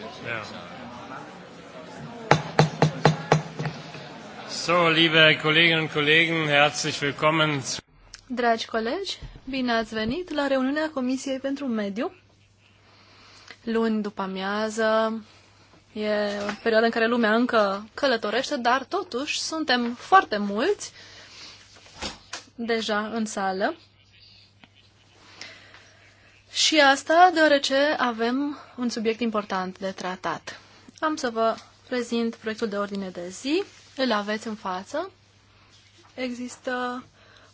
Ja. So, liebe Kolleginnen und Kollegen, herzlich willkommen. Dragi colegi, bine ați venit la reuniunea Comisiei pentru Mediu. Luni după amiază, e o perioadă în care lumea încă călătorește, dar totuși suntem foarte mulți deja în sală. Și asta deoarece avem un subiect important de tratat. Am să vă prezint proiectul de ordine de zi. Îl aveți în față. Există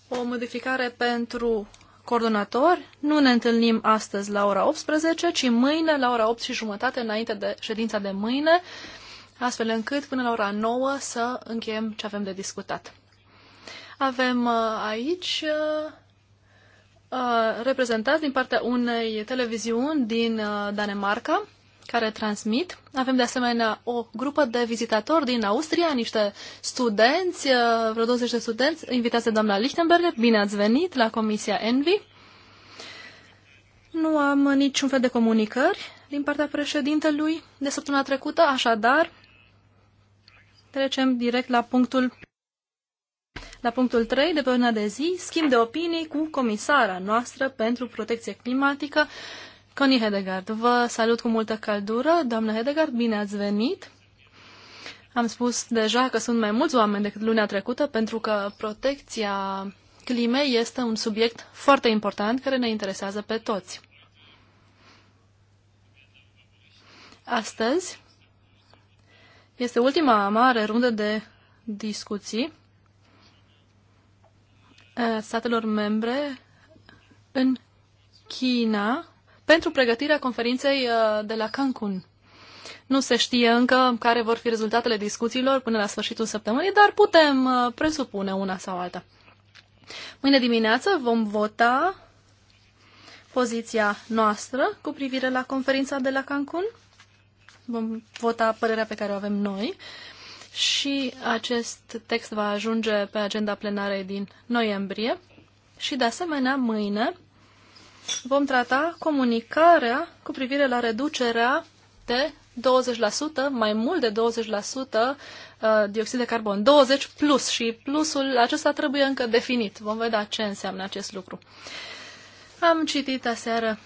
o modificare pentru coordonatori. Nu ne întâlnim astăzi la ora 18, ci mâine la ora 8 și jumătate înainte de ședința de mâine, astfel încât până la ora 9 să încheiem ce avem de discutat. Avem uh, aici uh, Uh, reprezentați din partea unei televiziuni din uh, Danemarca care transmit. Avem de asemenea o grupă de vizitatori din Austria, niște studenți, uh, vreo 20 de studenți, invitați de doamna Lichtenberger. Bine ați venit la Comisia Envi. Nu am niciun fel de comunicări din partea președintelui de săptămâna trecută, așadar trecem direct la punctul la punctul 3 de pe una de zi, schimb de opinii cu comisara noastră pentru protecție climatică, Connie Hedegaard. Vă salut cu multă căldură. Doamna Hedegaard, bine ați venit! Am spus deja că sunt mai mulți oameni decât luna trecută pentru că protecția climei este un subiect foarte important care ne interesează pe toți. Astăzi este ultima mare rundă de discuții statelor membre în China pentru pregătirea conferinței de la Cancun. Nu se știe încă care vor fi rezultatele discuțiilor până la sfârșitul săptămânii, dar putem presupune una sau alta. Mâine dimineață vom vota poziția noastră cu privire la conferința de la Cancun. Vom vota părerea pe care o avem noi. Uh, și acest text va ajunge pe agenda plenarei din noiembrie și, de asemenea, mâine vom trata comunicarea cu privire la reducerea de 20%, mai mult de 20% uh, dioxid de carbon, 20 plus și plusul acesta trebuie încă definit. Vom vedea ce înseamnă acest lucru. Am citit aseară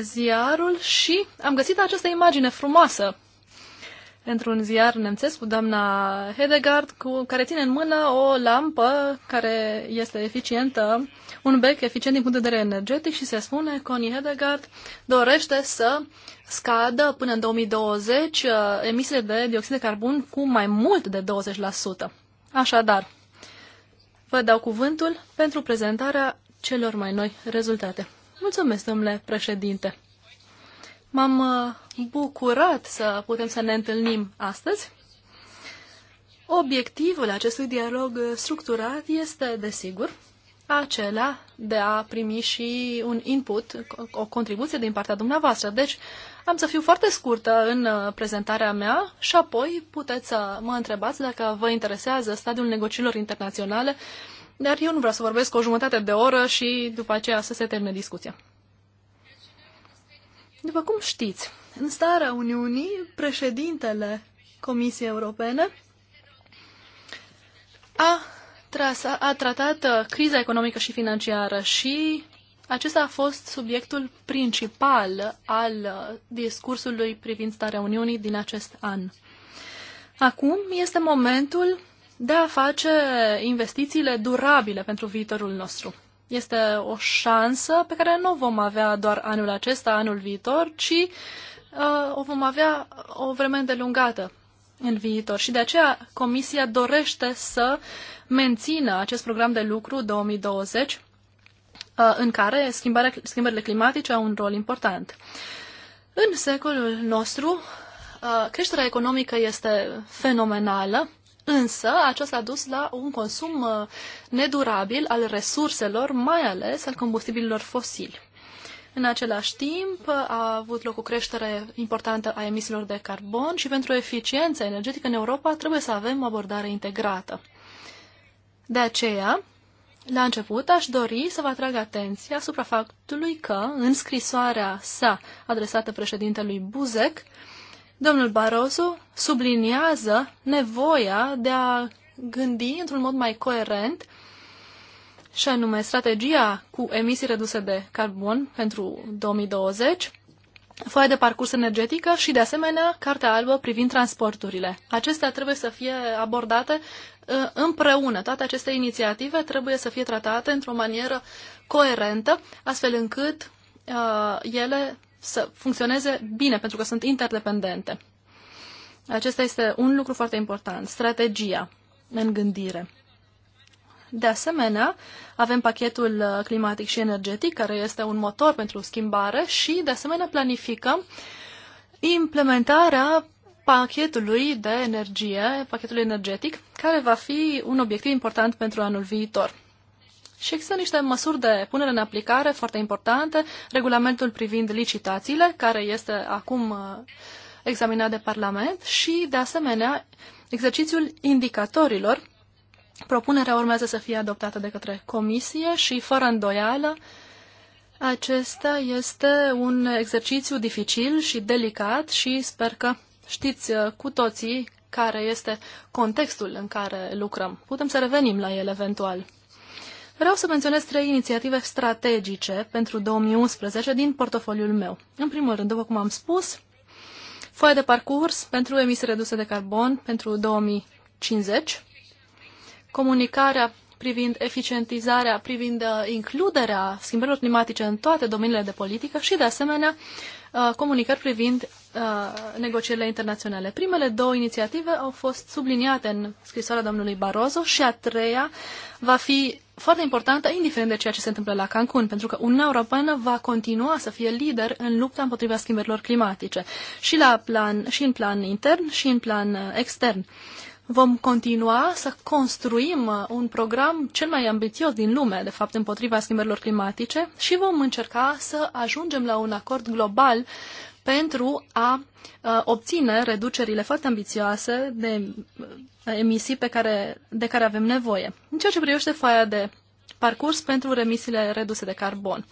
ziarul și am găsit această imagine frumoasă într-un ziar nemțesc cu doamna Hedegard, cu, care ține în mână o lampă care este eficientă, un bec eficient din punct de vedere energetic și se spune că Connie Hedegard dorește să scadă până în 2020 uh, emisiile de dioxid de carbon cu mai mult de 20%. Așadar, vă dau cuvântul pentru prezentarea celor mai noi rezultate. Mulțumesc, domnule președinte! M-am uh, bucurat să putem să ne întâlnim astăzi. Obiectivul acestui dialog structurat este, desigur, acela de a primi și un input, o contribuție din partea dumneavoastră. Deci, am să fiu foarte scurtă în uh, prezentarea mea și apoi puteți să mă întrebați dacă vă interesează stadiul negocierilor internaționale, dar eu nu vreau să vorbesc o jumătate de oră și după aceea să se termine discuția. După cum știți, în starea Uniunii, președintele Comisiei Europene a, trasa, a tratat uh, criza economică și financiară și acesta a fost subiectul principal al uh, discursului privind starea Uniunii din acest an. Acum este momentul de a face investițiile durabile pentru viitorul nostru. Este o șansă pe care nu vom avea doar anul acesta, anul viitor, ci Uh, o vom avea o vreme îndelungată în viitor și de aceea Comisia dorește să mențină acest program de lucru 2020 uh, în care schimbările climatice au un rol important. În secolul nostru, uh, creșterea economică este fenomenală, însă aceasta a dus la un consum nedurabil al resurselor, mai ales al combustibililor fosili. În același timp, a avut loc o creștere importantă a emisiilor de carbon și pentru eficiența energetică în Europa trebuie să avem o abordare integrată. De aceea, la început, aș dori să vă atrag atenția asupra faptului că, în scrisoarea sa adresată președintelui Buzek, domnul Barroso subliniază nevoia de a gândi într-un mod mai coerent și anume strategia cu emisii reduse de carbon pentru 2020, foaia de parcurs energetică și, de asemenea, cartea albă privind transporturile. Acestea trebuie să fie abordate ă, împreună. Toate aceste inițiative trebuie să fie tratate într-o manieră coerentă, astfel încât uh, ele să funcționeze bine, pentru că sunt interdependente. Acesta este un lucru foarte important, strategia în gândire. De asemenea, avem pachetul uh, climatic și energetic, care este un motor pentru schimbare și, de asemenea, planificăm implementarea pachetului de energie, pachetul energetic, care va fi un obiectiv important pentru anul viitor. Și există niște măsuri de punere în aplicare foarte importante, regulamentul privind licitațiile, care este acum uh, examinat de Parlament și, de asemenea, exercițiul indicatorilor Propunerea urmează să fie adoptată de către comisie și, fără îndoială, acesta este un exercițiu dificil și delicat și sper că știți uh, cu toții care este contextul în care lucrăm. Putem să revenim la el eventual. Vreau să menționez trei inițiative strategice pentru 2011 din portofoliul meu. În primul rând, după cum am spus, foaia de parcurs pentru emisii reduse de carbon pentru 2050, comunicarea privind eficientizarea, privind uh, includerea schimbărilor climatice în toate domeniile de politică și, de asemenea, uh, comunicări privind uh, negocierile internaționale. Primele două inițiative au fost subliniate în scrisoarea domnului Barroso și a treia va fi foarte importantă, indiferent de ceea ce se întâmplă la Cancun, pentru că Uniunea Europeană va continua să fie lider în lupta împotriva schimbărilor climatice și, la plan, și în plan intern și în plan extern. Uh, vom continua să construim uh, un program cel mai ambițios din lume, de fapt, împotriva schimbărilor climatice și vom încerca să ajungem la un acord global pentru a uh, obține reducerile foarte ambițioase de uh, emisii pe care, de care avem nevoie. În ceea ce privește foaia de parcurs pentru remisiile reduse de carbon.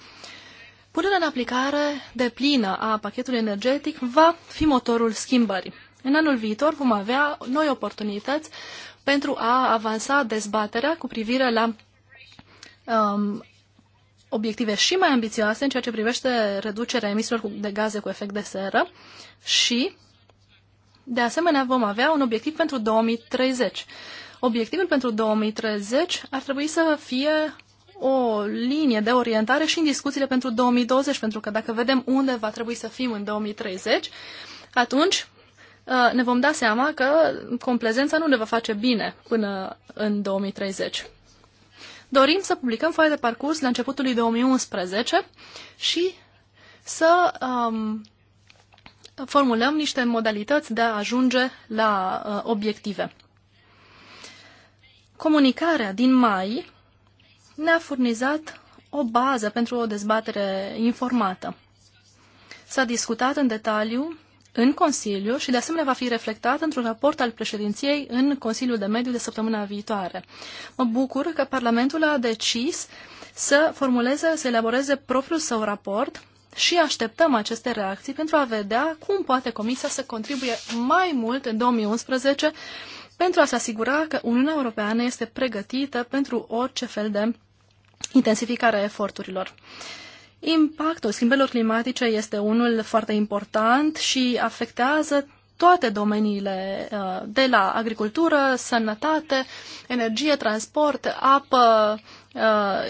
Punerea în aplicare de plină a pachetului energetic va fi motorul schimbării. În anul viitor vom avea noi oportunități pentru a avansa dezbaterea cu privire la um, obiective și mai ambițioase în ceea ce privește reducerea emisiilor de gaze cu efect de seră și, de asemenea, vom avea un obiectiv pentru 2030. Obiectivul pentru 2030 ar trebui să fie o linie de orientare și în discuțiile pentru 2020, pentru că dacă vedem unde va trebui să fim în 2030, atunci Uh, ne vom da seama că complezența nu ne va face bine până în 2030. Dorim să publicăm foaia de parcurs la începutul lui 2011 și să um, formulăm niște modalități de a ajunge la uh, obiective. Comunicarea din mai ne-a furnizat o bază pentru o dezbatere informată. S-a discutat în detaliu în Consiliu și de asemenea va fi reflectat într-un raport al președinției în Consiliul de Mediu de săptămâna viitoare. Mă bucur că Parlamentul a decis să formuleze, să elaboreze propriul său raport și așteptăm aceste reacții pentru a vedea cum poate Comisia să contribuie mai mult în 2011 pentru a se asigura că Uniunea Europeană este pregătită pentru orice fel de intensificare a eforturilor. Impactul schimbărilor climatice este unul foarte important și afectează toate domeniile, uh, de la agricultură, sănătate, energie, transport, apă, uh,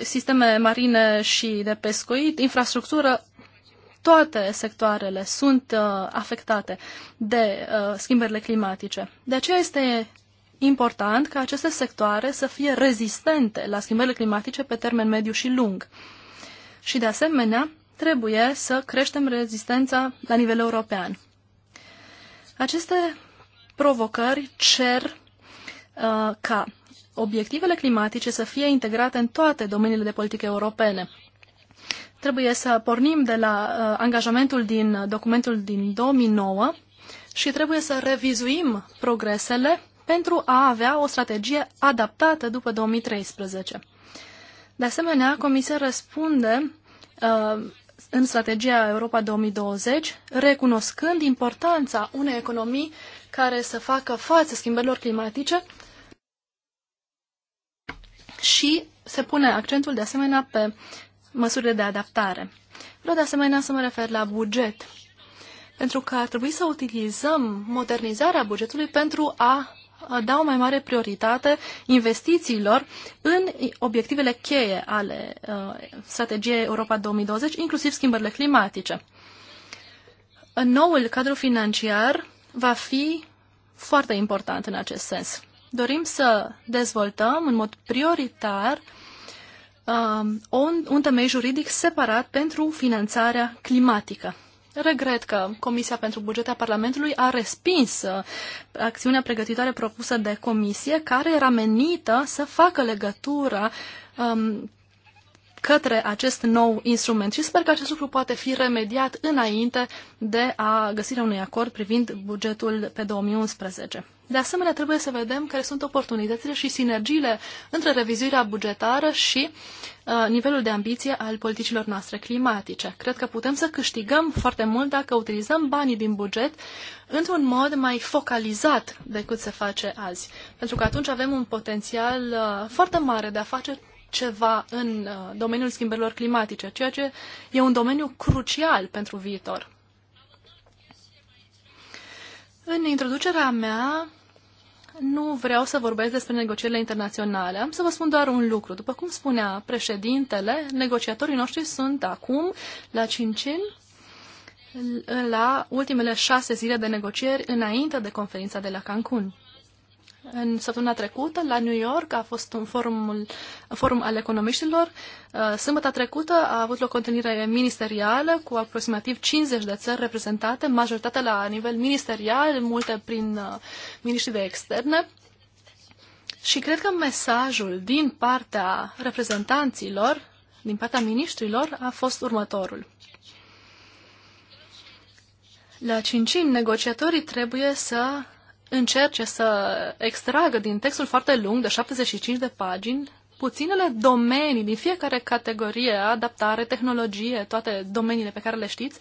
sisteme marine și de pescuit, infrastructură, toate sectoarele sunt uh, afectate de schimbările climatice. De aceea este important ca aceste sectoare să fie rezistente la schimbările climatice pe termen mediu și lung și, de asemenea, trebuie să creștem rezistența la nivel european. Aceste provocări cer uh, ca obiectivele climatice să fie integrate în toate domeniile de politică europene. Trebuie să pornim de la uh, angajamentul din documentul din 2009 și trebuie să revizuim progresele pentru a avea o strategie adaptată după 2013. De asemenea, Comisia răspunde Uh, în strategia Europa 2020, recunoscând importanța unei economii care să facă față schimbărilor climatice și se pune accentul de asemenea pe măsurile de adaptare. Vreau de asemenea să mă refer la buget, pentru că ar trebui să utilizăm modernizarea bugetului pentru a da o mai mare prioritate investițiilor în obiectivele cheie ale uh, strategiei Europa 2020, inclusiv schimbările climatice. Noul cadru financiar va fi foarte important în acest sens. Dorim să dezvoltăm în mod prioritar um, un, un temei juridic separat pentru finanțarea climatică regret că Comisia pentru Bugete a Parlamentului a respins uh, acțiunea pregătitoare propusă de Comisie, care era menită să facă legătura um, către acest nou instrument și sper că acest lucru poate fi remediat înainte de a găsirea unui acord privind bugetul pe 2011. De asemenea, trebuie să vedem care sunt oportunitățile și sinergiile între revizuirea bugetară și uh, nivelul de ambiție al politicilor noastre climatice. Cred că putem să câștigăm foarte mult dacă utilizăm banii din buget într-un mod mai focalizat decât se face azi. Pentru că atunci avem un potențial uh, foarte mare de a face ceva în uh, domeniul schimbărilor climatice, ceea ce e un domeniu crucial pentru viitor. În introducerea mea nu vreau să vorbesc despre negocierile internaționale. Am să vă spun doar un lucru. După cum spunea președintele, negociatorii noștri sunt acum la Cincin, la ultimele șase zile de negocieri înainte de conferința de la Cancun. În săptămâna trecută, la New York, a fost un forum, forum al economiștilor. Uh, Sâmbătă trecută a avut loc o întâlnire ministerială cu aproximativ 50 de țări reprezentate, majoritatea la nivel ministerial, multe prin uh, miniștri de externe. Și cred că mesajul din partea reprezentanților, din partea miniștrilor, a fost următorul. La cincim, negociatorii trebuie să încerce să extragă din textul foarte lung, de 75 de pagini, puținele domenii din fiecare categorie, adaptare, tehnologie, toate domeniile pe care le știți,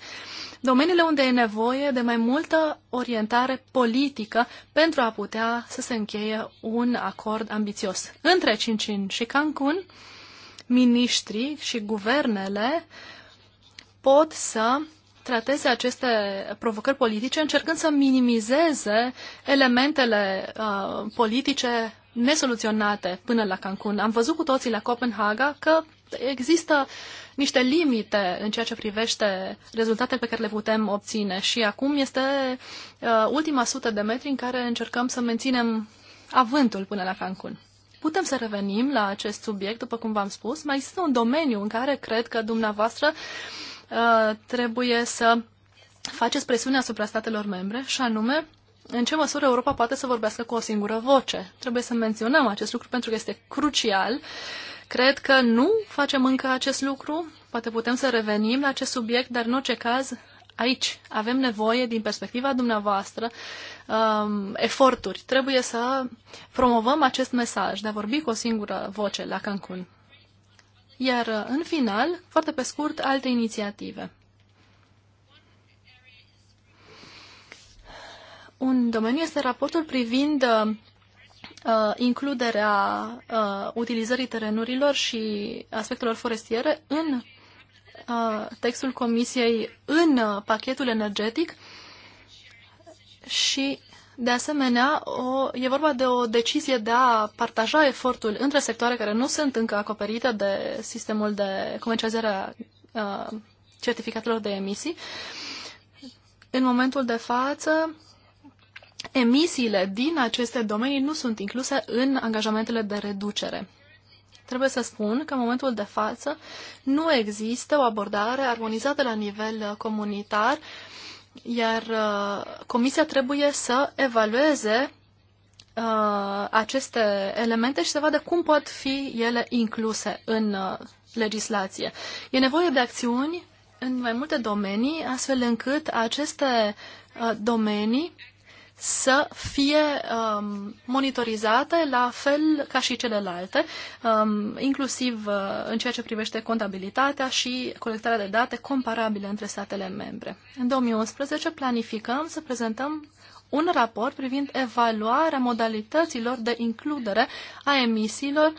domeniile unde e nevoie de mai multă orientare politică pentru a putea să se încheie un acord ambițios. Între Cincin și Cancun, miniștrii și guvernele pot să trateze aceste provocări politice încercând să minimizeze elementele uh, politice nesoluționate până la Cancun. Am văzut cu toții la Copenhaga că există niște limite în ceea ce privește rezultatele pe care le putem obține și acum este uh, ultima sută de metri în care încercăm să menținem avântul până la Cancun. Putem să revenim la acest subiect, după cum v-am spus. Mai există un domeniu în care cred că dumneavoastră Uh, trebuie să faceți presiune asupra statelor membre și anume în ce măsură Europa poate să vorbească cu o singură voce. Trebuie să menționăm acest lucru pentru că este crucial. Cred că nu facem încă acest lucru, poate putem să revenim la acest subiect, dar în orice caz aici avem nevoie, din perspectiva dumneavoastră, um, eforturi. Trebuie să promovăm acest mesaj de a vorbi cu o singură voce la Cancun. Iar, uh, în final, foarte pe scurt, alte inițiative. Un domeniu este raportul privind uh, uh, includerea uh, utilizării terenurilor și aspectelor forestiere în uh, textul Comisiei, în uh, pachetul energetic și de asemenea, o, e vorba de o decizie de a partaja efortul între sectoare care nu sunt încă acoperite de sistemul de comercializare a, a certificatelor de emisii. În momentul de față, emisiile din aceste domenii nu sunt incluse în angajamentele de reducere. Trebuie să spun că în momentul de față nu există o abordare armonizată la nivel comunitar iar uh, comisia trebuie să evalueze uh, aceste elemente și să vadă cum pot fi ele incluse în uh, legislație. E nevoie de acțiuni în mai multe domenii, astfel încât aceste uh, domenii să fie um, monitorizate la fel ca și celelalte, um, inclusiv uh, în ceea ce privește contabilitatea și colectarea de date comparabile între statele membre. În 2011 planificăm să prezentăm un raport privind evaluarea modalităților de includere a emisiilor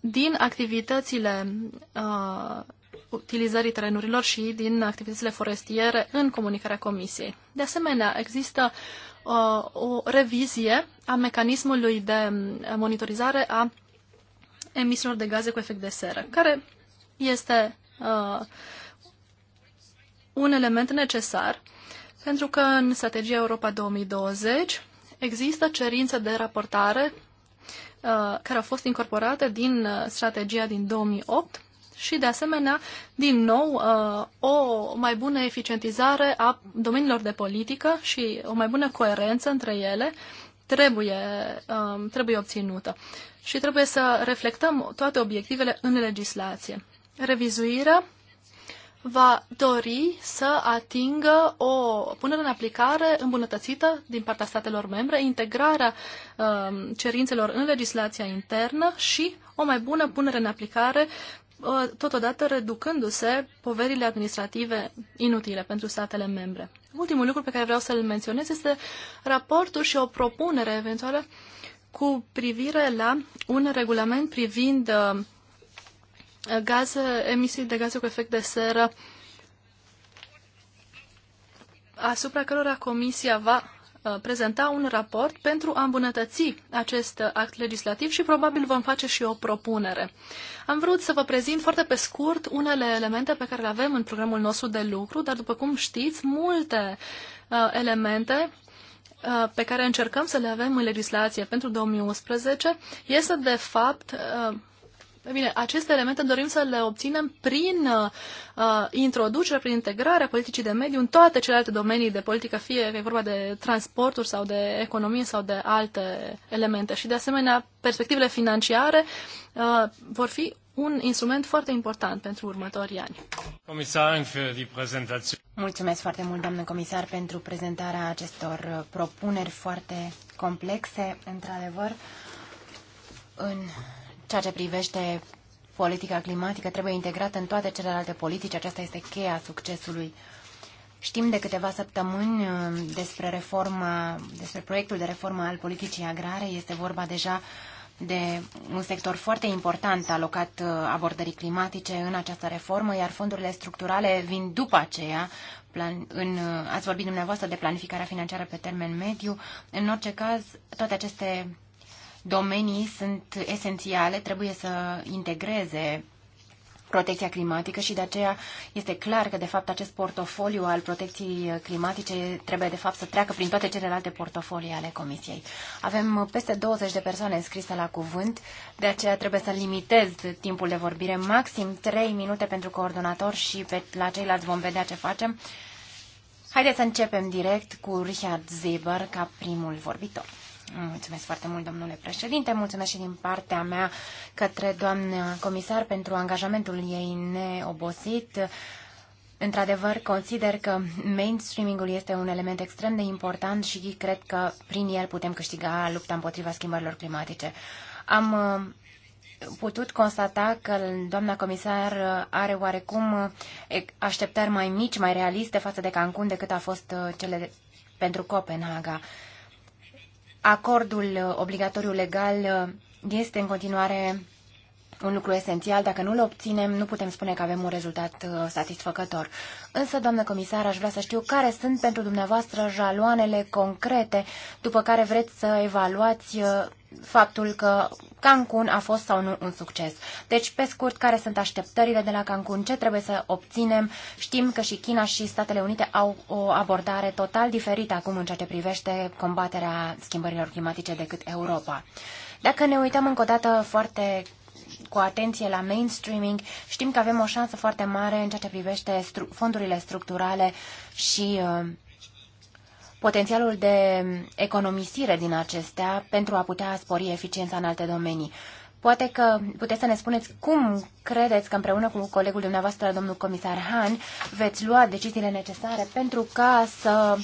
din activitățile uh, utilizării terenurilor și din activitățile forestiere în comunicarea Comisiei. De asemenea, există uh, Uh, o revizie a mecanismului de uh, monitorizare a emisiilor de gaze cu efect de seră, care este uh, un element necesar, pentru că în strategia Europa 2020 există cerințe de raportare uh, care au fost incorporate din uh, strategia din 2008 și, de asemenea, din nou, uh, o mai bună eficientizare a domeniilor de politică și o mai bună coerență între ele trebuie, um, trebuie obținută. Și trebuie să reflectăm toate obiectivele în legislație. Revizuirea va dori să atingă o punere în aplicare îmbunătățită din partea statelor membre, integrarea um, cerințelor în legislația internă și o mai bună punere în aplicare Ă, totodată reducându-se poverile administrative inutile pentru statele membre. Ultimul lucru pe care vreau să-l menționez este raportul și o propunere eventuală cu privire la un regulament privind ă, gaze, emisii de gaze cu efect de seră asupra cărora Comisia va Uh, prezenta un raport pentru a îmbunătăți acest uh, act legislativ și probabil vom face și o propunere. Am vrut să vă prezint foarte pe scurt unele elemente pe care le avem în programul nostru de lucru, dar după cum știți, multe uh, elemente uh, pe care încercăm să le avem în legislație pentru 2011 este de fapt bine, aceste elemente dorim să le obținem prin uh, uh introducere, prin integrarea politicii de mediu în toate celelalte domenii de politică, fie că e vorba de transporturi sau de economie sau de alte elemente. Și, de asemenea, perspectivele financiare uh, vor fi un instrument foarte important pentru următorii ani. Comisar, Mulțumesc foarte mult, doamnă comisar, pentru prezentarea acestor propuneri foarte complexe, într-adevăr. În ceea ce privește politica climatică trebuie integrată în toate celelalte politici. Aceasta este cheia succesului. Știm de câteva săptămâni uh, despre reforma, despre proiectul de reformă al politicii agrare. Este vorba deja de un sector foarte important alocat uh, abordării climatice în această reformă, iar fondurile structurale vin după aceea. Plan, în, uh, ați vorbit dumneavoastră de planificarea financiară pe termen mediu. În orice caz, toate aceste domenii sunt esențiale, trebuie să integreze protecția climatică și de aceea este clar că, de fapt, acest portofoliu al protecției climatice trebuie, de fapt, să treacă prin toate celelalte portofolii ale Comisiei. Avem peste 20 de persoane înscrise la cuvânt, de aceea trebuie să limitez timpul de vorbire, maxim 3 minute pentru coordonator și pe, la ceilalți vom vedea ce facem. Haideți să începem direct cu Richard Zeber ca primul vorbitor. Mm, mulțumesc foarte mult, domnule președinte. Mulțumesc și din partea mea către doamna comisar pentru angajamentul ei neobosit. Într-adevăr, consider că mainstreamingul este un element extrem de important și cred că prin el putem câștiga lupta împotriva schimbărilor climatice. Am uh, putut constata că doamna comisar uh, are oarecum uh, așteptări mai mici, mai realiste față de Cancun decât a fost cele pentru Copenhaga. Acordul obligatoriu legal este în continuare un lucru esențial. Dacă nu-l obținem, nu putem spune că avem un rezultat uh, satisfăcător. Însă, doamnă comisar, aș vrea să știu care sunt pentru dumneavoastră jaloanele concrete după care vreți să evaluați uh, faptul că Cancun a fost sau nu un succes. Deci, pe scurt, care sunt așteptările de la Cancun, ce trebuie să obținem? Știm că și China și Statele Unite au o abordare total diferită acum în ceea ce privește combaterea schimbărilor climatice decât Europa. Dacă ne uităm încă o dată foarte cu atenție la mainstreaming, știm că avem o șansă foarte mare în ceea ce privește stru- fondurile structurale și uh, potențialul de economisire din acestea pentru a putea spori eficiența în alte domenii. Poate că puteți să ne spuneți cum credeți că împreună cu colegul dumneavoastră, domnul comisar Han, veți lua deciziile necesare pentru ca să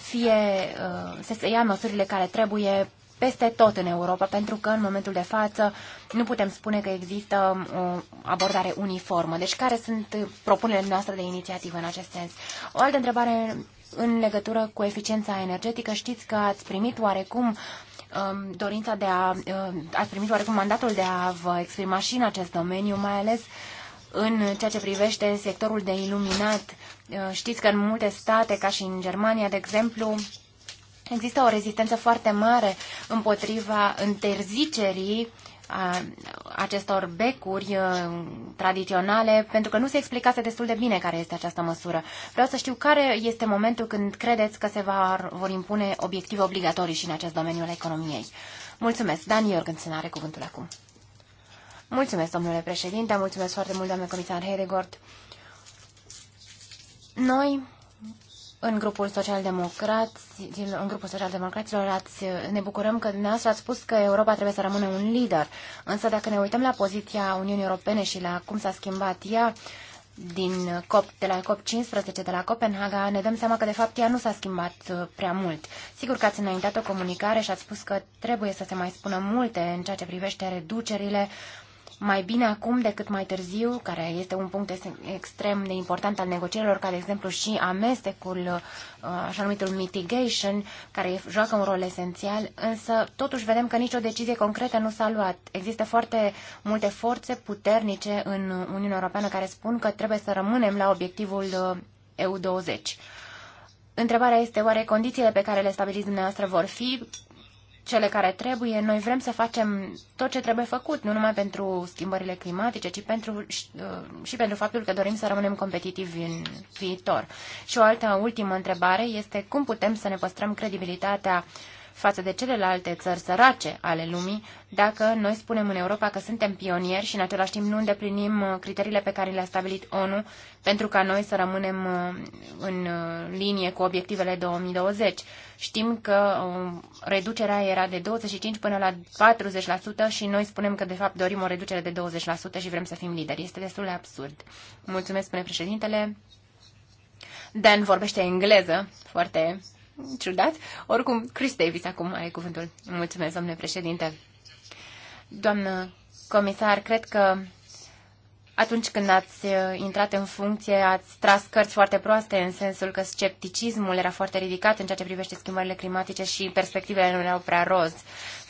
fie, uh, să se ia măsurile care trebuie peste tot în Europa, pentru că în momentul de față nu putem spune că există um, o abordare uniformă. Deci care sunt propunerile noastre de inițiativă în acest sens? O altă întrebare în legătură cu eficiența energetică. Știți că ați primit oarecum um, dorința de a, uh, ați primit oarecum mandatul de a vă exprima și în acest domeniu, mai ales în ceea ce privește sectorul de iluminat. Uh, știți că în multe state, ca și în Germania, de exemplu, există o rezistență foarte mare împotriva interzicerii acestor becuri uh, tradiționale, pentru că nu se explicase destul de bine care este această măsură. Vreau să știu care este momentul când credeți că se va, vor impune obiective obligatorii și în acest domeniu al economiei. Mulțumesc. Dan Jorgensen are cuvântul acum. Mulțumesc, domnule președinte, mulțumesc foarte mult, doamne comisar Heidegord. Noi în grupul social-democrat, în grupul social-democraților ați, ne bucurăm că dumneavoastră ați spus că Europa trebuie să rămână un lider. Însă dacă ne uităm la poziția Uniunii Europene și la cum s-a schimbat ea din COP, de la COP15, de la Copenhaga, ne dăm seama că de fapt ea nu s-a schimbat uh, prea mult. Sigur că ați înaintat o comunicare și ați spus că trebuie să se mai spună multe în ceea ce privește reducerile mai bine acum decât mai târziu, care este un punct extrem de important al negocierilor, ca de exemplu și amestecul, uh, așa numitul mitigation, care joacă un rol esențial, însă totuși vedem că nicio decizie concretă nu s-a luat. Există foarte multe forțe puternice în Uniunea Europeană care spun că trebuie să rămânem la obiectivul uh, EU20. Întrebarea este oare condițiile pe care le stabiliți dumneavoastră vor fi cele care trebuie. Noi vrem să facem tot ce trebuie făcut, nu numai pentru schimbările climatice, ci pentru, uh, și pentru faptul că dorim să rămânem competitivi în viitor. Și o altă ultimă întrebare este cum putem să ne păstrăm credibilitatea uh, față de celelalte țări sărace ale lumii dacă noi spunem în Europa că suntem pionieri și în același timp nu îndeplinim uh, criteriile pe care le-a stabilit ONU pentru ca noi să rămânem uh, în uh, linie cu obiectivele 2020. Știm că reducerea era de 25 până la 40% și noi spunem că de fapt dorim o reducere de 20% și vrem să fim lideri. Este destul de absurd. Mulțumesc, spune președintele. Dan vorbește engleză foarte ciudat. Oricum, Chris Davis acum are cuvântul. Mulțumesc, domnule președinte. Doamnă comisar, cred că atunci când ați uh, intrat în funcție, ați tras cărți foarte proaste în sensul că scepticismul era foarte ridicat în ceea ce privește schimbările climatice și perspectivele nu erau prea roz.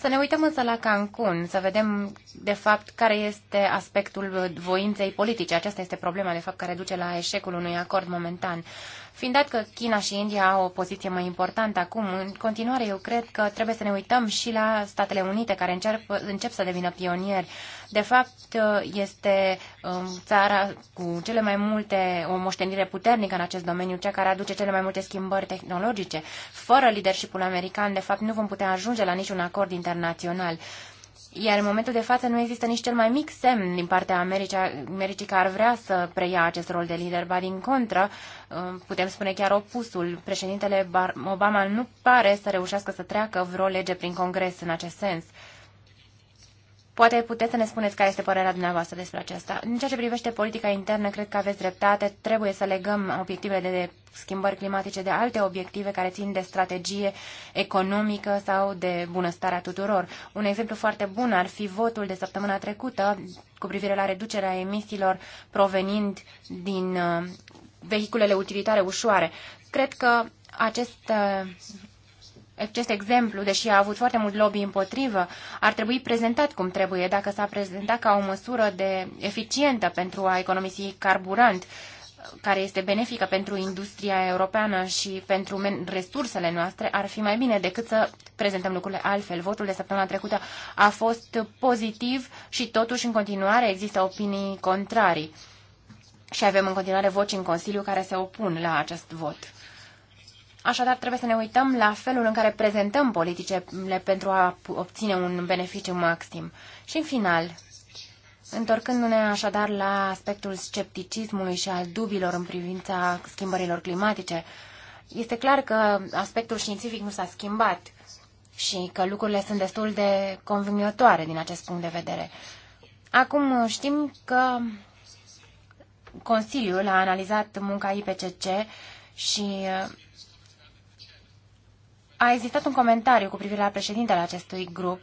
Să ne uităm însă la Cancun, să vedem de fapt care este aspectul voinței politice. Aceasta este problema de fapt care duce la eșecul unui acord momentan. Fiind dat că China și India au o poziție mai importantă acum, în continuare eu cred că trebuie să ne uităm și la Statele Unite, care încep, încep să devină pionieri. De fapt, este um, țara cu cele mai multe, o moștenire puternică în acest domeniu, cea care aduce cele mai multe schimbări tehnologice. Fără leadership american, de fapt, nu vom putea ajunge la niciun acord internațional. Iar în momentul de față nu există nici cel mai mic semn din partea Americii, Americii care ar vrea să preia acest rol de lider, ba din contră, uh, putem spune chiar opusul. Președintele Obama nu pare să reușească să treacă vreo lege prin Congres în acest sens. Poate puteți să ne spuneți care este părerea dumneavoastră despre aceasta. În ceea ce privește politica internă, cred că aveți dreptate. Trebuie să legăm obiectivele de schimbări climatice de alte obiective care țin de strategie economică sau de bunăstarea tuturor. Un exemplu foarte bun ar fi votul de săptămâna trecută cu privire la reducerea emisiilor provenind din uh, vehiculele utilitare ușoare. Cred că acest uh, acest exemplu, deși a avut foarte mult lobby împotrivă, ar trebui prezentat cum trebuie, dacă s-a prezentat ca o măsură de eficientă pentru a economisi carburant, care este benefică pentru industria europeană și pentru resursele noastre, ar fi mai bine decât să prezentăm lucrurile altfel. Votul de săptămâna trecută a fost pozitiv și totuși în continuare există opinii contrarii. Și avem în continuare voci în Consiliu care se opun la acest vot. Așadar, trebuie să ne uităm la felul în care prezentăm politicile pentru a obține un beneficiu maxim. Și în final, Întorcându-ne așadar la aspectul scepticismului și al dubilor în privința schimbărilor climatice, este clar că aspectul științific nu s-a schimbat și că lucrurile sunt destul de convingătoare din acest punct de vedere. Acum știm că Consiliul a analizat munca IPCC și a existat un comentariu cu privire la președintele acestui grup,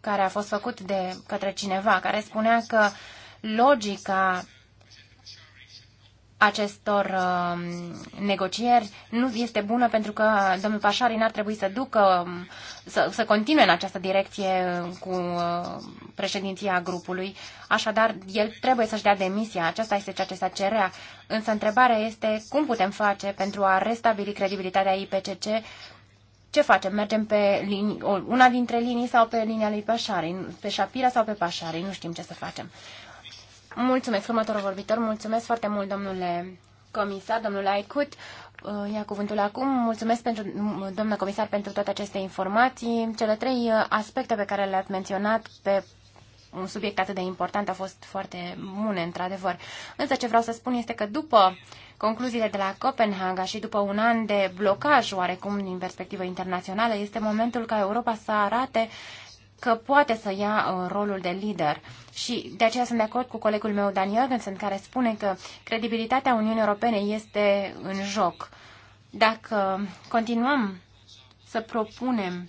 care a fost făcut de către cineva, care spunea că logica acestor uh, negocieri nu este bună pentru că domnul Pașari n-ar trebui să ducă, um, să, să continue în această direcție um, cu uh, președinția grupului. Așadar, el trebuie să-și dea demisia. Aceasta este ceea ce se cerea. Însă întrebarea este cum putem face pentru a restabili credibilitatea IPCC ce facem? Mergem pe linii, una dintre linii sau pe linia lui Pașari, pe Șapira sau pe Pașari, nu știm ce să facem. Mulțumesc, următorul vorbitor, mulțumesc foarte mult, domnule comisar, domnule Aicut. Uh, ia cuvântul acum. Mulțumesc, pentru, domnule comisar, pentru toate aceste informații. Cele trei uh, aspecte pe care le-ați menționat pe un subiect atât de important a fost foarte bune, într-adevăr. Însă ce vreau să spun este că după concluziile de la Copenhaga și după un an de blocaj oarecum din perspectivă internațională, este momentul ca Europa să arate că poate să ia uh, rolul de lider. Și de aceea sunt de acord cu colegul meu Dan Jorgensen, care spune că credibilitatea Uniunii Europene este în joc. Dacă continuăm să propunem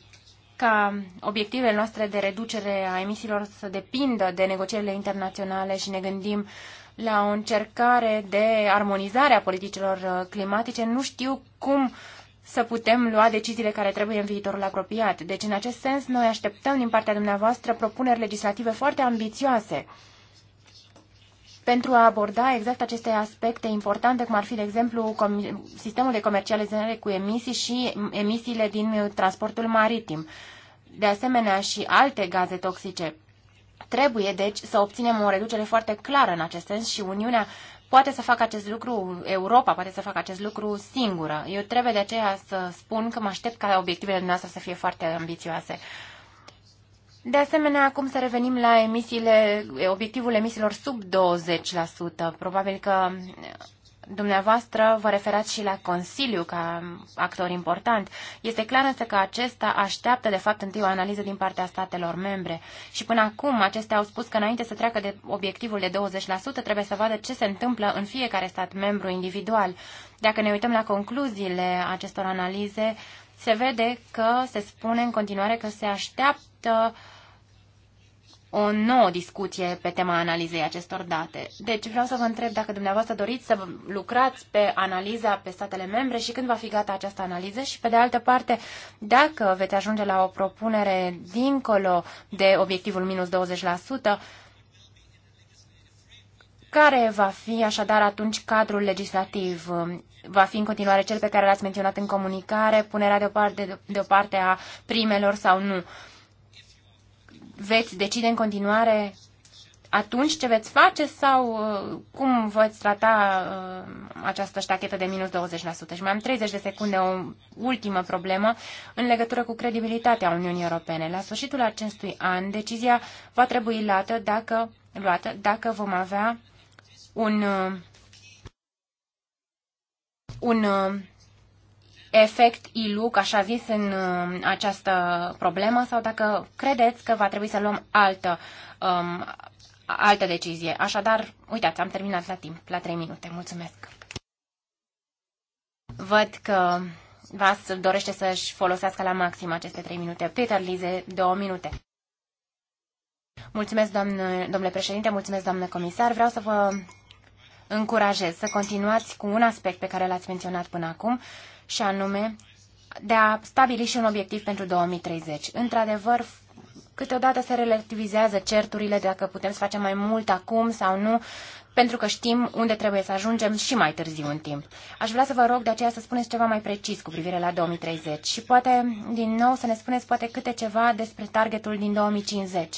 ca obiectivele noastre de reducere a emisiilor să depindă de negocierile internaționale și ne gândim uh, la o încercare de armonizare a politicilor uh, climatice, nu știu cum să putem lua deciziile care trebuie în viitorul apropiat. Deci, în acest sens, noi așteptăm din partea dumneavoastră propuneri legislative foarte ambițioase pentru a aborda exact aceste aspecte importante, cum ar fi, de exemplu, sistemul de comercializare cu emisii și emisiile din transportul maritim. De asemenea, și alte gaze toxice. Trebuie, deci, să obținem o reducere foarte clară în acest sens și Uniunea poate să facă acest lucru, Europa poate să facă acest lucru singură. Eu trebuie de aceea să spun că mă aștept ca obiectivele noastre să fie foarte ambițioase. De asemenea, acum să revenim la emisiile, obiectivul emisiilor sub 20%. Probabil că Dumneavoastră vă referați și la Consiliu ca actor important. Este clar însă că acesta așteaptă de fapt întâi o analiză din partea statelor membre și până acum acestea au spus că înainte să treacă de obiectivul de 20% trebuie să vadă ce se întâmplă în fiecare stat membru individual. Dacă ne uităm la concluziile acestor analize, se vede că se spune în continuare că se așteaptă uh, o nouă discuție pe tema analizei acestor date. Deci vreau să vă întreb dacă dumneavoastră doriți să lucrați pe analiza pe statele membre și când va fi gata această analiză și pe de altă parte dacă veți ajunge la o propunere dincolo de obiectivul minus 20%, care va fi așadar atunci cadrul legislativ? Va fi în continuare cel pe care l-ați menționat în comunicare, punerea deoparte, deoparte a primelor sau nu? veți decide în continuare atunci ce veți face sau uh, cum veți trata uh, această ștachetă de minus 20%? Și mai am 30 de secunde, o ultimă problemă în legătură cu credibilitatea Uniunii Europene. La sfârșitul acestui an, decizia va trebui luată dacă, luată, dacă vom avea un, uh, un efect iluc, așa și vis în um, această problemă sau dacă credeți că va trebui să luăm altă, um, altă decizie. Așadar, uitați, am terminat la timp, la 3 minute. Mulțumesc! Văd că Vas dorește să-și folosească la maxim aceste 3 minute. Peter Lize, 2 minute. Mulțumesc, doamne, domnule președinte, mulțumesc, doamnă comisar. Vreau să vă încurajez să continuați cu un aspect pe care l-ați menționat până acum, și anume de a stabili și un obiectiv pentru 2030. Într-adevăr, câteodată se relativizează certurile dacă putem să facem mai mult acum sau nu, pentru că știm unde trebuie să ajungem și mai târziu în timp. Aș vrea să vă rog de aceea să spuneți ceva mai precis cu privire la 2030 și poate din nou să ne spuneți poate câte ceva despre targetul din 2050.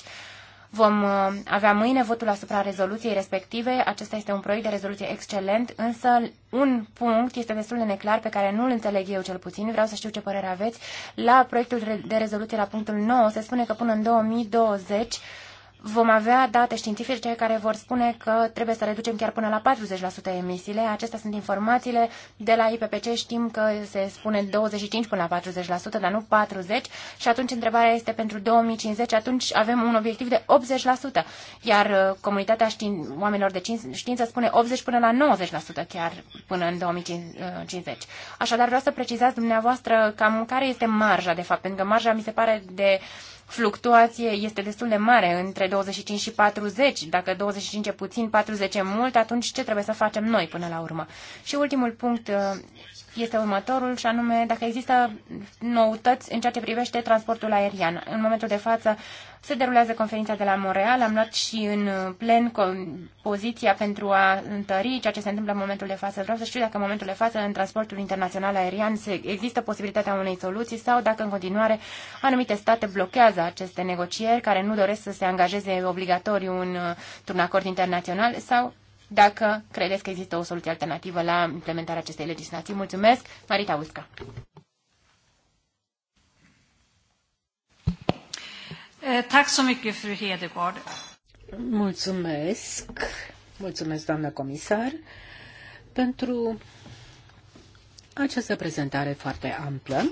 Vom uh, avea mâine votul asupra rezoluției respective. Acesta este un proiect de rezoluție excelent, însă un punct este destul de neclar pe care nu-l înțeleg eu cel puțin. Vreau să știu ce părere aveți. La proiectul de rezoluție la punctul 9 se spune că până în 2020 vom avea date științifice care vor spune că trebuie să reducem chiar până la 40% emisiile. Acestea sunt informațiile de la IPPC. Știm că se spune 25 până la 40%, dar nu 40%. Și atunci întrebarea este pentru 2050, atunci avem un obiectiv de 80%. Iar uh, comunitatea știin, oamenilor de știință spune 80 până la 90% chiar până în 2050. Uh, Așadar vreau să precizați dumneavoastră cam care este marja de fapt, pentru că marja mi se pare de uh, fluctuație este destul de mare, între 25 și 40. Dacă 25 e puțin, 40 e mult, atunci ce trebuie să facem noi până la urmă? Și ultimul punct uh, este următorul și anume dacă există noutăți în ceea ce privește transportul aerian. În momentul de față se derulează conferința de la Montreal, am luat și în plen poziția pentru a întări ceea ce se întâmplă în momentul de față. Vreau să știu dacă în momentul de față în transportul internațional aerian există posibilitatea unei soluții sau dacă în continuare anumite state blochează aceste negocieri care nu doresc să se angajeze obligatoriu într-un acord internațional sau dacă credeți că există o soluție alternativă la implementarea acestei legislații. Mulțumesc, Marita Usca. Eh, mulțumesc, mulțumesc, doamnă comisar, pentru această prezentare foarte amplă.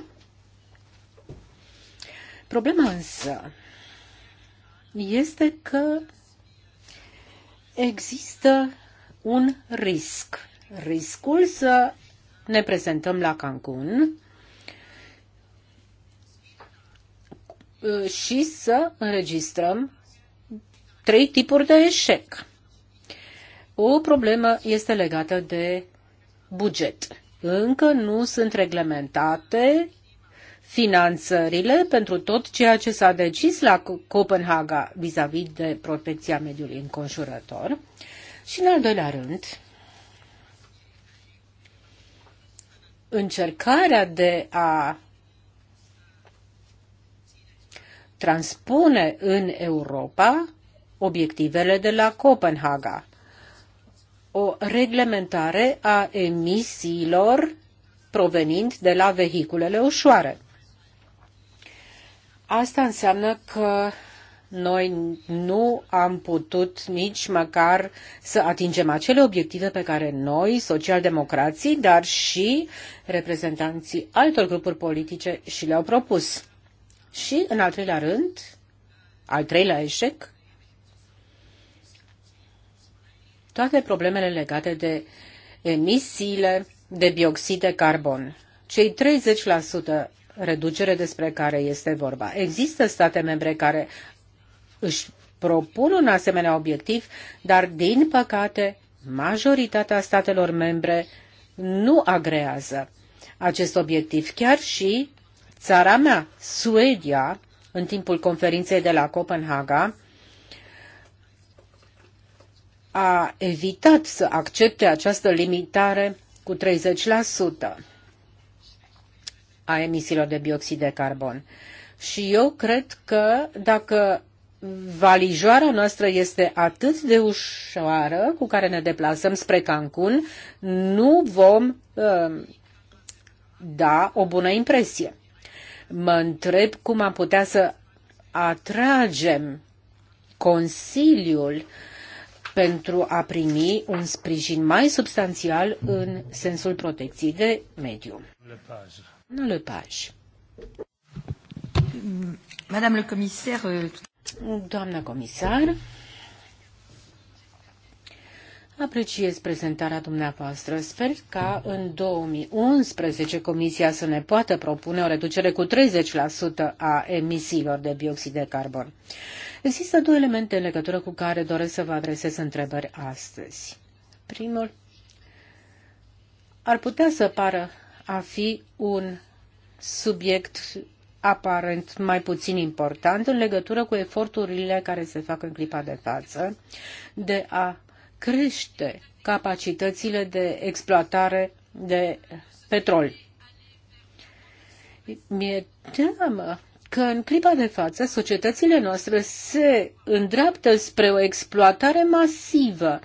Problema însă este că există un risc. Riscul să ne prezentăm la Cancun uh, și să înregistrăm trei tipuri de eșec. O problemă este legată de buget. Încă nu sunt reglementate finanțările pentru tot ceea ce s-a decis la Copenhaga vis-a-vis -vis de protecția mediului înconjurător și în al doilea rând, încercarea de a transpune în Europa obiectivele de la Copenhaga, o reglementare a emisiilor provenind de la vehiculele ușoare. Asta înseamnă că noi nu am putut nici măcar să atingem acele obiective pe care noi, socialdemocrații, dar și reprezentanții altor grupuri politice și le-au propus. Și, în al treilea rând, al treilea eșec, toate problemele legate de emisiile de bioxid de carbon. Cei 30% reducere despre care este vorba. Există state membre care își propun un asemenea obiectiv, dar, din păcate, majoritatea statelor membre nu agrează acest obiectiv. Chiar și țara mea, Suedia, în timpul conferinței de la Copenhaga, a evitat să accepte această limitare cu 30% a emisiilor de bioxid de carbon. Și eu cred că dacă valijoara noastră este atât de ușoară cu care ne deplasăm spre Cancun, nu vom uh, da o bună impresie. Mă întreb cum am putea să atragem Consiliul pentru a primi un sprijin mai substanțial în sensul protecției de mediu. Lepage. Nu Madame le commissaire, Doamna comisar, apreciez prezentarea dumneavoastră. Sper ca în 2011 Comisia să ne poată propune o reducere cu 30% a emisiilor de bioxid de carbon. Există două elemente în legătură cu care doresc să vă adresez întrebări astăzi. Primul ar putea să pară a fi un subiect aparent mai puțin important în legătură cu eforturile care se fac în clipa de față de a crește capacitățile de exploatare de petrol. Mi-e teamă că în clipa de față societățile noastre se îndreaptă spre o exploatare masivă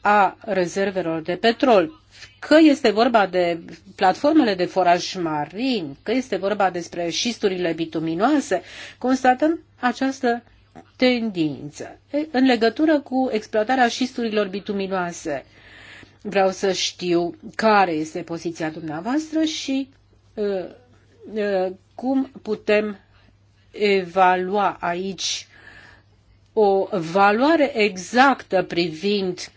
a rezervelor de petrol că este vorba de platformele de foraj marin, că este vorba despre șisturile bituminoase, constatăm această tendință în legătură cu exploatarea șisturilor bituminoase. Vreau să știu care este poziția dumneavoastră și uh, uh, cum putem evalua aici o valoare exactă privind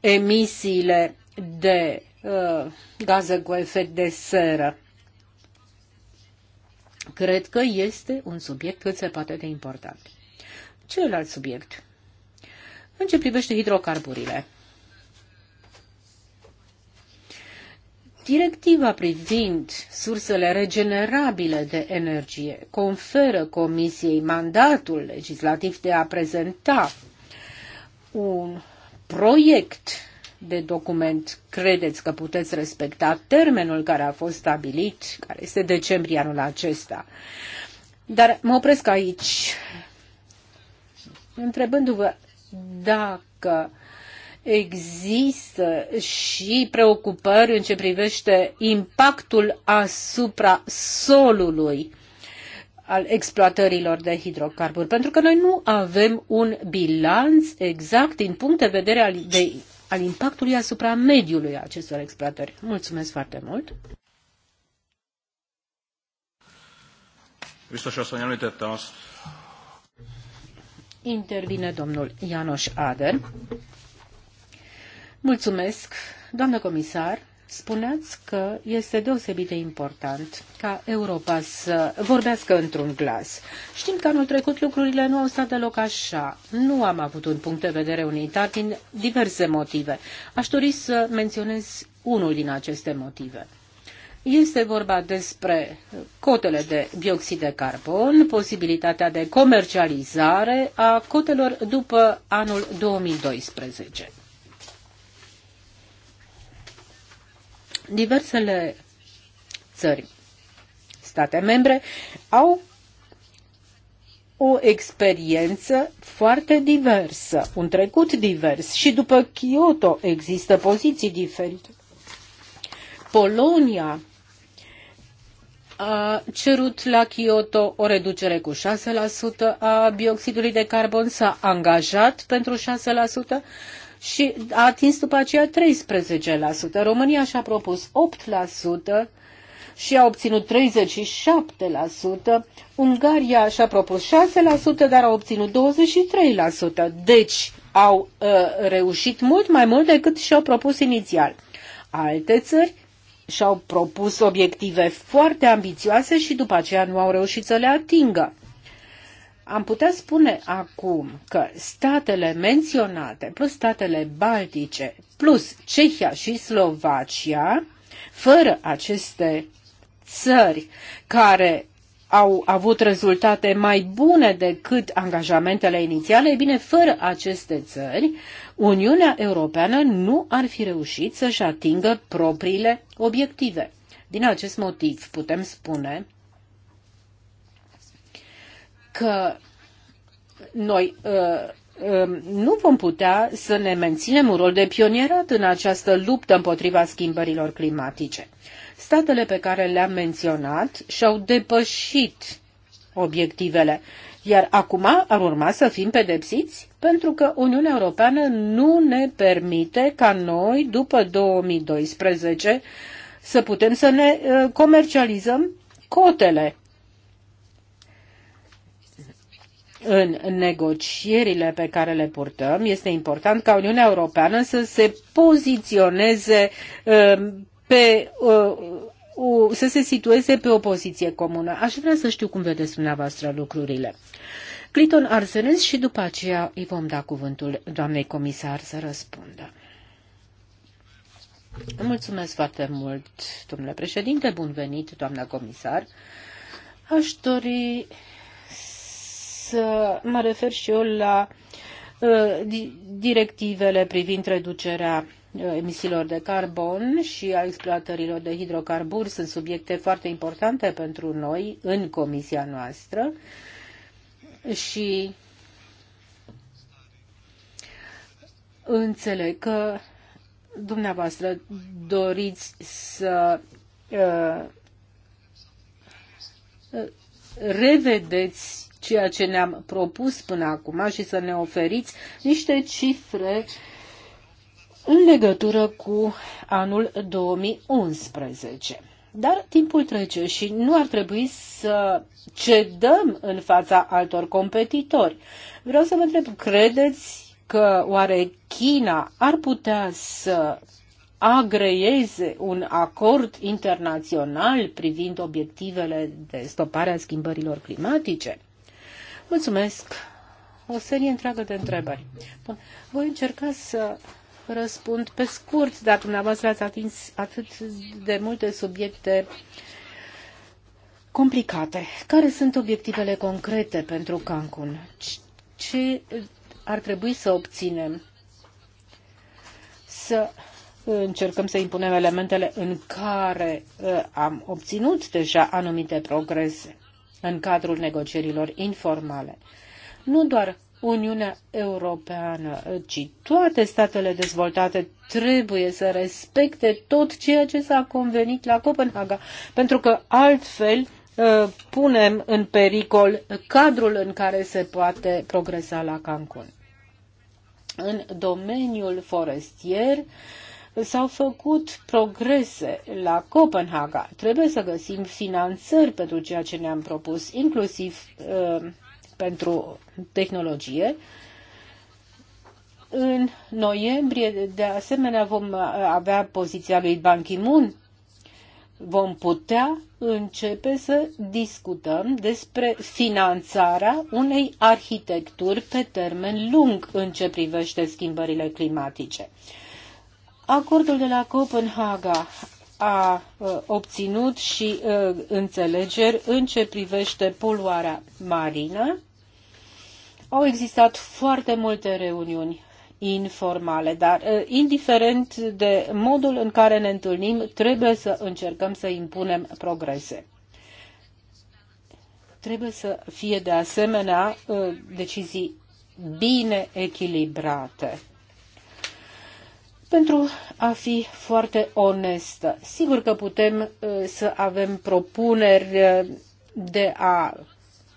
emisiile de Uh, gaze cu efect de seră. Cred că este un subiect cât se poate de important. Celălalt subiect. În ce privește hidrocarburile. Directiva privind sursele regenerabile de energie conferă Comisiei mandatul legislativ de a prezenta un proiect de document credeți că puteți respecta termenul care a fost stabilit, care este decembrie anul acesta. Dar mă opresc aici, întrebându-vă dacă există și preocupări în ce privește impactul asupra solului al exploatărilor de hidrocarburi, pentru că noi nu avem un bilanț exact din punct de vedere al de al impactului asupra mediului acestor exploatări. Mulțumesc foarte mult! Intervine domnul Ianoș Ader. Mulțumesc, doamnă comisar spuneați că este deosebit de important ca Europa să vorbească într-un glas. Știm că anul trecut lucrurile nu au stat deloc așa. Nu am avut un punct de vedere unitar din diverse motive. Aș dori să menționez unul din aceste motive. Este vorba despre cotele de dioxid de carbon, posibilitatea de comercializare a cotelor după anul 2012. Diversele țări, state membre, au o experiență foarte diversă, un trecut divers și după Kyoto există poziții diferite. Polonia a cerut la Kyoto o reducere cu 6% a bioxidului de carbon, s-a angajat pentru și a atins după aceea 13%. România și-a propus 8% și a obținut 37%, Ungaria și-a propus 6%, dar a obținut 23%. Deci au uh, reușit mult mai mult decât și-au propus inițial. Alte țări și-au propus obiective foarte ambițioase și după aceea nu au reușit să le atingă. Am putea spune acum că statele menționate, plus statele baltice, plus Cehia și Slovacia, fără aceste țări care au avut rezultate mai bune decât angajamentele inițiale, e bine, fără aceste țări, Uniunea Europeană nu ar fi reușit să-și atingă propriile obiective. Din acest motiv putem spune că noi uh, um, nu vom putea să ne menținem un rol de pionierat în această luptă împotriva schimbărilor climatice. Statele pe care le-am menționat și-au depășit obiectivele, iar acum ar urma să fim pedepsiți pentru că Uniunea Europeană nu ne permite ca noi, după 2012, să putem să ne uh, comercializăm cotele în negocierile pe care le purtăm, este important ca Uniunea Europeană să se poziționeze um, pe o, uh, să se situeze pe o poziție comună. Aș vrea să știu cum vedeți dumneavoastră lucrurile. Cliton Arsenes și după aceea îi vom da cuvântul doamnei comisar să răspundă. Mulțumesc foarte mult, domnule președinte, bun venit, doamna comisar. Aș dori să mă refer și eu la uh, directivele privind reducerea uh, emisiilor de carbon și a exploatărilor de hidrocarburi sunt subiecte foarte importante pentru noi în comisia noastră și înțeleg că dumneavoastră doriți să uh, uh revedeți ceea ce ne-am propus până acum și să ne oferiți niște cifre în legătură cu anul 2011. Dar timpul trece și nu ar trebui să cedăm în fața altor competitori. Vreau să vă întreb, credeți că oare China ar putea să agreieze un acord internațional privind obiectivele de stopare a schimbărilor climatice? Mulțumesc! O serie întreagă de întrebări. Bun. Voi încerca să răspund pe scurt, dar dumneavoastră ați atins atât de multe subiecte complicate. Care sunt obiectivele concrete pentru Cancun? Ce ar trebui să obținem? Să încercăm să impunem elementele în care uh, am obținut deja anumite progrese în cadrul negocierilor informale. Nu doar Uniunea Europeană, ci toate statele dezvoltate trebuie să respecte tot ceea ce s-a convenit la Copenhaga, pentru că altfel uh, punem în pericol cadrul în care se poate progresa la Cancun. În domeniul forestier, S-au făcut progrese la Copenhaga. Trebuie să găsim finanțări pentru ceea ce ne-am propus, inclusiv uh, pentru tehnologie. În noiembrie, de asemenea, vom avea poziția lui Ban Ki-moon vom putea începe să discutăm despre finanțarea unei arhitecturi pe termen lung în ce privește schimbările climatice. Acordul de la Copenhaga a obținut și înțelegeri în ce privește poluarea marină. Au existat foarte multe reuniuni informale, dar indiferent de modul în care ne întâlnim, trebuie să încercăm să impunem progrese. Trebuie să fie de asemenea decizii bine echilibrate pentru a fi foarte onestă. Sigur că putem uh, să avem propuneri uh, de a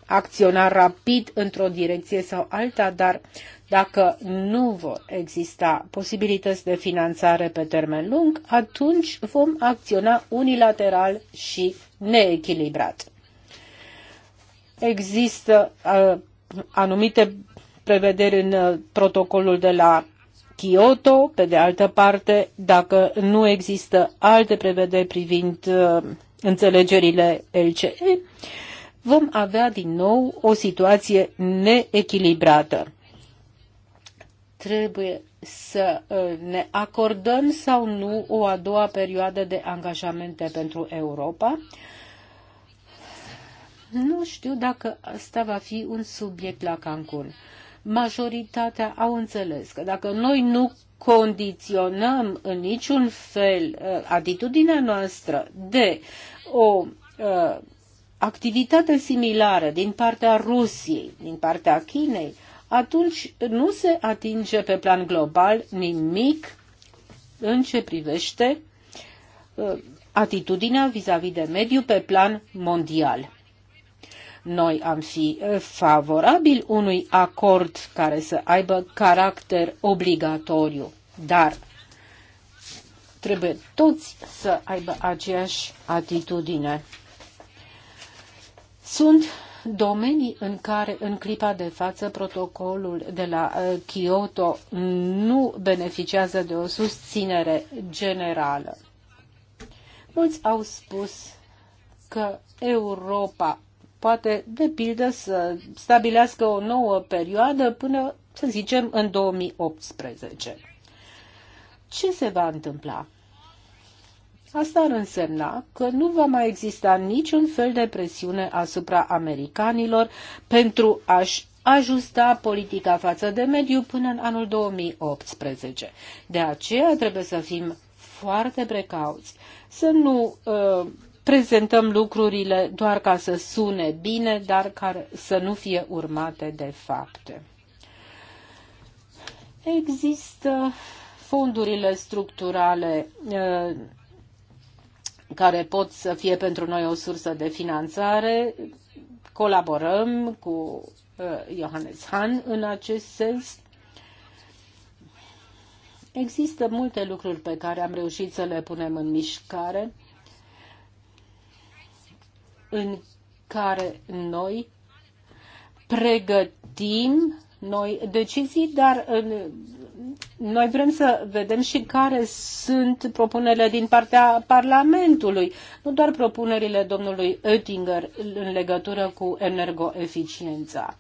acționa rapid într-o direcție sau alta, dar dacă nu vor exista posibilități de finanțare pe termen lung, atunci vom acționa unilateral și neechilibrat. Există uh, anumite prevederi în uh, protocolul de la Kyoto, pe de altă parte, dacă nu există alte prevederi privind uh, înțelegerile LCE, vom avea din nou o situație neechilibrată. Trebuie să uh, ne acordăm sau nu o a doua perioadă de angajamente pentru Europa. Nu știu dacă asta va fi un subiect la Cancun majoritatea au înțeles că dacă noi nu condiționăm în niciun fel uh, atitudinea noastră de o uh, activitate similară din partea Rusiei, din partea Chinei, atunci nu se atinge pe plan global nimic în ce privește uh, atitudinea vis-a-vis -vis de mediu pe plan mondial. Noi am fi eh, favorabili unui acord care să aibă caracter obligatoriu, dar trebuie toți să aibă aceeași atitudine. Sunt domenii în care în clipa de față protocolul de la eh, Kyoto nu beneficiază de o susținere generală. Mulți au spus că Europa poate, de pildă, să stabilească o nouă perioadă până, să zicem, în 2018. Ce se va întâmpla? Asta ar însemna că nu va mai exista niciun fel de presiune asupra americanilor pentru a-și ajusta politica față de mediu până în anul 2018. De aceea trebuie să fim foarte precauți, să nu uh, prezentăm lucrurile doar ca să sune bine, dar ca să nu fie urmate de fapte. Există fondurile structurale care pot să fie pentru noi o sursă de finanțare. Colaborăm cu Johannes Hahn în acest sens. Există multe lucruri pe care am reușit să le punem în mișcare în care noi pregătim noi decizii, dar noi vrem să vedem și care sunt propunerile din partea Parlamentului, nu doar propunerile domnului Oettinger în legătură cu energoeficiența.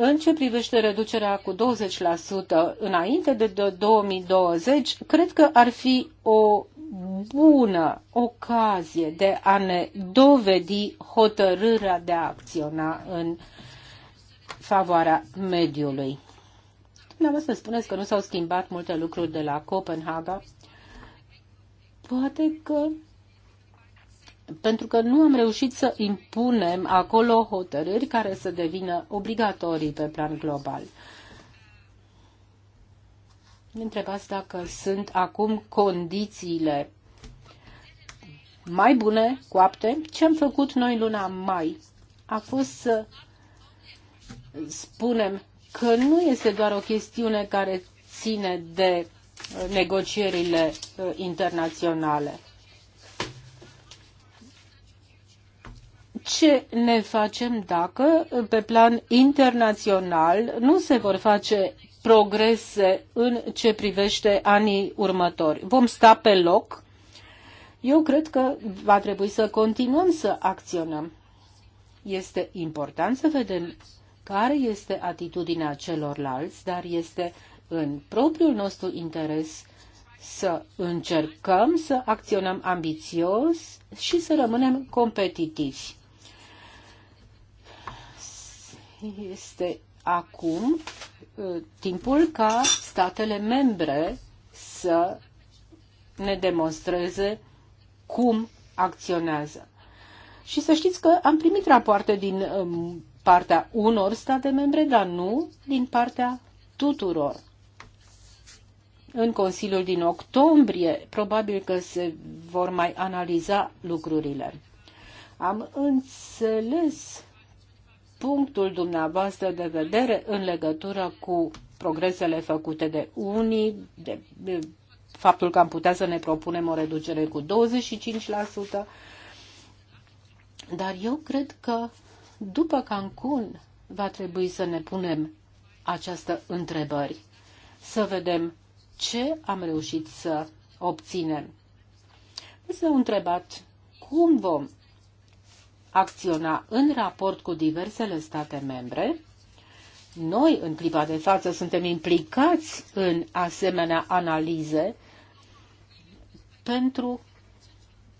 În ce privește reducerea cu 20% înainte de 2020, cred că ar fi o bună ocazie de a ne dovedi hotărârea de a acționa în favoarea mediului. Dumneavoastră spuneți că nu s-au schimbat multe lucruri de la Copenhaga. Poate că pentru că nu am reușit să impunem acolo hotărâri care să devină obligatorii pe plan global. Ne întrebați dacă sunt acum condițiile mai bune, coapte. Ce am făcut noi luna mai a fost să spunem că nu este doar o chestiune care ține de negocierile uh, internaționale. ce ne facem dacă pe plan internațional nu se vor face progrese în ce privește anii următori. Vom sta pe loc? Eu cred că va trebui să continuăm să acționăm. Este important să vedem care este atitudinea celorlalți, dar este în propriul nostru interes să încercăm să acționăm ambițios și să rămânem competitivi este acum uh, timpul ca statele membre să ne demonstreze cum acționează. Și să știți că am primit rapoarte din um, partea unor state membre, dar nu din partea tuturor. În Consiliul din octombrie, probabil că se vor mai analiza lucrurile. Am înțeles punctul dumneavoastră de vedere în legătură cu progresele făcute de unii, de, de faptul că am putea să ne propunem o reducere cu 25%, dar eu cred că după Cancun va trebui să ne punem această întrebări, să vedem ce am reușit să obținem. Să întrebat cum vom acționa în raport cu diversele state membre. Noi, în clipa de față, suntem implicați în asemenea analize pentru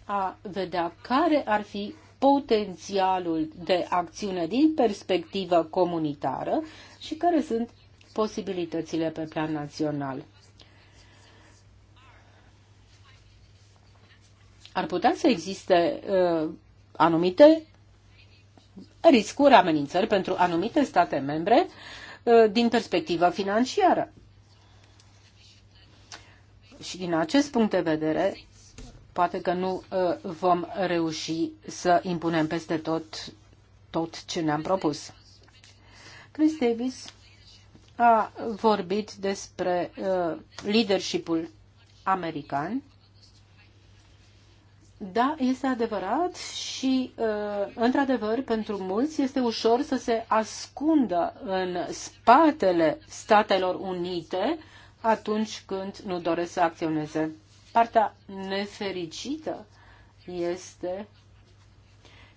a vedea care ar fi potențialul de acțiune din perspectivă comunitară și care sunt posibilitățile pe plan național. Ar putea să existe uh, anumite riscuri, amenințări pentru anumite state membre uh, din perspectivă financiară. Și din acest punct de vedere, poate că nu uh, vom reuși să impunem peste tot tot ce ne-am propus. Chris Davis a vorbit despre uh, leadershipul american da, este adevărat și, uh, într-adevăr, pentru mulți este ușor să se ascundă în spatele Statelor Unite atunci când nu doresc să acționeze. Partea nefericită este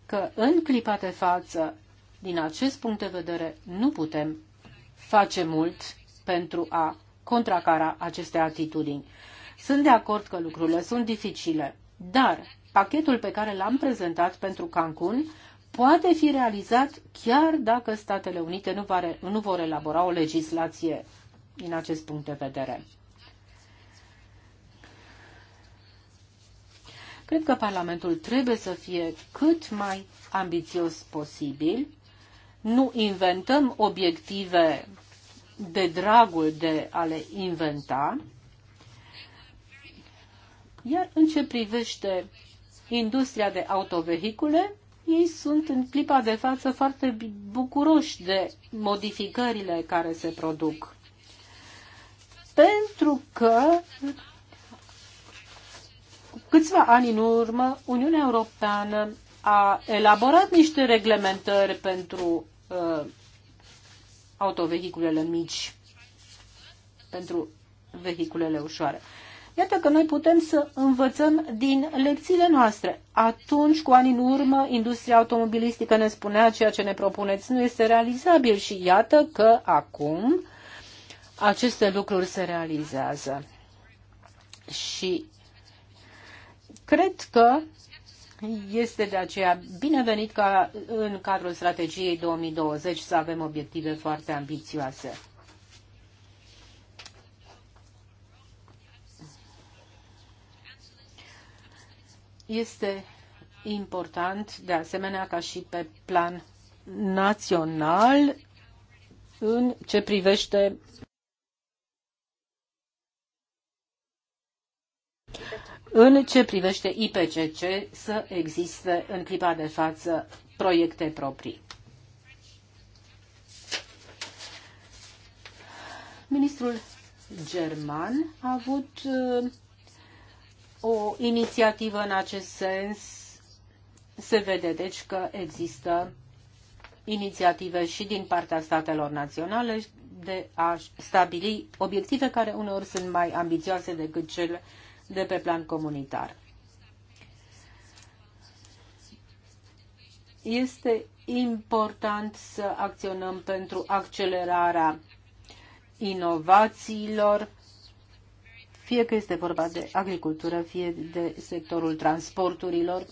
că în clipa de față, din acest punct de vedere, nu putem face mult pentru a contracara aceste atitudini. Sunt de acord că lucrurile sunt dificile, dar pachetul pe care l-am prezentat pentru Cancun poate fi realizat chiar dacă Statele Unite nu, va, nu vor elabora o legislație din acest punct de vedere. Cred că Parlamentul trebuie să fie cât mai ambițios posibil. Nu inventăm obiective de dragul de a le inventa, iar în ce privește industria de autovehicule, ei sunt în clipa de față foarte bucuroși de modificările care se produc. Pentru că câțiva ani în urmă, Uniunea Europeană a elaborat niște reglementări pentru uh, autovehiculele mici, pentru vehiculele ușoare. Iată că noi putem să învățăm din lecțiile noastre. Atunci, cu ani în urmă, industria automobilistică ne spunea ceea ce ne propuneți nu este realizabil și iată că acum aceste lucruri se realizează. Și cred că este de aceea binevenit ca în cadrul strategiei 2020 să avem obiective foarte ambițioase. Este important, de asemenea, ca și pe plan național, în ce privește În ce privește IPCC, să existe în clipa de față proiecte proprii. Ministrul german a avut uh, o inițiativă în acest sens. Se vede deci că există inițiative și din partea statelor naționale de a stabili obiective care uneori sunt mai ambițioase decât cele de pe plan comunitar. Este important să acționăm pentru accelerarea inovațiilor, fie că este vorba de agricultură, fie de sectorul transporturilor,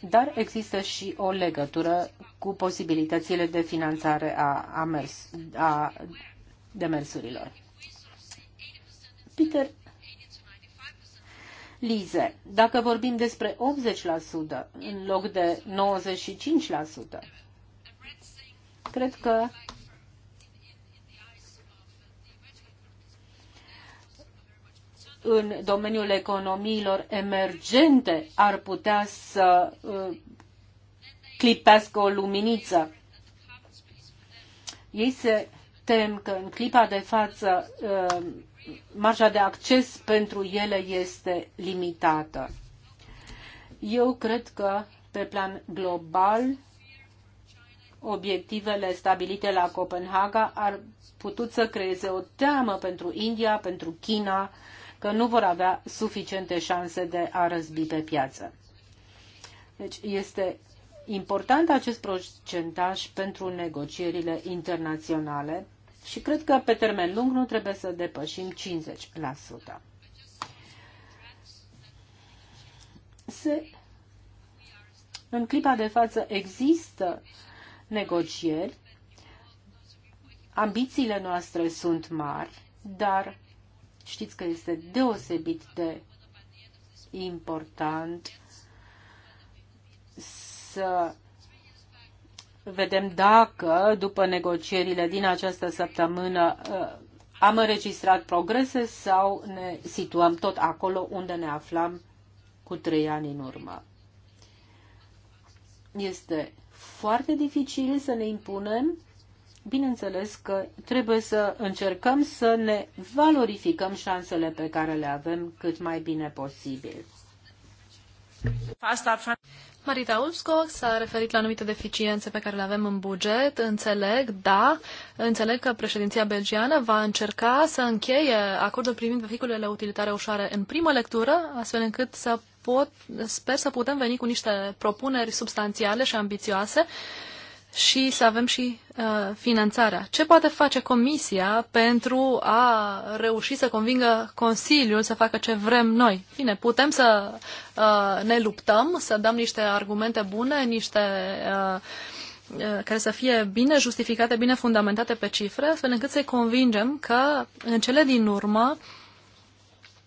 dar există și o legătură cu posibilitățile de finanțare a, a, mers, a demersurilor. Peter Lize, dacă vorbim despre 80% în loc de 95%, cred că în domeniul economiilor emergente ar putea să uh, clipească o luminiță. Ei se tem că în clipa de față uh, marja de acces pentru ele este limitată. Eu cred că pe plan global obiectivele stabilite la Copenhaga ar putut să creeze o teamă pentru India, pentru China, că nu vor avea suficiente șanse de a răzbi pe piață. Deci este important acest procentaj pentru negocierile internaționale și cred că pe termen lung nu trebuie să depășim 50%. Se, în clipa de față există negocieri, ambițiile noastre sunt mari, dar Știți că este deosebit de important să vedem dacă, după negocierile din această săptămână, ă, am înregistrat progrese sau ne situăm tot acolo unde ne aflam cu trei ani în urmă. Este foarte dificil să ne impunem bineînțeles că trebuie să încercăm să ne valorificăm șansele pe care le avem cât mai bine posibil. Marita Ulfskog s-a referit la anumite deficiențe pe care le avem în buget. Înțeleg, da, înțeleg că președinția belgiană va încerca să încheie acordul privind vehiculele utilitare ușoare în primă lectură, astfel încât să pot, sper să putem veni cu niște propuneri substanțiale și ambițioase uh, și să avem și uh, finanțarea. Ce poate face Comisia pentru a reuși să convingă Consiliul să facă ce vrem noi? Bine, putem să uh, ne luptăm, să dăm niște argumente bune, niște uh, uh care să fie bine justificate, bine fundamentate pe cifre, astfel încât să-i convingem că în cele din urmă uh,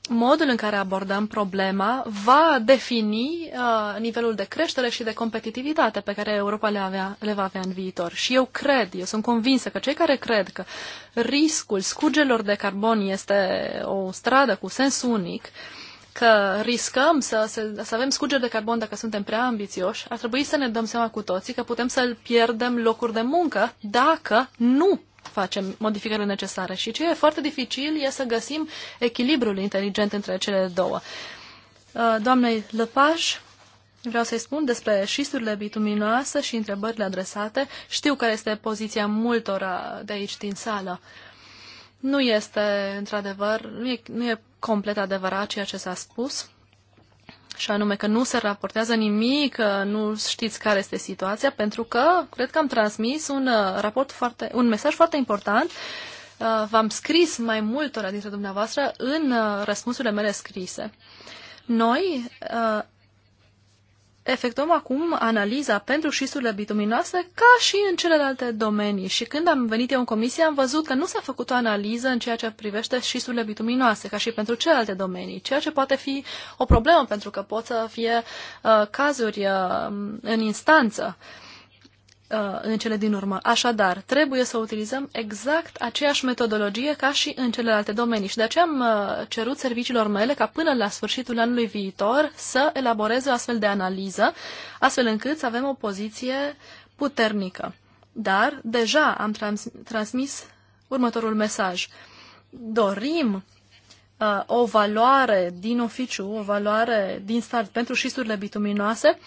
modul în care abordăm problema va defini uh, nivelul de creștere și de competitivitate pe care Europa le, avea, le va avea în viitor. Și eu cred, eu sunt convinsă că cei care cred că riscul scurgelor de carbon este o stradă cu sens unic, că riscăm să, să, să avem scurgeri de carbon dacă suntem prea ambițioși, ar trebui să ne dăm seama cu toții că putem să l pierdem locuri de muncă dacă nu facem modificările necesare. Și ce e foarte dificil e să găsim echilibrul inteligent între cele două. Uh, doamnei Lăpaș, vreau să-i spun despre șisturile bituminoase și întrebările adresate. Știu care este poziția multora de aici din sală. Nu este, într-adevăr, nu e, nu e complet adevărat ceea ce s-a spus și anume că nu se raportează nimic, că nu știți care este situația, pentru că cred că am transmis un, uh, raport foarte, un mesaj foarte important. Uh, v-am scris mai multora dintre dumneavoastră în uh, răspunsurile mele scrise. Noi efectuăm acum analiza pentru șisturile bituminoase ca și în celelalte domenii. Și când am venit eu în comisie, am văzut că nu s-a făcut o analiză în ceea ce privește șisturile bituminoase, ca și pentru celelalte domenii, ceea ce poate fi o problemă, pentru că pot să fie uh, cazuri uh, în instanță Uh, în cele din urmă. Așadar, trebuie să utilizăm exact aceeași metodologie ca și în celelalte domenii și de aceea am uh, cerut serviciilor mele ca până la sfârșitul anului viitor să elaboreze o astfel de analiză, astfel încât să avem o poziție puternică. Dar deja am trans- transmis următorul mesaj. Dorim uh, o valoare din oficiu, o valoare din start pentru șisturile bituminoase, uh,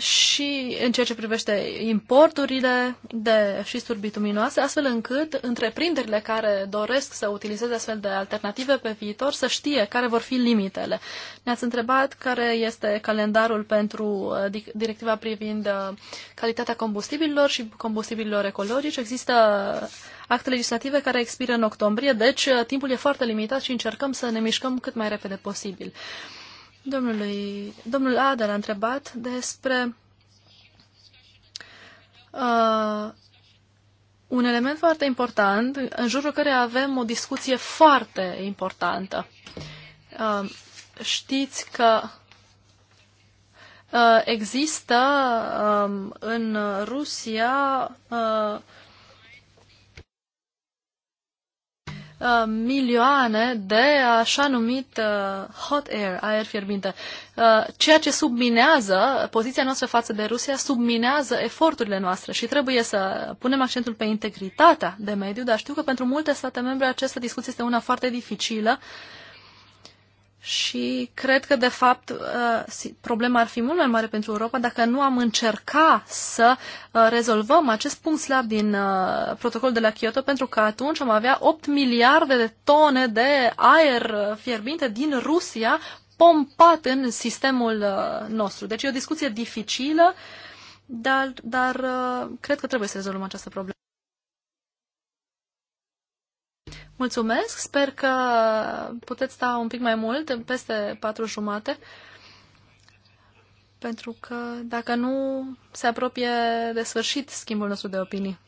și în ceea ce privește importurile de șisturi bituminoase, astfel încât întreprinderile care doresc să utilizeze astfel de alternative pe viitor să știe care vor fi limitele. Ne-ați întrebat care este calendarul pentru uh, directiva privind uh, calitatea combustibililor și combustibililor ecologici. Există acte legislative care expiră în octombrie, deci uh, timpul e foarte limitat și încercăm să ne mișcăm cât mai repede posibil. Domnului, domnul Adar a întrebat despre uh, un element foarte important, în jurul care avem o discuție foarte importantă. Uh, știți că uh, există uh, în Rusia uh, Uh, milioane de așa numit uh, hot air, aer fierbinte. Uh, ceea ce subminează poziția noastră față de Rusia, subminează eforturile noastre și trebuie să punem accentul pe integritatea de mediu, dar știu că pentru multe state membre această discuție este una foarte dificilă. Uh, și cred că, de fapt, uh, problema ar fi mult mai mare pentru Europa dacă nu am încerca să uh, rezolvăm acest punct slab din uh, protocolul de la Kyoto, pentru că atunci am avea 8 miliarde de tone de aer fierbinte din Rusia pompat în sistemul nostru. Deci e o discuție dificilă, dar, dar cred că trebuie să rezolvăm această problemă. Mulțumesc, sper că puteți sta un pic mai mult, peste patru jumate, pentru că dacă nu, se apropie de sfârșit schimbul nostru de opinii.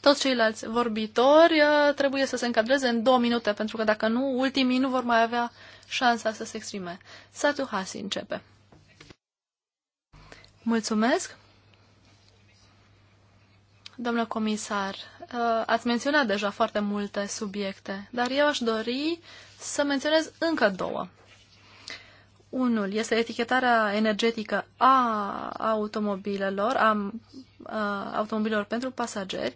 Toți ceilalți vorbitori uh, trebuie să se încadreze în două minute, pentru că dacă nu, ultimii nu vor mai avea șansa să se exprime. Satu Hasi începe. Mulțumesc! Domnule comisar, uh, ați menționat deja foarte multe subiecte, dar eu aș dori să menționez încă două. Unul este etichetarea energetică a automobilelor, a, a uh, automobilelor pentru pasageri.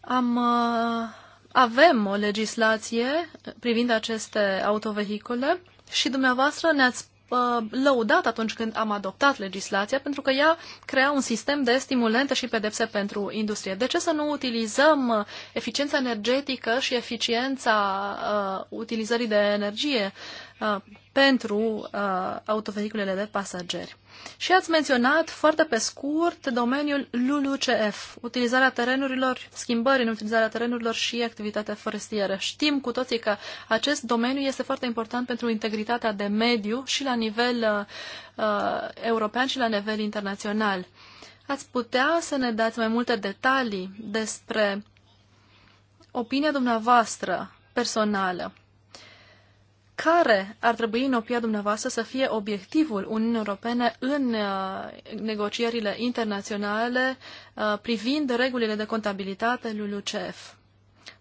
Am, uh, avem o legislație privind aceste autovehicule și dumneavoastră ne-ați Uh, lăudat atunci când am adoptat legislația, pentru că ea crea un sistem de stimulente și pedepse pentru industrie. De ce să nu utilizăm uh, eficiența energetică și eficiența uh, utilizării de energie Uh, pentru uh, autovehiculele de pasageri. Și ați menționat foarte pe scurt domeniul LULUCF, utilizarea terenurilor, schimbări în utilizarea terenurilor și activitatea forestieră. Știm cu toții că acest domeniu este foarte important pentru integritatea de mediu și la nivel uh, uh european și la nivel internațional. Ați putea să ne dați mai multe detalii despre opinia dumneavoastră personală care ar trebui, în opinia dumneavoastră, să fie obiectivul Uniunii Europene în uh, negocierile internaționale uh, privind regulile de contabilitate LULUCF?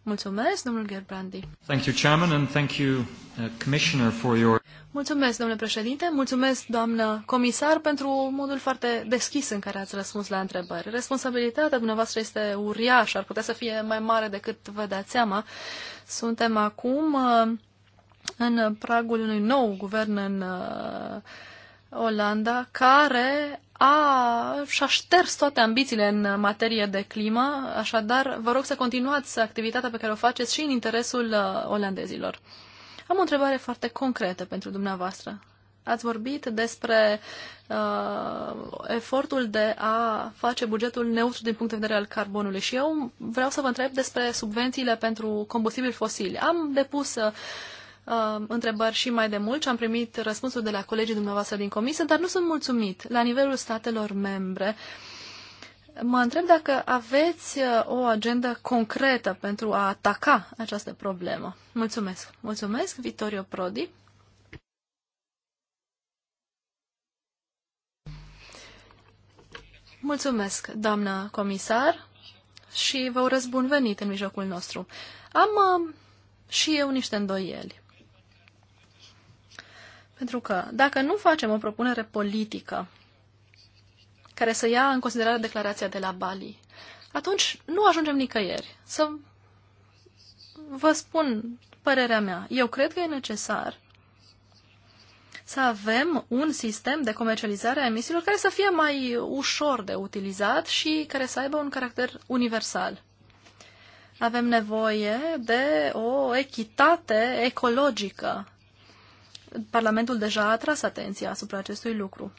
Mulțumesc, domnul Gerbrandi. Thank you, Chairman, and thank you, uh, Commissioner, for your... Mulțumesc, domnule președinte, mulțumesc, doamnă comisar, pentru modul foarte deschis în care ați răspuns la întrebări. Responsabilitatea dumneavoastră este uriașă, ar putea să fie mai mare decât vă dați seama. Suntem acum uh, în pragul unui nou guvern în uh, Olanda, care a, și-a șters toate ambițiile în materie de climă, așadar vă rog să continuați activitatea pe care o faceți și în interesul uh, olandezilor. Am o întrebare foarte concretă pentru dumneavoastră. Ați vorbit despre uh, efortul de a face bugetul neutru din punct de vedere al carbonului și eu vreau să vă întreb despre subvențiile pentru combustibili fosili. Am depus uh, uh, întrebări și mai de mult și am primit răspunsuri de la colegii dumneavoastră din comisie, dar nu sunt mulțumit la nivelul statelor membre. Mă întreb dacă aveți uh, o agendă concretă pentru a ataca această problemă. Mulțumesc. Mulțumesc, Vittorio Prodi. Mulțumesc, doamnă comisar, și vă urez bun venit în mijlocul nostru. Am uh, și eu niște îndoieli. Pentru că dacă nu facem o propunere politică care să ia în considerare declarația de la Bali, atunci nu ajungem nicăieri. Să vă spun părerea mea. Eu cred că e necesar să avem un sistem de comercializare a emisiilor care să fie mai ușor de utilizat și care să aibă un caracter universal. Avem nevoie de o echitate ecologică Parlamentul deja a atras atenția asupra acestui lucru.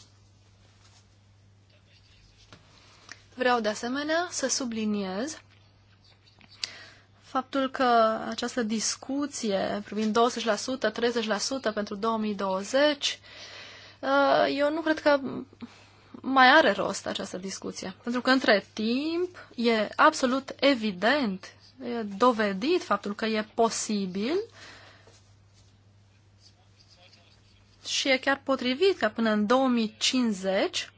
Vreau de asemenea să subliniez faptul că această discuție privind 20%, 30% pentru 2020, uh, eu nu cred că mai are rost această discuție. Pentru că între timp e absolut evident, e dovedit faptul că e posibil uh, și e chiar potrivit ca până în 2050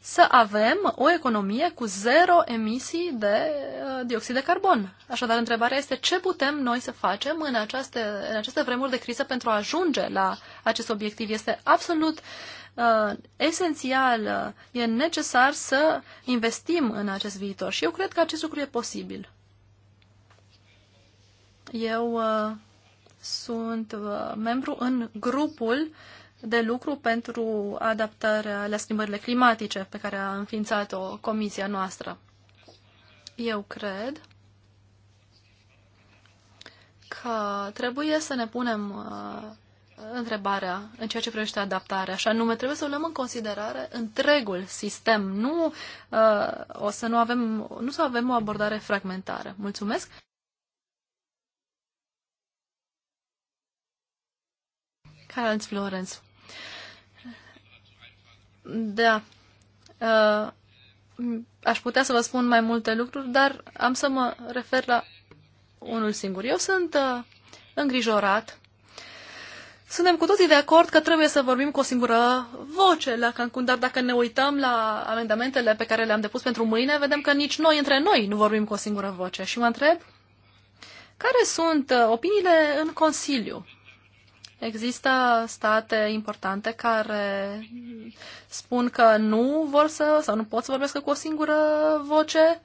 să avem o economie cu zero emisii de uh, dioxid de carbon. Așadar, întrebarea este ce putem noi să facem în aceste, în aceste vremuri de criză pentru a ajunge la acest obiectiv. Este absolut uh, esențial, uh, e necesar să investim în acest viitor și eu cred că acest lucru e posibil. Eu uh, sunt uh, membru în grupul de lucru pentru adaptarea la schimbările climatice pe care a înființat-o comisia noastră. Eu cred că trebuie să ne punem uh, întrebarea în ceea ce privește adaptarea. așa nume, trebuie să luăm în considerare întregul sistem. Nu uh, o să nu avem, nu să avem o abordare fragmentară. Mulțumesc. Karl-Heinz Florenz. Da. Uh, aș putea să vă spun mai multe lucruri, dar am să mă refer la unul singur. Eu sunt uh, îngrijorat. Suntem cu toții de acord că trebuie să vorbim cu o singură voce la Cancun, dar dacă ne uităm la amendamentele pe care le-am depus pentru mâine, vedem că nici noi între noi nu vorbim cu o singură voce. Și mă întreb, care sunt uh, opiniile în Consiliu? Există state importante care spun că nu vor să sau nu pot să vorbesc cu o singură voce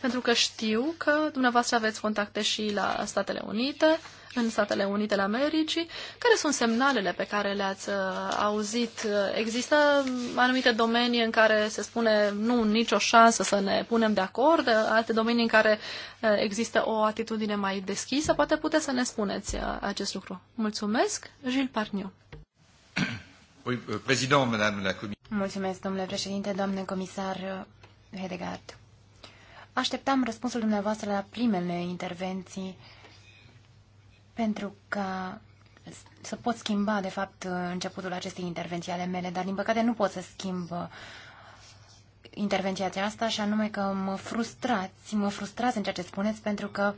pentru că știu că dumneavoastră aveți contacte și la Statele Unite în Statele Unite ale Americii. Care sunt semnalele pe care le-ați uh, auzit? Există anumite domenii în care se spune nu, nicio șansă să ne punem de acord, uh, alte domenii în care uh, există o atitudine mai deschisă? Poate puteți să ne spuneți acest lucru. Mulțumesc, Gilles Parniu. Euh, Mulțumesc, domnule președinte, domnule comisar Hedegaard. Așteptam răspunsul dumneavoastră la primele intervenții pentru că să pot schimba, de fapt, începutul acestei intervenții ale mele, dar, din păcate, nu pot să schimb uh, intervenția aceasta, și anume că mă frustrați, mă frustrați în ceea ce spuneți, pentru că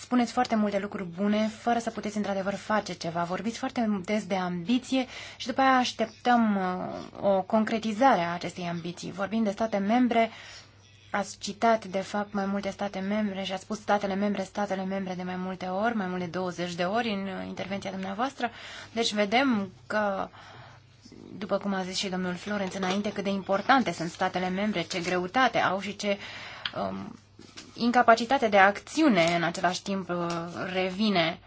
spuneți foarte multe lucruri bune, fără să puteți, într-adevăr, face ceva. Vorbiți foarte des de ambiție și după aia așteptăm uh, o concretizare a acestei ambiții. Vorbim de state membre ați citat, de fapt, mai multe state membre și ați spus statele membre, statele membre de mai multe ori, mai multe 20 de ori în uh, intervenția dumneavoastră. Deci vedem că, după cum a zis și domnul Florenț înainte, cât de importante sunt statele membre, ce greutate au și ce um, incapacitate de acțiune în același timp uh, revine.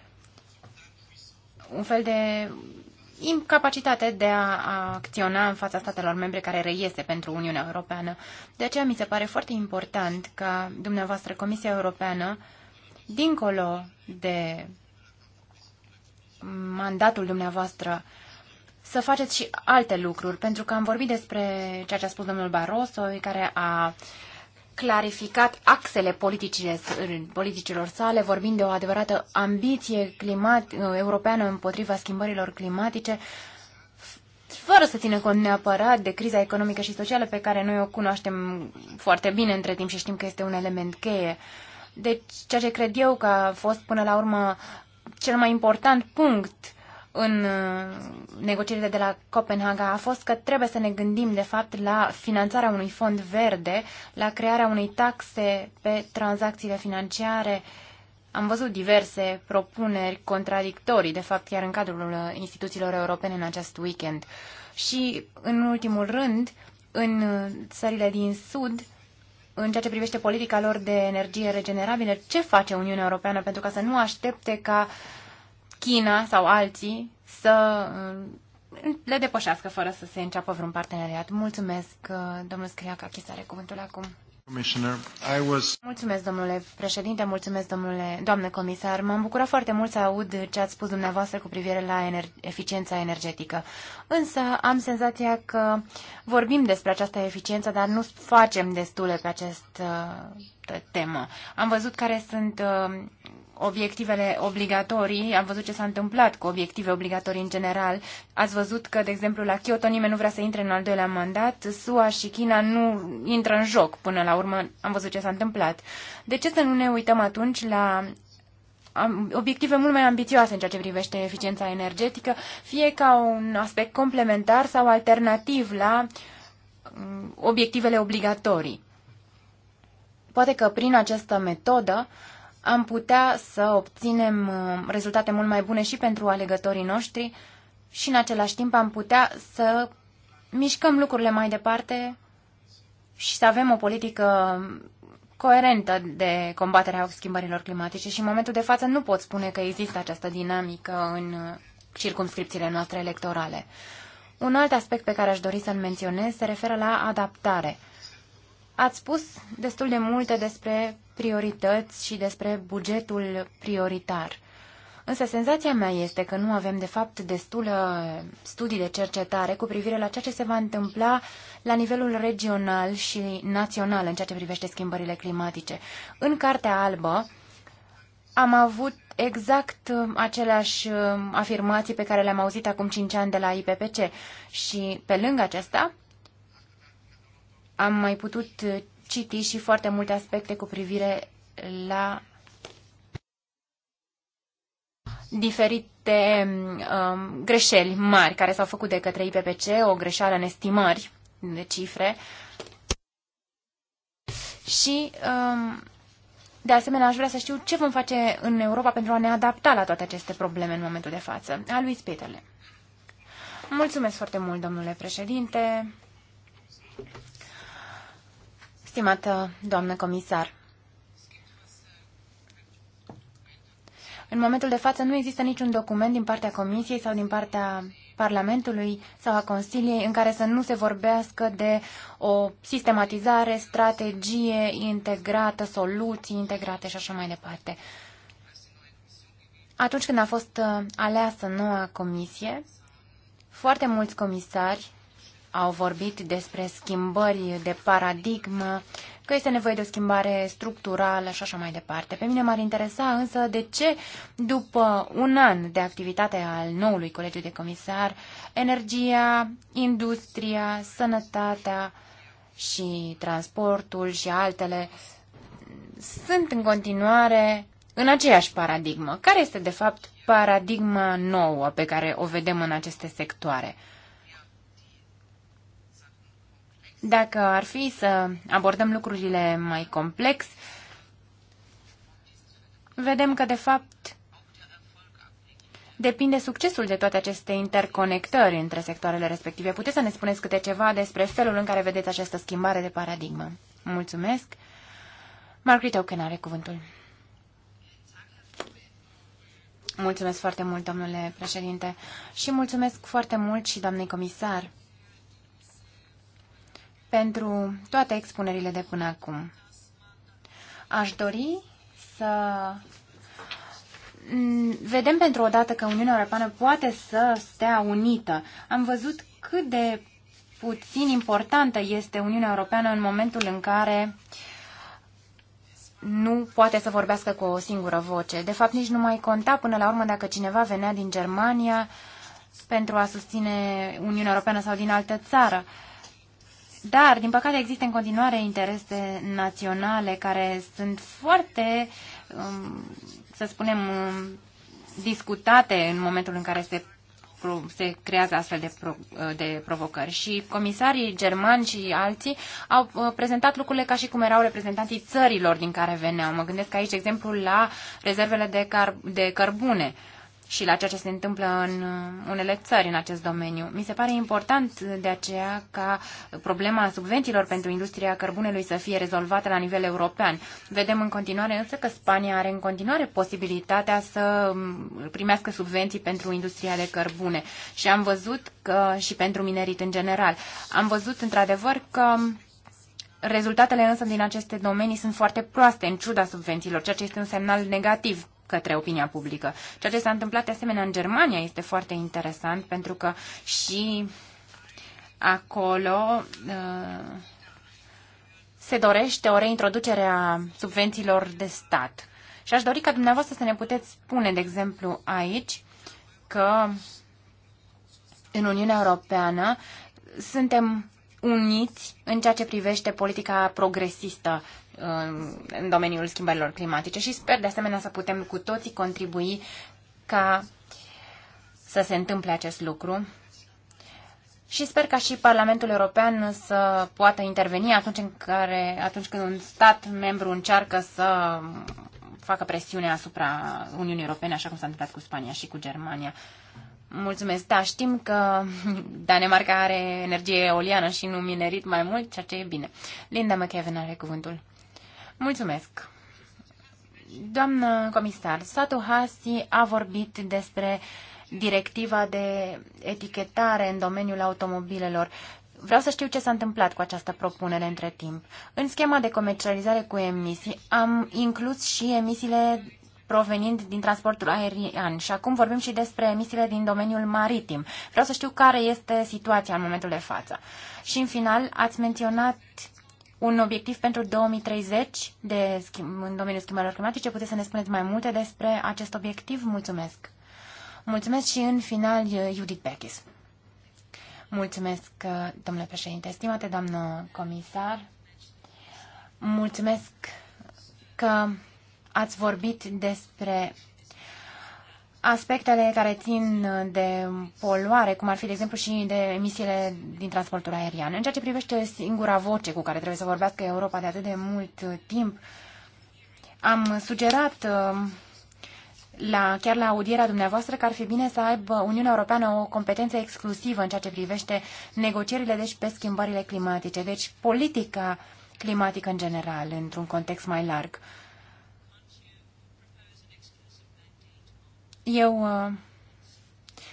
Un fel de incapacitate de a acționa în fața statelor membre care reiese pentru Uniunea Europeană. De aceea mi se pare foarte important ca dumneavoastră Comisia Europeană, dincolo de mandatul dumneavoastră, să faceți și alte lucruri, pentru că am vorbit despre ceea ce a spus domnul Barroso, care a uh, clarificat axele politicilor sale, vorbind de o adevărată ambiție climat, uh, europeană împotriva schimbărilor climatice, fără să țină cont neapărat de criza economică și socială pe care noi o cunoaștem foarte bine între timp și știm că este un element cheie. Deci, ceea ce cred eu că a fost până la urmă cel mai important punct în uh, negocierile de la Copenhaga a fost că trebuie să ne gândim, de fapt, la finanțarea unui fond verde, la crearea unei taxe pe tranzacțiile financiare. Am văzut diverse propuneri contradictorii, de fapt, chiar în cadrul uh, instituțiilor europene în acest weekend. Și, în ultimul rând, în uh, țările din Sud, în ceea ce privește politica lor de energie regenerabilă, ce face Uniunea Europeană pentru ca să nu aștepte ca uh, China sau alții să uh, le depășească fără să se înceapă vreun parteneriat. Mulțumesc, uh, domnul Scriac, achis are cuvântul acum. Mulțumesc, domnule președinte, mulțumesc, domnule, doamne comisar. M-am bucurat foarte mult să aud ce ați spus dumneavoastră cu privire la ener- eficiența energetică. Însă am senzația că vorbim despre această eficiență, dar nu facem destule pe acest uh, această temă. Am văzut care sunt uh, obiectivele obligatorii, am văzut ce s-a întâmplat cu obiective obligatorii în general. Ați văzut că, de exemplu, la Kyoto nimeni nu vrea să intre în al doilea mandat, SUA și China nu intră în joc până la urmă, am văzut ce s-a întâmplat. De ce să nu ne uităm atunci la obiective mult mai ambițioase în ceea ce privește eficiența energetică, fie ca un aspect complementar sau alternativ la mm, obiectivele obligatorii. Poate că prin această metodă am putea să obținem uh, rezultate mult mai bune și pentru alegătorii noștri și în același timp am putea să mișcăm lucrurile mai departe și să avem o politică coerentă de combaterea schimbărilor climatice și în momentul de față nu pot spune că există această dinamică în uh, circumscripțiile noastre electorale. Un alt aspect pe care aș dori să-l menționez se referă la adaptare. Ați spus destul de multe despre priorități și despre bugetul prioritar. Însă senzația mea este că nu avem de fapt destulă studii de cercetare cu privire la ceea ce se va întâmpla la nivelul regional și național în ceea ce privește schimbările climatice. În Cartea Albă am avut exact uh, aceleași uh, afirmații pe care le-am auzit acum 5 ani de la IPPC și pe lângă acesta am mai putut uh, citi și foarte multe aspecte cu privire la diferite um, greșeli mari care s-au făcut de către IPPC, o greșeală în estimări de cifre. Și, um, de asemenea, aș vrea să știu ce vom face în Europa pentru a ne adapta la toate aceste probleme în momentul de față. A lui Peterle. Mulțumesc foarte mult, domnule președinte. Stimată doamnă comisar, în momentul de față nu există niciun document din partea Comisiei sau din partea Parlamentului sau a Consiliei în care să nu se vorbească de o sistematizare, strategie integrată, soluții integrate și așa mai departe. Atunci când a fost uh, aleasă noua comisie, foarte mulți comisari au vorbit despre schimbări de paradigmă, că este nevoie de o schimbare structurală și așa mai departe. Pe mine m-ar interesa însă de ce, după un an de activitate al noului colegiu de comisar, energia, industria, sănătatea și transportul și altele sunt în continuare în aceeași paradigmă. Care este, de fapt, paradigma nouă pe care o vedem în aceste sectoare? Dacă ar fi să abordăm lucrurile mai complex, vedem că, de fapt, depinde succesul de toate aceste interconectări între sectoarele respective. Puteți să ne spuneți câte ceva despre felul în care vedeți această schimbare de paradigmă? Mulțumesc! Margaret Oaken are cuvântul. Mulțumesc foarte mult, domnule președinte, și mulțumesc foarte mult și doamnei comisar pentru toate expunerile de până acum. Aș dori să vedem pentru o dată că Uniunea Europeană poate să stea unită. Am văzut cât de puțin importantă este Uniunea Europeană în momentul în care nu poate să vorbească cu o singură voce. De fapt, nici nu mai conta până la urmă dacă cineva venea din Germania pentru a susține Uniunea Europeană sau din altă țară. Dar, din păcate, există în continuare interese naționale care sunt foarte, um, să spunem, um, discutate în momentul în care se se creează astfel de, pro, uh, de provocări. Și comisarii germani și alții au uh, prezentat lucrurile ca și cum erau reprezentanții țărilor din care veneau. Mă gândesc aici, exemplul exemplu, la rezervele de, car, de cărbune. Uh, și la ceea ce se întâmplă în uh, unele țări în acest domeniu. Mi se pare important uh, de aceea ca problema subvențiilor pentru industria cărbunelui să fie rezolvată la nivel european. Vedem în continuare însă că Spania are în continuare posibilitatea să um, primească subvenții pentru industria de cărbune și am văzut că și pentru minerit în general. Am văzut într-adevăr că um, Rezultatele însă din aceste domenii sunt foarte proaste în ciuda subvențiilor, ceea ce este un semnal negativ către opinia publică. Ceea ce s-a întâmplat de asemenea în Germania este foarte interesant pentru că și acolo uh, se dorește o reintroducere a subvențiilor de stat. Și aș dori ca dumneavoastră să ne puteți spune, de exemplu, aici că în Uniunea Europeană suntem uniți în ceea ce privește politica progresistă uh, în domeniul schimbărilor climatice și sper de asemenea să putem cu toții contribui ca să se întâmple acest lucru. Și sper ca și Parlamentul European să poată interveni atunci, în care, atunci când un stat membru încearcă să facă presiune asupra Uniunii Europene, așa cum s-a întâmplat cu Spania și cu Germania. Mulțumesc. Da, știm că Danemarca are energie eoliană și nu minerit mai mult, ceea ce e bine. Linda McKeven are cuvântul. Mulțumesc. Doamnă comisar, Satu Hasi a vorbit despre directiva de etichetare în domeniul automobilelor. Vreau să știu ce s-a întâmplat cu această propunere între timp. În schema de comercializare cu emisii am inclus și emisiile provenind din transportul aerian. Și acum vorbim și despre emisiile din domeniul maritim. Vreau să știu care este situația în momentul de față. Și în final, ați menționat un obiectiv pentru 2030 de schimb, în domeniul schimbărilor climatice. Puteți să ne spuneți mai multe despre acest obiectiv? Mulțumesc! Mulțumesc și în final, Judith Beckis. Mulțumesc, domnule președinte, estimate doamnă comisar. Mulțumesc că ați vorbit despre aspectele care țin de poluare, cum ar fi, de exemplu, și de emisiile din transportul aerian. În ceea ce privește singura voce cu care trebuie să vorbească Europa de atât de mult timp, am sugerat uh, la, chiar la audierea dumneavoastră că ar fi bine să aibă Uniunea Europeană o competență exclusivă în ceea ce privește negocierile deci, pe schimbările climatice, deci politica climatică în general, într-un context mai larg. Eu uh,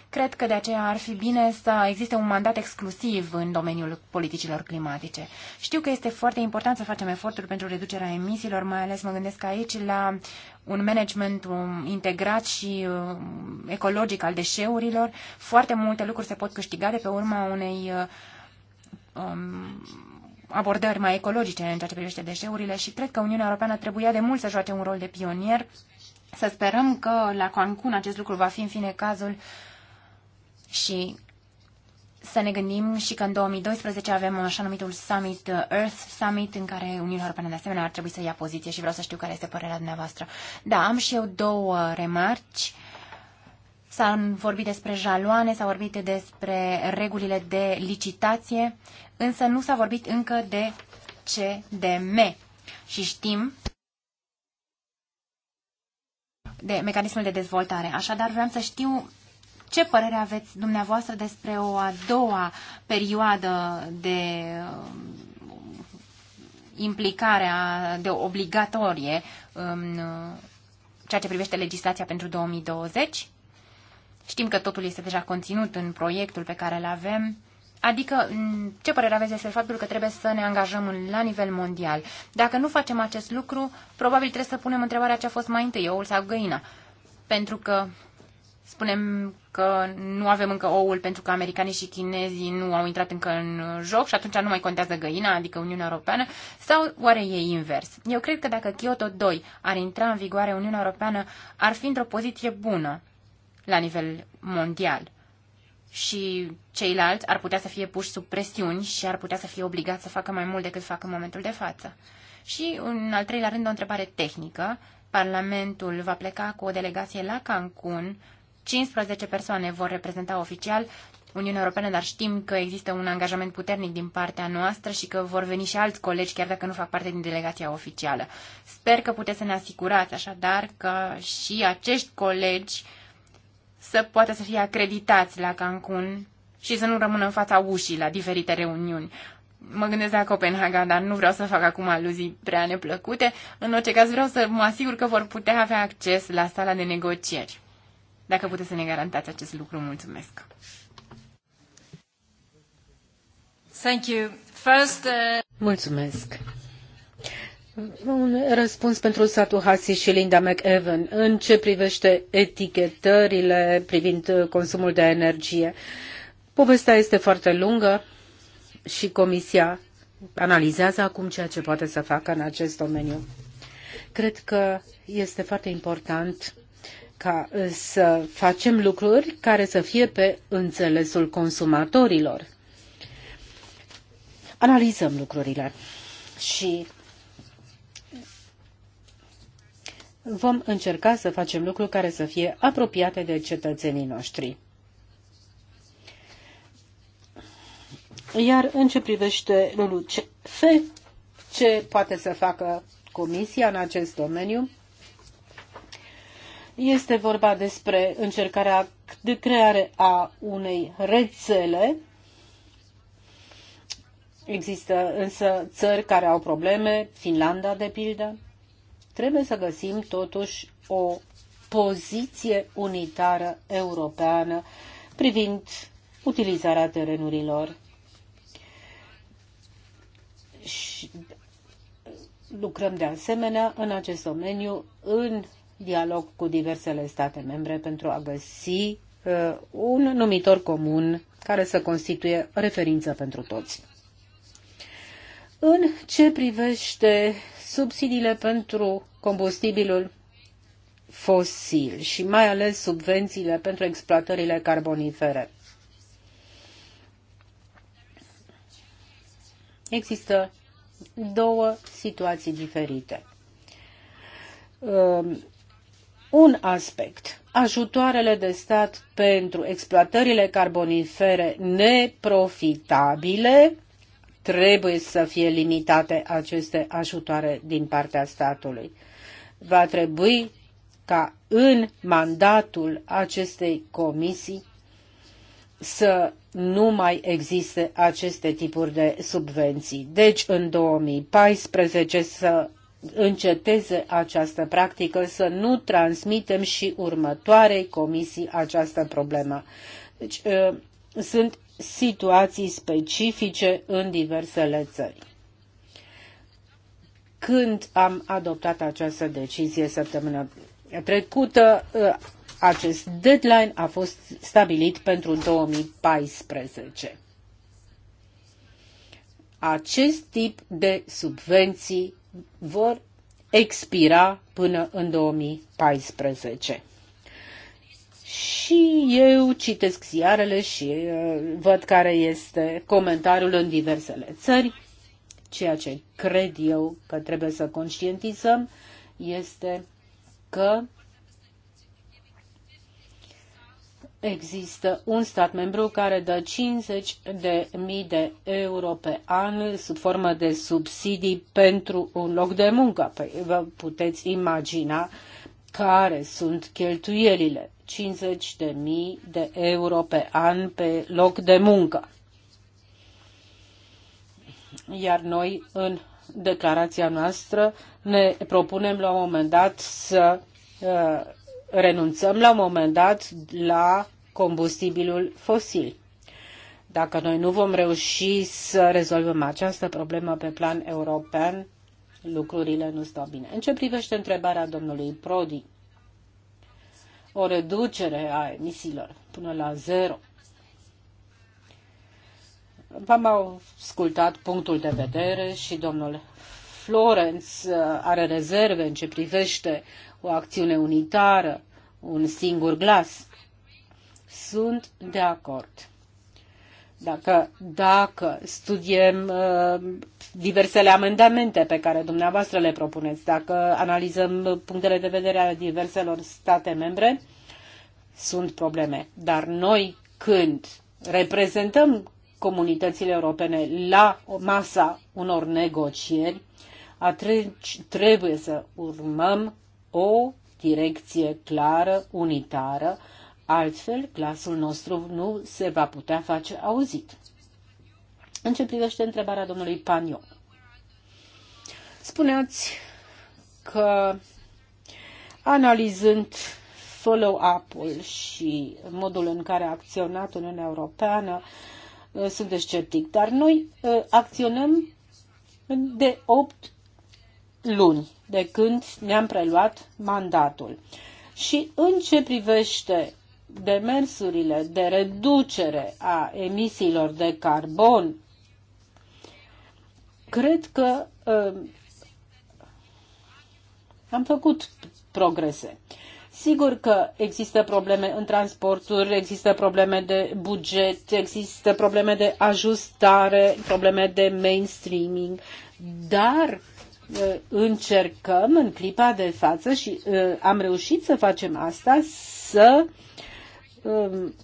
cred că de aceea ar fi bine să existe un mandat exclusiv în domeniul politicilor climatice. Știu că este foarte important să facem eforturi pentru reducerea emisiilor, mai ales mă gândesc aici la un management um, integrat și um, ecologic al deșeurilor. Foarte multe lucruri se pot câștiga de pe urma unei uh, um, abordări mai ecologice în ceea ce privește deșeurile și cred că Uniunea Europeană trebuia de mult să joace un rol de pionier să sperăm că la Cancun acest lucru va fi în fine cazul și să ne gândim și că în 2012 avem așa numitul Summit uh, Earth Summit în care Uniunea Europeană de asemenea ar trebui să ia poziție și vreau să știu care este părerea dumneavoastră. Da, am și eu două remarci. S-a vorbit despre jaloane, s-a vorbit despre regulile de licitație, însă nu s-a vorbit încă de CDM. Și știm de mecanismul de dezvoltare. Așadar, vreau să știu ce părere aveți dumneavoastră despre o a doua perioadă de um, implicare de obligatorie în uh, ceea ce privește legislația pentru 2020? Știm că totul este deja conținut în proiectul pe care îl avem Adică, ce părere aveți despre faptul că trebuie să ne angajăm la nivel mondial? Dacă nu facem acest lucru, probabil trebuie să punem întrebarea ce a fost mai întâi, oul sau găina. Pentru că spunem că nu avem încă oul pentru că americanii și chinezii nu au intrat încă în joc și atunci nu mai contează găina, adică Uniunea Europeană, sau oare e invers? Eu cred că dacă Kyoto 2 ar intra în vigoare, Uniunea Europeană ar fi într-o poziție bună la nivel mondial și ceilalți ar putea să fie puși sub presiuni și ar putea să fie obligați să facă mai mult decât fac în momentul de față. Și, în al treilea rând, o întrebare tehnică. Parlamentul va pleca cu o delegație la Cancun. 15 persoane vor reprezenta oficial Uniunea Europeană, dar știm că există un angajament puternic din partea noastră și că vor veni și alți colegi, chiar dacă nu fac parte din delegația oficială. Sper că puteți să ne asigurați așadar că și acești colegi uh, să poată să fie acreditați la Cancun și să nu rămână în fața ușii la diferite reuniuni. Mă gândesc la Copenhaga, dar nu vreau să fac acum aluzii prea neplăcute. În orice caz vreau să mă asigur că vor putea avea acces la sala de negocieri. Dacă puteți să ne garantați acest lucru, mulțumesc. Thank you. First, uh... Mulțumesc. Un răspuns pentru Satu Hasi și Linda McEwan în ce privește etichetările privind uh, consumul de energie. Povestea este foarte lungă și Comisia analizează acum ceea ce poate să facă în acest domeniu. Cred că este foarte important ca uh, să facem lucruri care să fie pe înțelesul consumatorilor. Analizăm lucrurile și vom încerca să facem lucruri care să fie apropiate de cetățenii noștri. Iar în ce privește LULUCF, ce poate să facă Comisia în acest domeniu? Este vorba despre încercarea de creare a unei rețele. Există însă țări care au probleme, Finlanda de pildă, Trebuie să găsim totuși o poziție unitară europeană privind utilizarea terenurilor. Și lucrăm de asemenea în acest domeniu în dialog cu diversele state membre pentru a găsi uh, un numitor comun care să constituie referință pentru toți. În ce privește subsidiile pentru combustibilul fosil și mai ales subvențiile pentru exploatările carbonifere. Există două situații diferite. Um, un aspect, ajutoarele de stat pentru exploatările carbonifere neprofitabile trebuie să fie limitate aceste ajutoare din partea statului. Va trebui ca în mandatul acestei comisii să nu mai existe aceste tipuri de subvenții. Deci, în 2014 să înceteze această practică, să nu transmitem și următoarei comisii această problemă. Deci, ă, sunt situații specifice în diversele țări. Când am adoptat această decizie săptămâna trecută, ă, acest deadline a fost stabilit pentru 2014. Acest tip de subvenții vor expira până în 2014. Și eu citesc ziarele și uh, văd care este comentariul în diversele țări. Ceea ce cred eu că trebuie să conștientizăm este că există un stat membru care dă 50 de mii de euro pe an sub formă de subsidii pentru un loc de muncă. Păi vă puteți imagina care sunt cheltuielile de mii de euro pe an pe loc de muncă. Iar noi, în declarația noastră, ne propunem la un moment dat să uh, renunțăm la un moment dat la combustibilul fosil. Dacă noi nu vom reuși să rezolvăm această problemă pe plan european, lucrurile nu stau bine. În ce privește întrebarea domnului Prodi, o reducere a emisiilor până la zero. V-am ascultat punctul de vedere și domnul Florence uh, are rezerve în ce privește o acțiune unitară, un singur glas. Sunt de acord. Dacă, dacă studiem uh, diversele amendamente pe care dumneavoastră le propuneți, dacă analizăm punctele de vedere ale diverselor state membre, sunt probleme. Dar noi când reprezentăm comunitățile europene la masa unor negocieri, atunci trebuie să urmăm o direcție clară, unitară, Altfel, glasul nostru nu se va putea face auzit. În ce privește întrebarea domnului Panio, spuneați că analizând follow-up-ul și modul în care a acționat Uniunea Europeană, ă, sunt sceptic, dar noi ă, acționăm de 8 luni de când ne-am preluat mandatul. Și în ce privește demersurile de reducere a emisiilor de carbon, cred că uh, am făcut progrese. Sigur că există probleme în transporturi, există probleme de buget, există probleme de ajustare, probleme de mainstreaming, dar uh, încercăm în clipa de față și uh, am reușit să facem asta, să Um,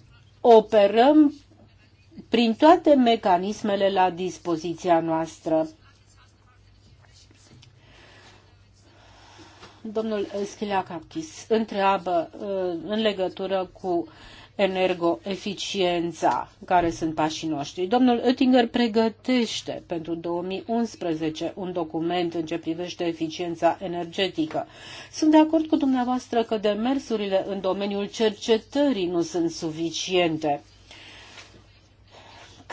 operăm prin toate mecanismele la dispoziția noastră. Domnul Schilacakis întreabă uh, în legătură cu uh, energoeficiența, care sunt pașii noștri. Domnul Oettinger pregătește pentru 2011 un document în ce privește eficiența energetică. Sunt de acord cu dumneavoastră că demersurile în domeniul cercetării nu sunt suficiente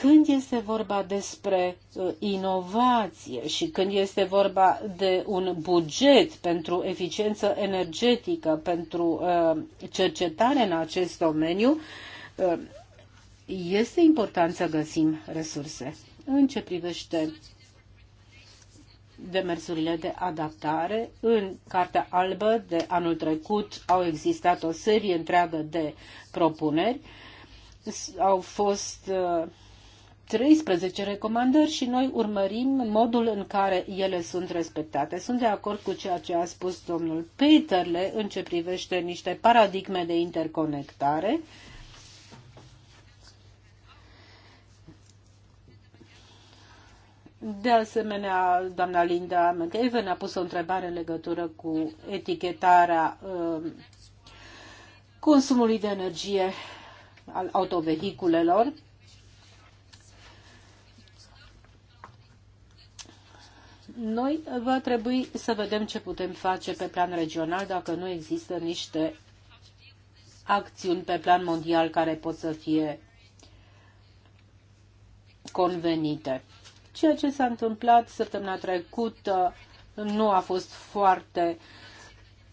când este vorba despre uh, inovație și când este vorba de un buget pentru eficiență energetică, pentru uh, cercetare în acest domeniu, uh, este important să găsim resurse. În ce privește demersurile de adaptare, în Cartea Albă de anul trecut au existat o serie întreagă de propuneri. Au fost uh, 13 recomandări și noi urmărim modul în care ele sunt respectate. Sunt de acord cu ceea ce a spus domnul Peterle în ce privește niște paradigme de interconectare. De asemenea, doamna Linda McEwen a pus o întrebare în legătură cu etichetarea uh, consumului de energie al autovehiculelor Noi va trebui să vedem ce putem face pe plan regional dacă nu există niște acțiuni pe plan mondial care pot să fie convenite. Ceea ce s-a întâmplat săptămâna trecută nu a fost foarte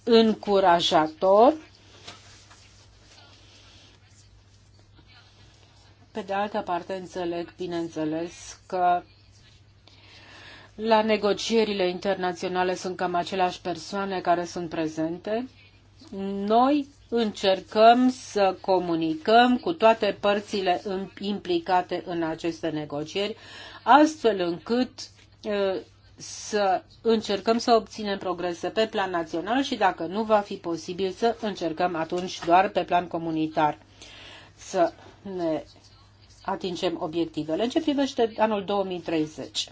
încurajator. Pe de altă parte, înțeleg, bineînțeles, că la negocierile internaționale sunt cam aceleași persoane care sunt prezente. Noi încercăm să comunicăm cu toate părțile implicate în aceste negocieri, astfel încât să încercăm să obținem progrese pe plan național și dacă nu va fi posibil să încercăm atunci doar pe plan comunitar să ne atingem obiectivele. În ce privește anul 2030?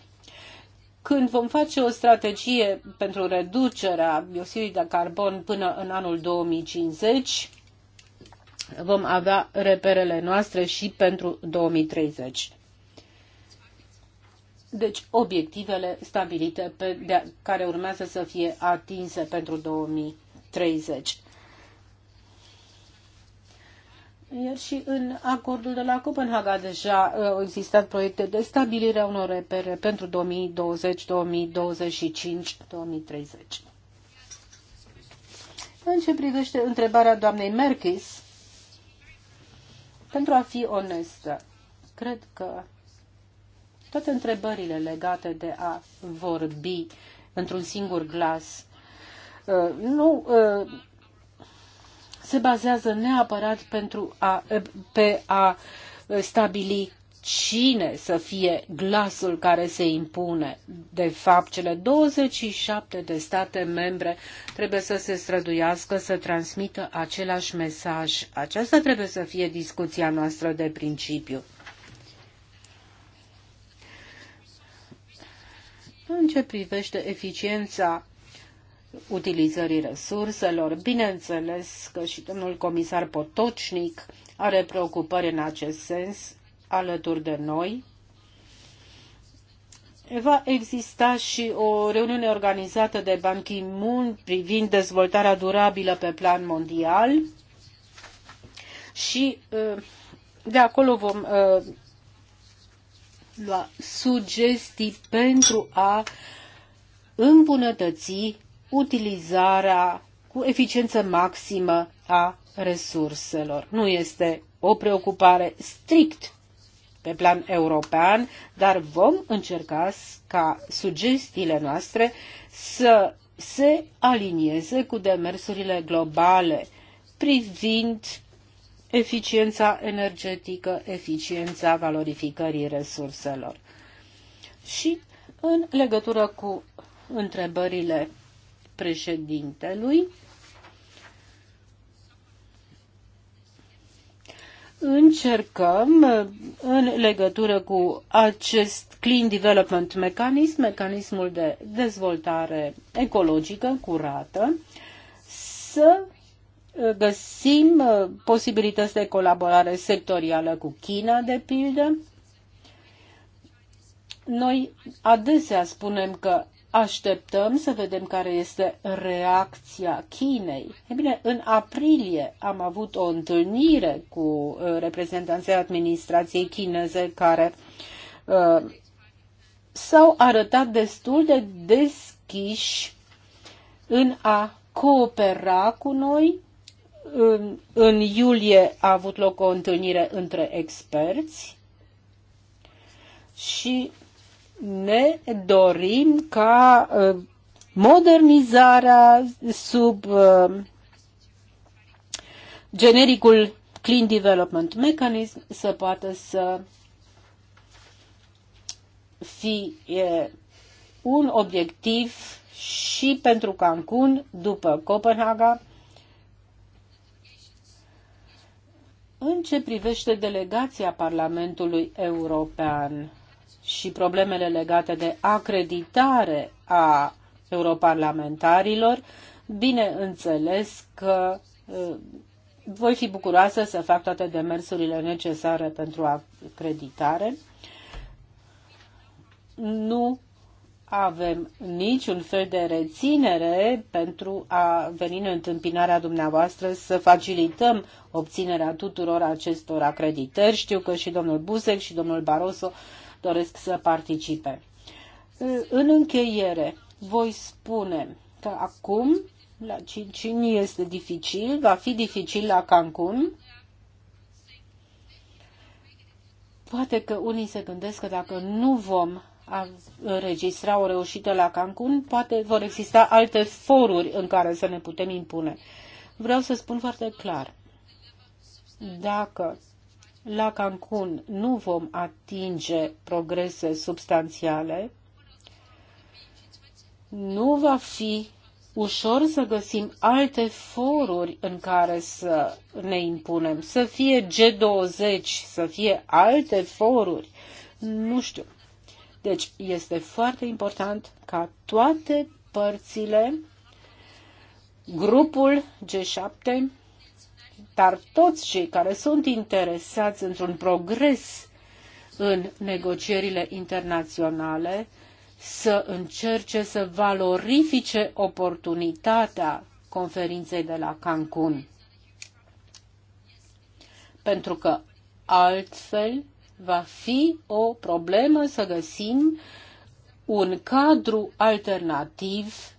Când vom face o strategie pentru reducerea dioxidului de carbon până în anul 2050, vom avea reperele noastre și pentru 2030. Deci obiectivele stabilite pe, de, care urmează să fie atinse pentru 2030. Iar și în acordul de la Copenhaga deja uh, au existat proiecte de stabilire a unor repere pentru 2020, 2025, 2030. În ce privește întrebarea doamnei Merkis, pentru a fi onestă, cred că toate întrebările legate de a vorbi într-un singur glas uh, nu uh, se bazează neapărat pentru a, pe a stabili cine să fie glasul care se impune. De fapt, cele 27 de state membre trebuie să se străduiască să transmită același mesaj. Aceasta trebuie să fie discuția noastră de principiu. În ce privește eficiența utilizării resurselor. Bineînțeles că și domnul comisar Potocnic are preocupări în acest sens alături de noi. Va exista și o reuniune organizată de Ban Ki-moon privind dezvoltarea durabilă pe plan mondial și uh, de acolo vom uh, lua sugestii pentru a îmbunătăți utilizarea cu eficiență maximă a resurselor. Nu este o preocupare strict pe plan european, dar vom încerca ca sugestiile noastre să se alinieze cu demersurile globale privind eficiența energetică, eficiența valorificării resurselor. Și în legătură cu întrebările președintelui. Încercăm în legătură cu acest Clean Development Mechanism, mecanismul de dezvoltare ecologică curată, să găsim posibilități de colaborare sectorială cu China, de pildă. Noi adesea spunem că așteptăm să vedem care este reacția Chinei. E bine, în aprilie am avut o întâlnire cu uh, reprezentanții administrației chineze care uh, s-au arătat destul de deschiși în a coopera cu noi. În, în iulie a avut loc o întâlnire între experți și ne dorim ca uh, modernizarea sub uh, genericul Clean Development Mechanism să poată să fie uh, un obiectiv și pentru Cancun după Copenhaga în ce privește delegația Parlamentului European și problemele legate de acreditare a europarlamentarilor, bineînțeles că voi fi bucuroasă să fac toate demersurile necesare pentru acreditare. Nu avem niciun fel de reținere pentru a veni în întâmpinarea dumneavoastră să facilităm obținerea tuturor acestor acreditări. Știu că și domnul Busec și domnul Barroso uh, doresc să participe. În încheiere, voi spune că acum, la Cincini este dificil, va fi dificil la Cancun. Poate că unii se gândesc că dacă nu vom a înregistra o reușită la Cancun, poate vor exista alte foruri în care să ne putem impune. Vreau să spun foarte clar, dacă la Cancun nu vom atinge progrese substanțiale, nu va fi ușor să găsim alte foruri în care să ne impunem, să fie G20, să fie alte foruri, nu știu. Deci este foarte important ca toate părțile, grupul G7, dar toți cei care sunt interesați într-un progres în negocierile internaționale să încerce să valorifice oportunitatea conferinței de la Cancun. Pentru că altfel va fi o problemă să găsim un cadru alternativ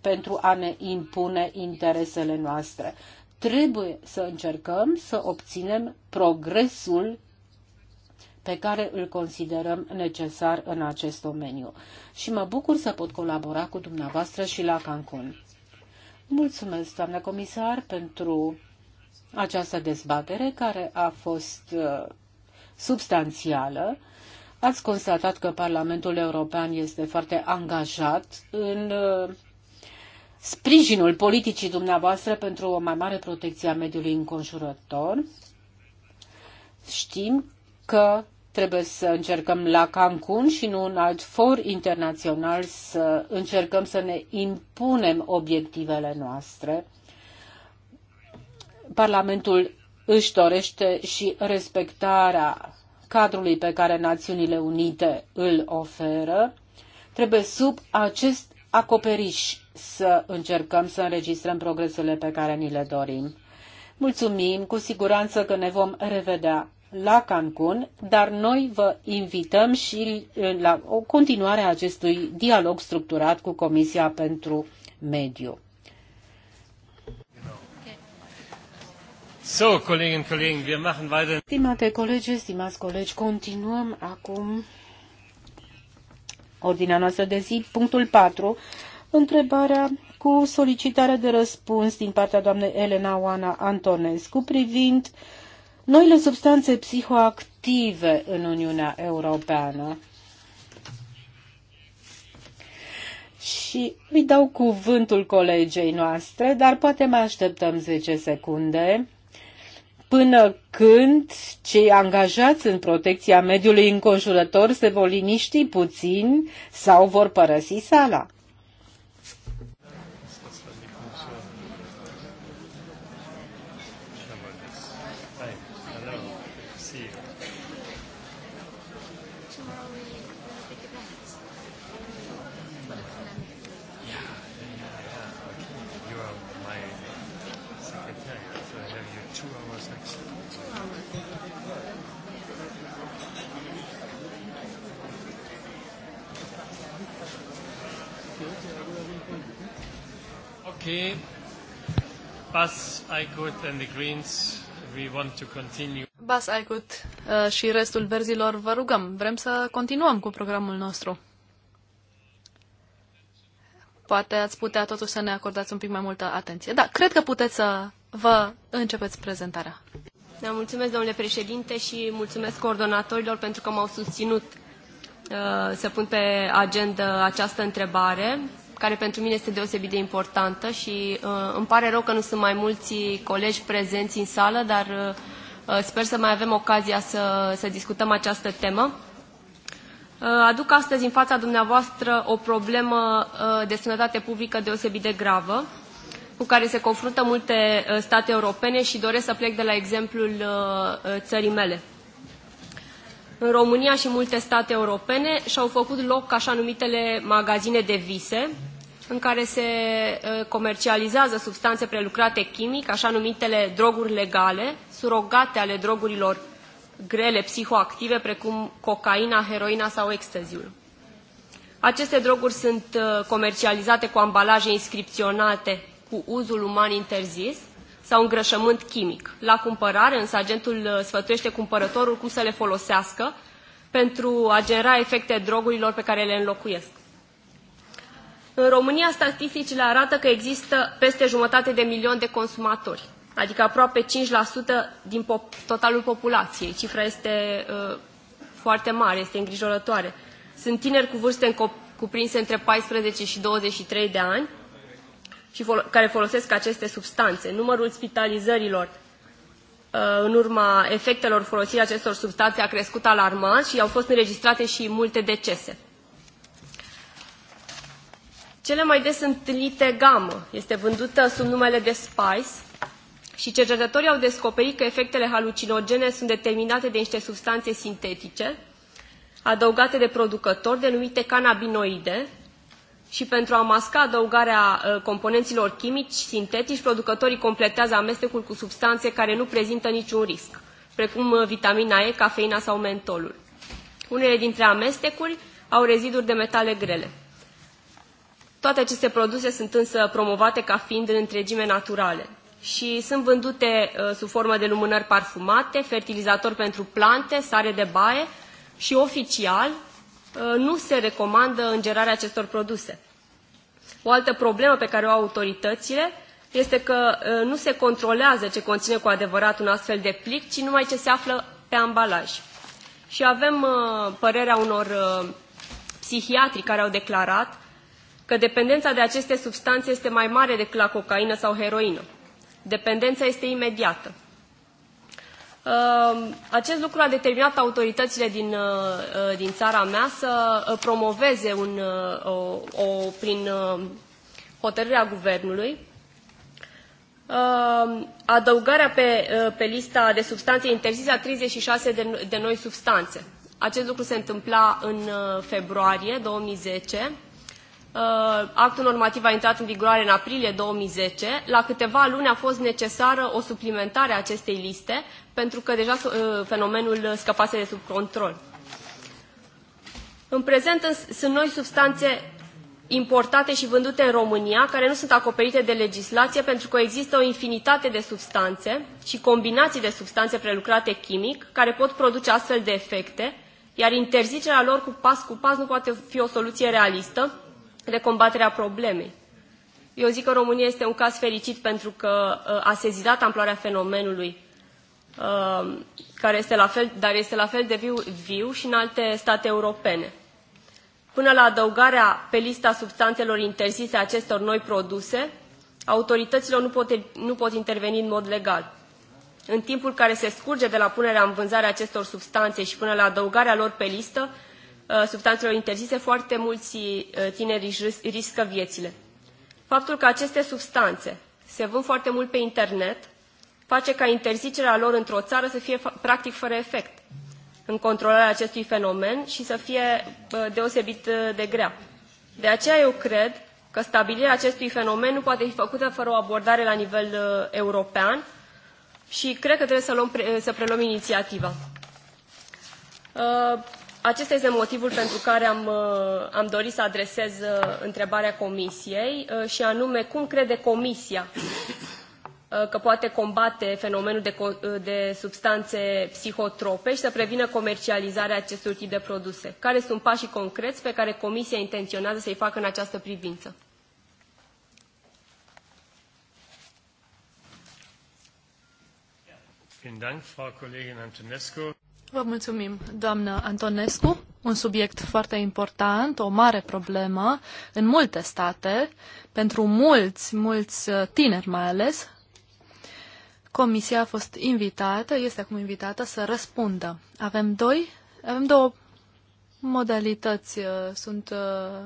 pentru a ne impune interesele noastre trebuie să încercăm să obținem progresul pe care îl considerăm necesar în acest domeniu. Și mă bucur să pot colabora cu dumneavoastră și la Cancun. Mulțumesc, doamnă comisar, pentru această dezbatere care a fost uh, substanțială. Ați constatat că Parlamentul European este foarte angajat în uh, sprijinul politicii dumneavoastră pentru o mai mare protecție a mediului înconjurător. Știm că trebuie să încercăm la Cancun și nu în alt for internațional să încercăm să ne impunem obiectivele noastre. Parlamentul își dorește și respectarea cadrului pe care Națiunile Unite îl oferă. Trebuie sub acest acoperiș să încercăm să înregistrăm progresele pe care ni le dorim. Mulțumim, cu siguranță că ne vom revedea la Cancun, dar noi vă invităm și la o continuare a acestui dialog structurat cu Comisia pentru Mediu. So, Kolleginnen und Kollegen, wir machen weiter. Stimate colegi, stimați colegi, continuăm acum ordinea noastră de zi, punctul 4, întrebarea cu solicitarea de răspuns din partea doamnei Elena Oana Antonescu privind noile substanțe psihoactive în Uniunea Europeană. Și îi dau cuvântul colegei noastre, dar poate mai așteptăm 10 secunde până când cei angajați în protecția mediului înconjurător se vor liniști puțin sau vor părăsi sala. Bas Aigut and the Greens, we want to continue. Bas Aigut uh, și restul verzilor vă rugăm, vrem să continuăm cu programul nostru. Poate ați putea totuși să ne acordați un pic mai multă atenție. Da, cred că puteți să vă începeți prezentarea. Da, mulțumesc, domnule președinte, și mulțumesc coordonatorilor pentru că m-au susținut uh, să pun pe agenda această întrebare care pentru mine este deosebit de importantă și uh, îmi pare rău că nu sunt mai mulți colegi prezenți în sală, dar uh, uh, sper să mai avem ocazia să, să discutăm această temă. Uh, aduc astăzi în fața dumneavoastră o problemă uh, de sănătate publică deosebit de gravă, cu care se confruntă multe uh, state europene și doresc să plec de la exemplul uh, uh țării mele. Uh, în România și multe state europene și-au făcut loc așa numitele magazine de vise, în care se comercializează substanțe prelucrate chimic, așa numitele droguri legale, surogate ale drogurilor grele psihoactive, precum cocaina, heroina sau extaziul. Aceste droguri sunt comercializate cu ambalaje inscripționate cu uzul uman interzis sau îngrășământ chimic. La cumpărare, însă, agentul uh, sfătuiește cumpărătorul cum să le folosească pentru a genera efecte drogurilor pe care le înlocuiesc. În România, statisticile arată că există peste jumătate de milion de consumatori, adică aproape 5% din pop totalul populației. Cifra este uh, foarte mare, este îngrijorătoare. Sunt tineri cu vârste cuprinse între 14 și 23 de ani, și fol- care folosesc aceste substanțe. Numărul spitalizărilor uh, în urma efectelor folosirii acestor substanțe a crescut alarmant și au fost înregistrate și multe decese. Cele mai des întâlnite gamă este vândută sub numele de Spice și cercetătorii au descoperit că efectele halucinogene sunt determinate de niște substanțe sintetice adăugate de producători denumite cannabinoide, și pentru a masca adăugarea uh, componenților chimici sintetici, producătorii completează amestecul cu substanțe care nu prezintă niciun risc, precum uh, vitamina E, cafeina sau mentolul. Unele dintre amestecuri au reziduri de metale grele. Toate aceste produse sunt însă promovate ca fiind în întregime naturale și sunt vândute uh, sub formă de lumânări parfumate, fertilizator pentru plante, sare de baie și oficial Uh, nu se recomandă îngerarea acestor produse. O altă problemă pe care o au autoritățile este că uh, nu se controlează ce conține cu adevărat un astfel de plic, ci numai ce se află pe ambalaj. Și avem uh, părerea unor psihiatri care au declarat că dependența de aceste substanțe este mai mare decât la cocaină sau heroină. Dependența este imediată. Ehm, acest lucru a determinat autoritățile din, eh, din țara mea să eh, promoveze un, eh, o, o, prin hotărârea guvernului ehm, adăugarea pe, pe lista de substanțe interzise a 36 de, de noi substanțe. Acest lucru se întâmpla în februarie 2010 Uh, actul normativ a intrat în vigoare în aprilie 2010, la câteva luni a fost necesară o suplimentare a acestei liste, pentru că deja uh, fenomenul scăpase de sub control. În prezent sunt noi substanțe importate și vândute în România, care nu sunt acoperite de legislație pentru că există o infinitate de substanțe și combinații de substanțe prelucrate chimic, care pot produce astfel de efecte, iar interzicerea lor cu pas cu pas nu poate fi o soluție realistă, de combatere a problemei. Eu zic că România este un caz fericit pentru că uh, a sezizat amploarea fenomenului, uh, care este la fel, dar este la fel de viu, viu și în alte state europene. Până la adăugarea pe lista substanțelor interzise a acestor noi produse, autoritățile nu pot, nu pot interveni în mod legal. În timpul care se scurge de la punerea în vânzare acestor substanțe și până la adăugarea lor pe listă, Uh, substanțelor interzise, foarte mulți uh, tineri riscă viețile. Faptul că aceste substanțe se vând foarte mult pe internet face ca interzicerea lor într-o țară să fie practic fără efect în controlarea acestui fenomen și să fie uh, deosebit de grea. De aceea eu cred că stabilirea acestui fenomen nu poate fi făcută fără o abordare la nivel european și cred că trebuie să, luăm, să preluăm inițiativa. Acesta este motivul pentru care am, uh, am dorit să adresez uh, întrebarea Comisiei uh, și anume cum crede Comisia că poate combate fenomenul de, de substanțe psihotrope și să prevină comercializarea acestui tip de produse. Care sunt pașii concreți pe care Comisia intenționează să-i facă în această privință? Vielen Dank, Frau Kollegin Antonescu. Vă mulțumim, doamnă Antonescu. Un subiect foarte important, o mare problemă în multe state, pentru mulți, mulți uh, tineri mai ales. Comisia a fost invitată, este acum invitată să răspundă. Avem doi, avem două modalități. Uh, sunt uh,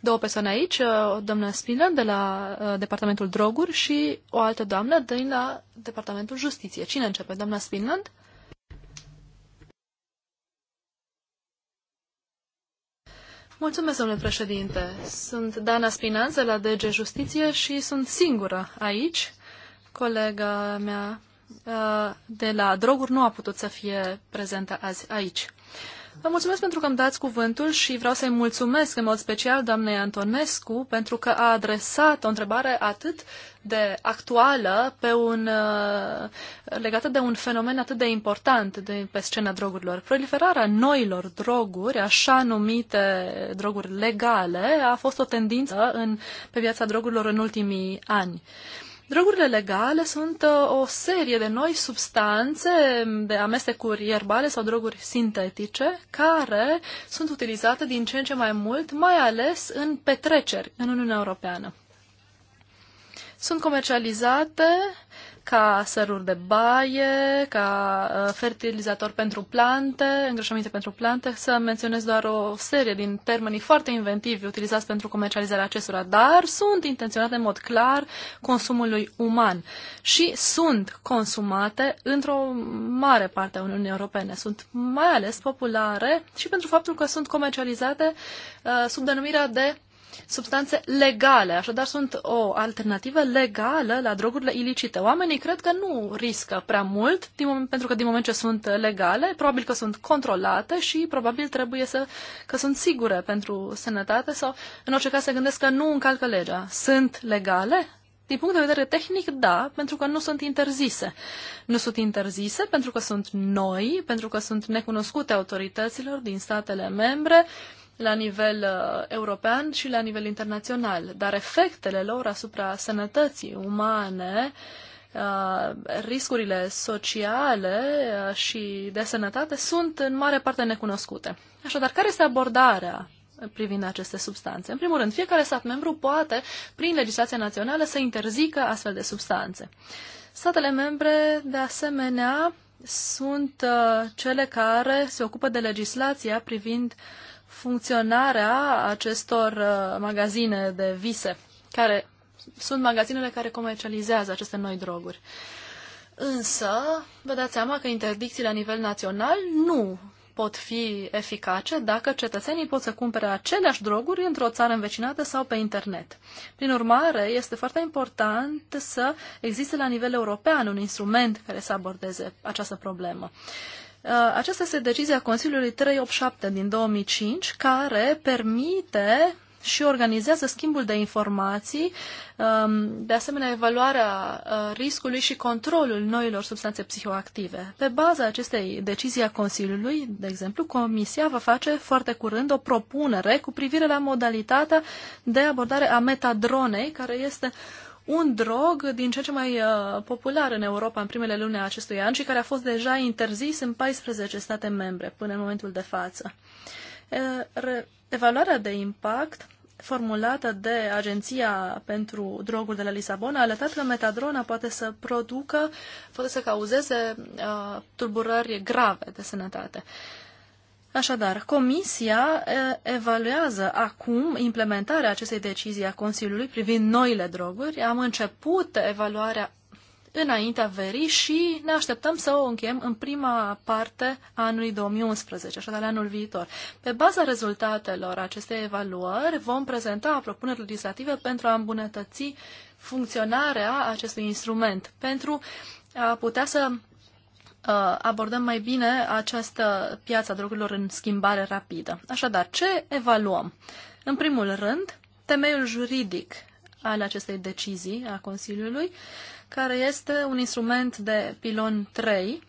două persoane aici, o doamnă Spinner de la Departamentul Droguri și o altă doamnă de la Departamentul Justiție. Cine începe? Doamna Spinland? Mulțumesc, domnule președinte. Sunt Dana Spinanță la DG Justiție și sunt singură aici. Colega mea uh, de la droguri nu a putut să fie prezentă azi aici. Vă mulțumesc pentru că îmi dați cuvântul și vreau să-i mulțumesc în mod special doamnei Antonescu pentru că a adresat o întrebare atât de actuală pe un, uh, legată de un fenomen atât de important de, pe scena drogurilor. Proliferarea noilor droguri, așa numite droguri legale, a fost o tendință în, pe viața drogurilor în ultimii ani. Drogurile legale sunt uh, o serie de noi substanțe de amestecuri ierbale sau droguri sintetice care sunt utilizate din ce în ce mai mult, mai ales în petreceri în Uniunea Europeană sunt comercializate ca săruri de baie, ca uh, fertilizator pentru plante, îngrășăminte pentru plante, să menționez doar o serie din termenii foarte inventivi utilizați pentru comercializarea acestora, dar sunt intenționate în mod clar consumului uman și sunt consumate într-o mare parte a Uniunii Europene. Sunt mai ales populare și pentru faptul că sunt comercializate uh, sub denumirea de substanțe legale, așadar sunt o alternativă legală la drogurile ilicite. Oamenii cred că nu riscă prea mult, din moment, pentru că din moment ce sunt legale, probabil că sunt controlate și probabil trebuie să că sunt sigure pentru sănătate sau în orice caz se gândesc că nu încalcă legea. Sunt legale? Din punct de vedere tehnic, da, pentru că nu sunt interzise. Nu sunt interzise pentru că sunt noi, pentru că sunt necunoscute autorităților din statele membre, uh, la nivel uh, european și la nivel internațional, dar efectele lor asupra sănătății umane, uh, riscurile sociale uh, și de sănătate sunt în mare parte necunoscute. Așadar, care este abordarea privind aceste substanțe? În primul rând, fiecare stat membru poate, prin legislația națională, să interzică astfel de substanțe. Statele membre, de asemenea, sunt uh, cele care se ocupă de legislația privind funcționarea acestor uh, magazine de vise, care sunt magazinele care comercializează aceste noi droguri. Însă, vă dați seama că interdicțiile la nivel național nu pot fi eficace dacă cetățenii pot să cumpere aceleași droguri într-o țară învecinată sau pe internet. Prin urmare, este foarte important să existe la nivel european un instrument care să abordeze această problemă. Uh, aceasta este decizia Consiliului 387 din 2005, care permite și organizează schimbul de informații, um, de asemenea evaluarea uh, riscului și controlul noilor substanțe psihoactive. Pe baza acestei decizii a Consiliului, de exemplu, Comisia va face foarte curând o propunere cu privire la modalitatea de abordare a metadronei, care este un drog din ce ce mai uh, popular în Europa în primele luni a acestui an și care a fost deja interzis în 14 state membre până în momentul de față. Uh, evaluarea de impact formulată de Agenția pentru Droguri de la Lisabona a arătat că metadrona poate să producă, poate să cauzeze uh, tulburări grave de sănătate. Uh, Așadar, Comisia evaluează acum implementarea acestei decizii a Consiliului privind noile droguri. Am început evaluarea înaintea verii și ne așteptăm să o încheiem în prima parte a anului 2011, așadar anul viitor. Pe baza rezultatelor acestei evaluări vom prezenta propuneri legislative pentru a îmbunătăți funcționarea acestui instrument, pentru a putea să Uh, abordăm mai bine această piață a drogurilor în schimbare rapidă. Așadar, ce evaluăm? În primul rând, temeiul juridic al acestei decizii a Consiliului, care este un instrument de pilon 3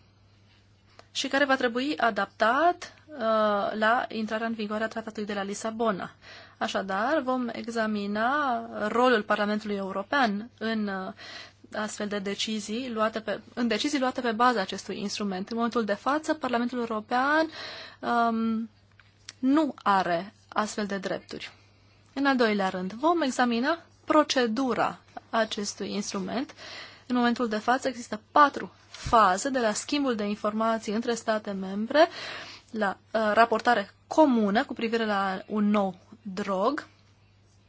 și care va trebui adaptat uh, la intrarea în vigoare a Tratatului de la Lisabona. Așadar, vom examina rolul Parlamentului European în uh, astfel de decizii luate pe, în decizii luate pe baza acestui instrument. În momentul de față, Parlamentul European um, nu are astfel de drepturi. În al doilea rând, vom examina procedura acestui instrument. În momentul de față există patru faze, de la schimbul de informații între state membre, la uh, raportare comună cu privire la un nou drog,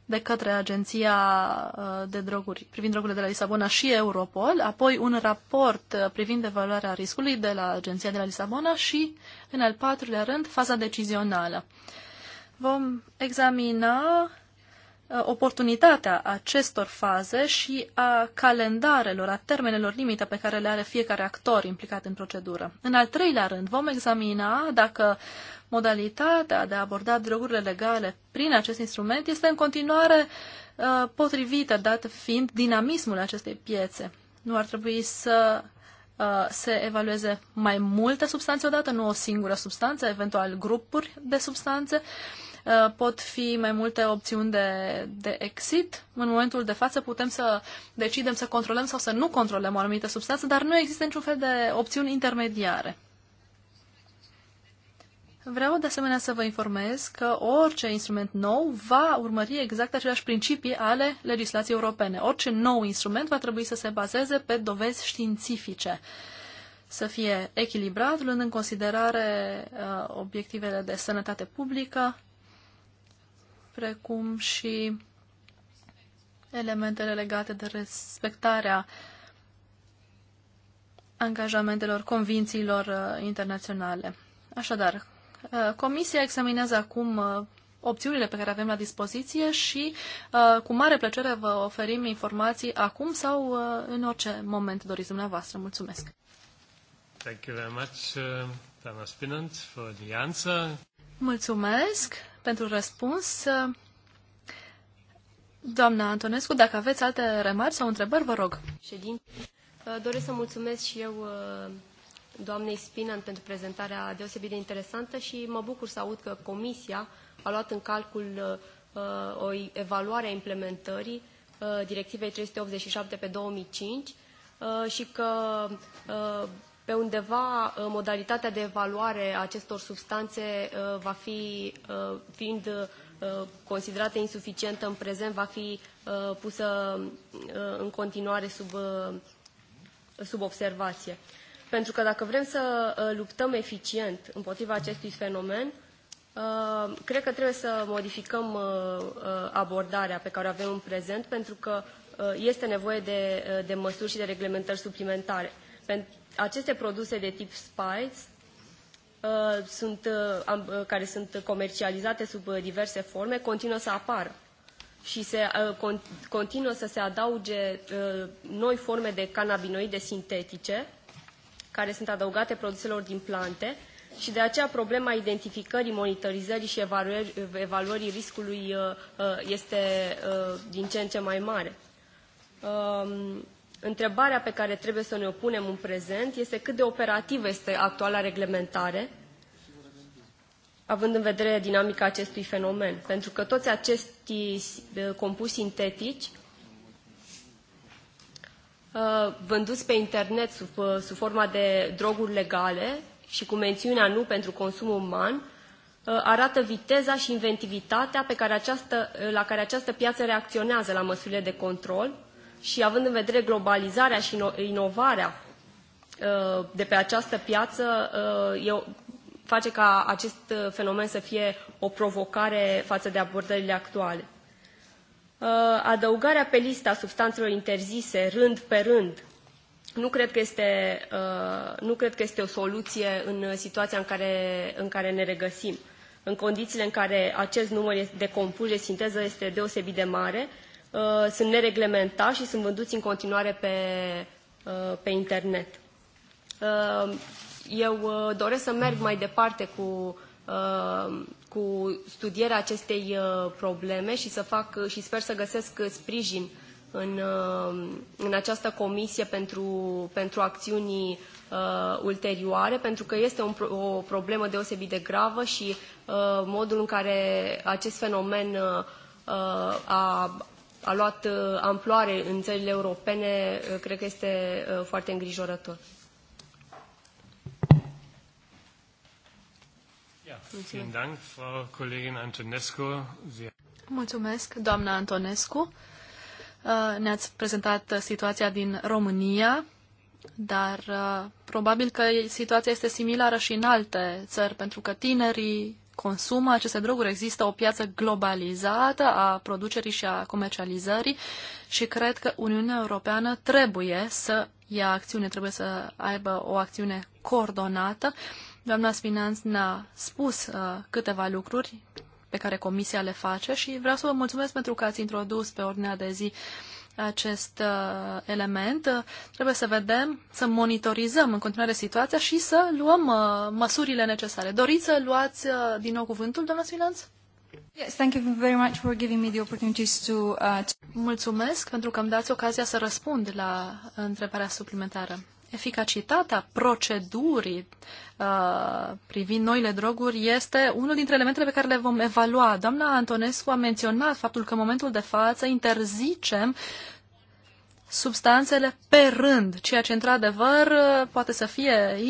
de către Agenția uh, de Droguri privind drogurile de la Lisabona și Europol, apoi un raport uh, privind evaluarea riscului de la Agenția de la Lisabona și, în al patrulea rând, faza decizională. Vom examina uh, oportunitatea acestor faze și a calendarelor, a termenelor limită pe care le are fiecare actor implicat în procedură. În al treilea rând, vom examina dacă modalitatea de a aborda drogurile legale prin acest instrument este în continuare uh, potrivită, dat fiind dinamismul acestei piețe. Nu ar trebui să uh, se evalueze mai multe substanțe odată, nu o singură substanță, eventual grupuri de substanțe. Uh, pot fi mai multe opțiuni de, de exit. În momentul de față putem să decidem să controlăm sau să nu controlăm o anumită substanță, dar nu există niciun fel de opțiuni intermediare. Vreau de asemenea să vă informez că orice instrument nou va urmări exact aceleași principii ale legislației europene. Orice nou instrument va trebui să se bazeze pe dovezi științifice, să fie echilibrat, luând în considerare uh, obiectivele de sănătate publică, precum și elementele legate de respectarea angajamentelor, convințiilor uh, internaționale. Așadar, Uh, comisia examinează acum uh, opțiunile pe care avem la dispoziție și uh, cu mare plăcere vă oferim informații acum sau în orice moment doriți dumneavoastră. Mulțumesc! Thank you very much, Spinant, for the answer. Mulțumesc pentru răspuns. Doamna Antonescu, dacă aveți alte remarci sau întrebări, vă rog. Ședin, doresc să mulțumesc și eu doamnei Spinan pentru prezentarea deosebit de interesantă și mă bucur să aud că Comisia a luat în calcul uh, o evaluare a implementării uh, Directivei 387 pe 2005 uh, și că pe undeva modalitatea de evaluare a acestor substanțe va fi, fiind considerată insuficientă în prezent, va fi pusă în continuare sub, sub observație. Pentru că dacă vrem să uh, luptăm eficient împotriva acestui fenomen, uh, cred că trebuie să modificăm uh, abordarea pe care o avem în prezent, pentru că este nevoie de, de măsuri și de reglementări suplimentare. aceste produse de tip spice, sunt, care sunt comercializate sub diverse forme, continuă să apară și se, continuă să se adauge noi forme de cannabinoide sintetice, care sunt adăugate produselor din plante și de aceea problema identificării, monitorizării și evaluării riscului uh, uh, este uh, din ce în ce mai mare. Um, întrebarea pe care trebuie să ne o punem în prezent este cât de operativă este actuala reglementare, având în vedere dinamica acestui fenomen. Pentru că toți acești compuși sintetici Uh, vânduți pe internet sub, uh, sub forma de droguri legale și cu mențiunea nu pentru consum uman, uh, arată viteza și inventivitatea pe care această, la care această piață reacționează la măsurile de control și având în vedere globalizarea și inovarea de pe această piață, eu, face ca acest fenomen să fie o provocare față de abordările actuale. Uh, adăugarea pe lista substanțelor interzise, rând pe rând, nu cred că este, uh, nu cred că este o soluție în situația în care, în care ne regăsim. În condițiile în care acest număr de compuși de sinteză este deosebit de mare, uh, sunt nereglementați și sunt vânduți în continuare pe, pe internet. Eu doresc să merg mai departe cu cu studierea acestei uh, probleme și să fac uh, și sper să găsesc uh, sprijin în, în această comisie pentru, pentru acțiuni uh, ulterioare, pentru că este un, o problemă deosebit de gravă și uh, modul în care acest fenomen uh, a, a luat amploare în țările europene, cred că este foarte îngrijorător. Mulțumesc, doamna Antonescu. Uh, ne-ați prezentat situația din România, dar uh, probabil că situația este similară și în alte țări, pentru că tinerii consumă aceste droguri. Există o piață globalizată a producerii și a comercializării și cred că Uniunea Europeană trebuie să ia acțiune, trebuie să aibă o acțiune coordonată Doamna Spinanț ne-a spus uh, câteva lucruri pe care comisia le face și vreau să vă mulțumesc pentru că ați introdus pe ordinea de zi acest uh, element. Uh, trebuie să vedem, să monitorizăm în continuare situația și să luăm uh, măsurile necesare. Doriți să luați uh, din nou cuvântul, doamna Sfinanț? Yes, thank you very much for giving me the opportunity to, uh, to... Mulțumesc pentru că îmi dați ocazia să răspund la întrebarea suplimentară eficacitatea procedurii uh, privind noile droguri este unul dintre elementele pe care le vom evalua. Doamna Antonescu a menționat faptul că în momentul de față interzicem substanțele pe rând, ceea ce într-adevăr poate să fie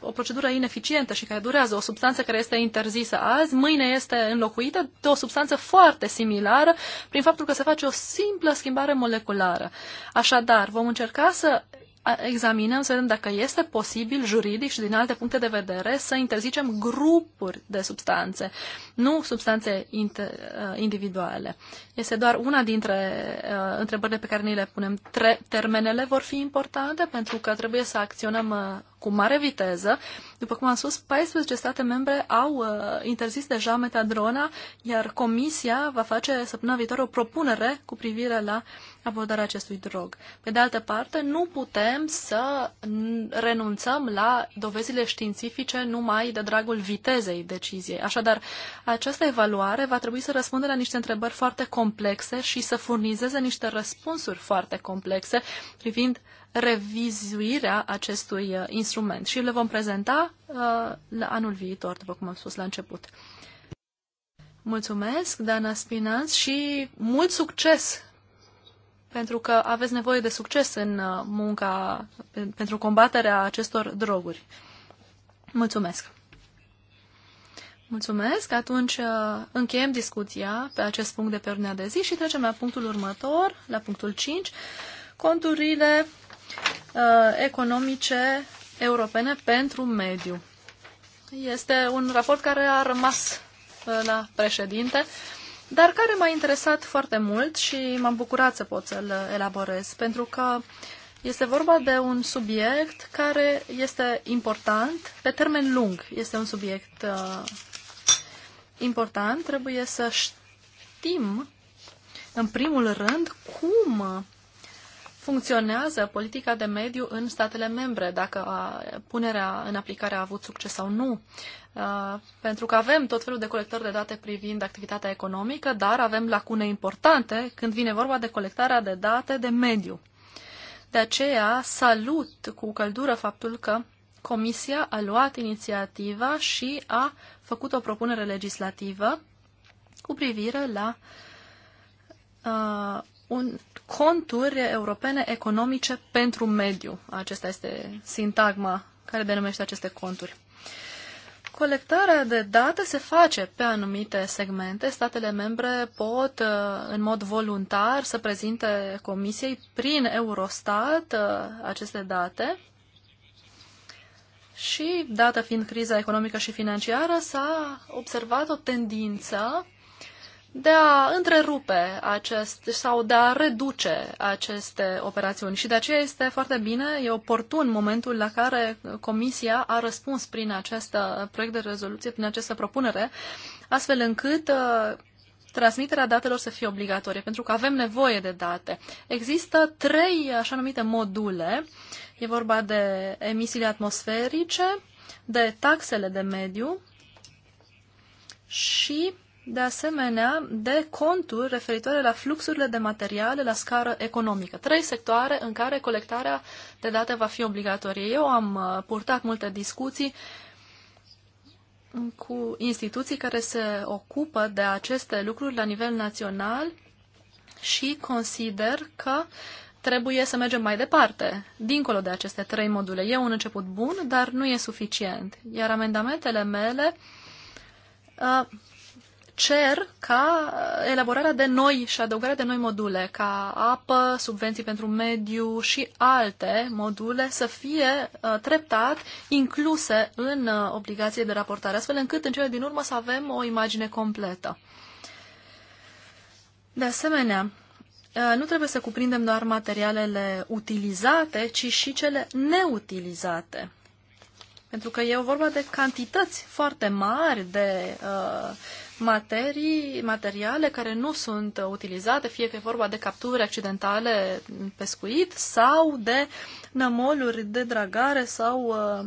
o procedură ineficientă și care durează. O substanță care este interzisă azi, mâine este înlocuită de o substanță foarte similară prin faptul că se face o simplă schimbare moleculară. Așadar, vom încerca să examinăm, să vedem dacă este posibil juridic și din alte puncte de vedere să interzicem grupuri de substanțe, nu substanțe uh, individuale. Este doar una dintre uh, întrebările pe care ni le punem. Tre- termenele vor fi importante pentru că trebuie să acționăm uh, cu mare viteză. După cum am spus, 14 state membre au uh, interzis deja metadrona, iar Comisia va face săptămâna viitoare o propunere cu privire la abordarea acestui drog. Pe de altă parte, nu putem să renunțăm la dovezile științifice numai de dragul vitezei deciziei. Așadar, această evaluare va trebui să răspundă la niște întrebări foarte complexe și să furnizeze niște răspunsuri foarte complexe privind revizuirea acestui uh, instrument și le vom prezenta uh, la anul viitor, după cum am spus la început. Mulțumesc, Dana Spinaz, și mult succes pentru că aveți nevoie de succes în uh, munca pentru combaterea acestor droguri. Mulțumesc! Mulțumesc! Atunci uh, încheiem discuția pe acest punct de pe ordinea de zi și trecem la punctul următor, la punctul 5, conturile uh, economice europene pentru mediu. Este un raport care a rămas uh, la președinte. Uh, dar care m-a interesat foarte mult și m-am bucurat să pot să-l elaborez, pentru că este vorba de un subiect care este important pe termen lung. Este un subiect uh, important. Trebuie să știm, în primul rând, cum funcționează politica de mediu în statele membre, dacă a, punerea în aplicare a avut succes sau nu. pentru că avem tot felul de colectări de date privind activitatea economică, dar avem lacune importante când vine vorba de colectarea de date de mediu. De aceea salut cu căldură faptul că Comisia a luat inițiativa și a făcut o propunere legislativă cu privire la uh, un conturi europene economice pentru mediu. Acesta este sintagma care denumește aceste conturi. Colectarea de date se face pe anumite segmente. Statele membre pot, uh, în mod voluntar, să prezinte Comisiei prin Eurostat uh, aceste date. Și, dată fiind criza economică și financiară, s-a observat o tendință de a întrerupe acest sau de a reduce aceste operațiuni. Și de aceea este foarte bine, e oportun momentul la care Comisia a răspuns prin acest proiect de rezoluție, prin această propunere, astfel încât uh, transmiterea datelor să fie obligatorie, pentru că avem nevoie de date. Există trei așa numite module. E vorba de emisiile atmosferice, de taxele de mediu și de asemenea, de conturi referitoare la fluxurile de materiale la scară economică. Trei sectoare în care colectarea de date va fi obligatorie. Eu am uh, purtat multe discuții cu instituții care se ocupă de aceste lucruri la nivel național și consider că trebuie să mergem mai departe, dincolo de aceste trei module. E un început bun, dar nu e suficient. Iar amendamentele mele uh, cer ca uh, elaborarea de noi și adăugarea de noi module, ca apă, subvenții pentru mediu și alte module să fie uh, treptat incluse în uh, obligație de raportare, astfel încât în cele din urmă să avem o imagine completă. De asemenea, nu trebuie să cuprindem doar materialele utilizate, ci și cele neutilizate. Pentru că e o vorba de cantități foarte mari de uh, materii, materiale care nu sunt utilizate, fie că e vorba de capturi accidentale pescuit sau de nămoluri de dragare sau uh,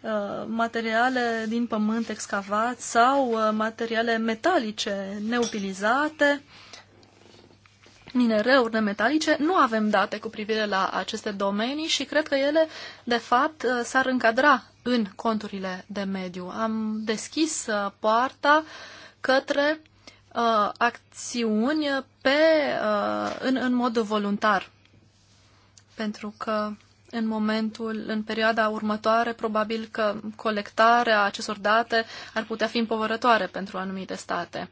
uh, materiale din pământ excavat sau uh, materiale metalice neutilizate minereuri nemetalice, nu avem date cu privire la aceste domenii și cred că ele, de fapt, uh, s-ar încadra în conturile de mediu. Am deschis uh, poarta uh, către uh, acțiuni pe, uh, în, în mod voluntar. Pentru că în momentul, în perioada următoare, probabil că colectarea acestor date ar putea fi împovărătoare pentru anumite state.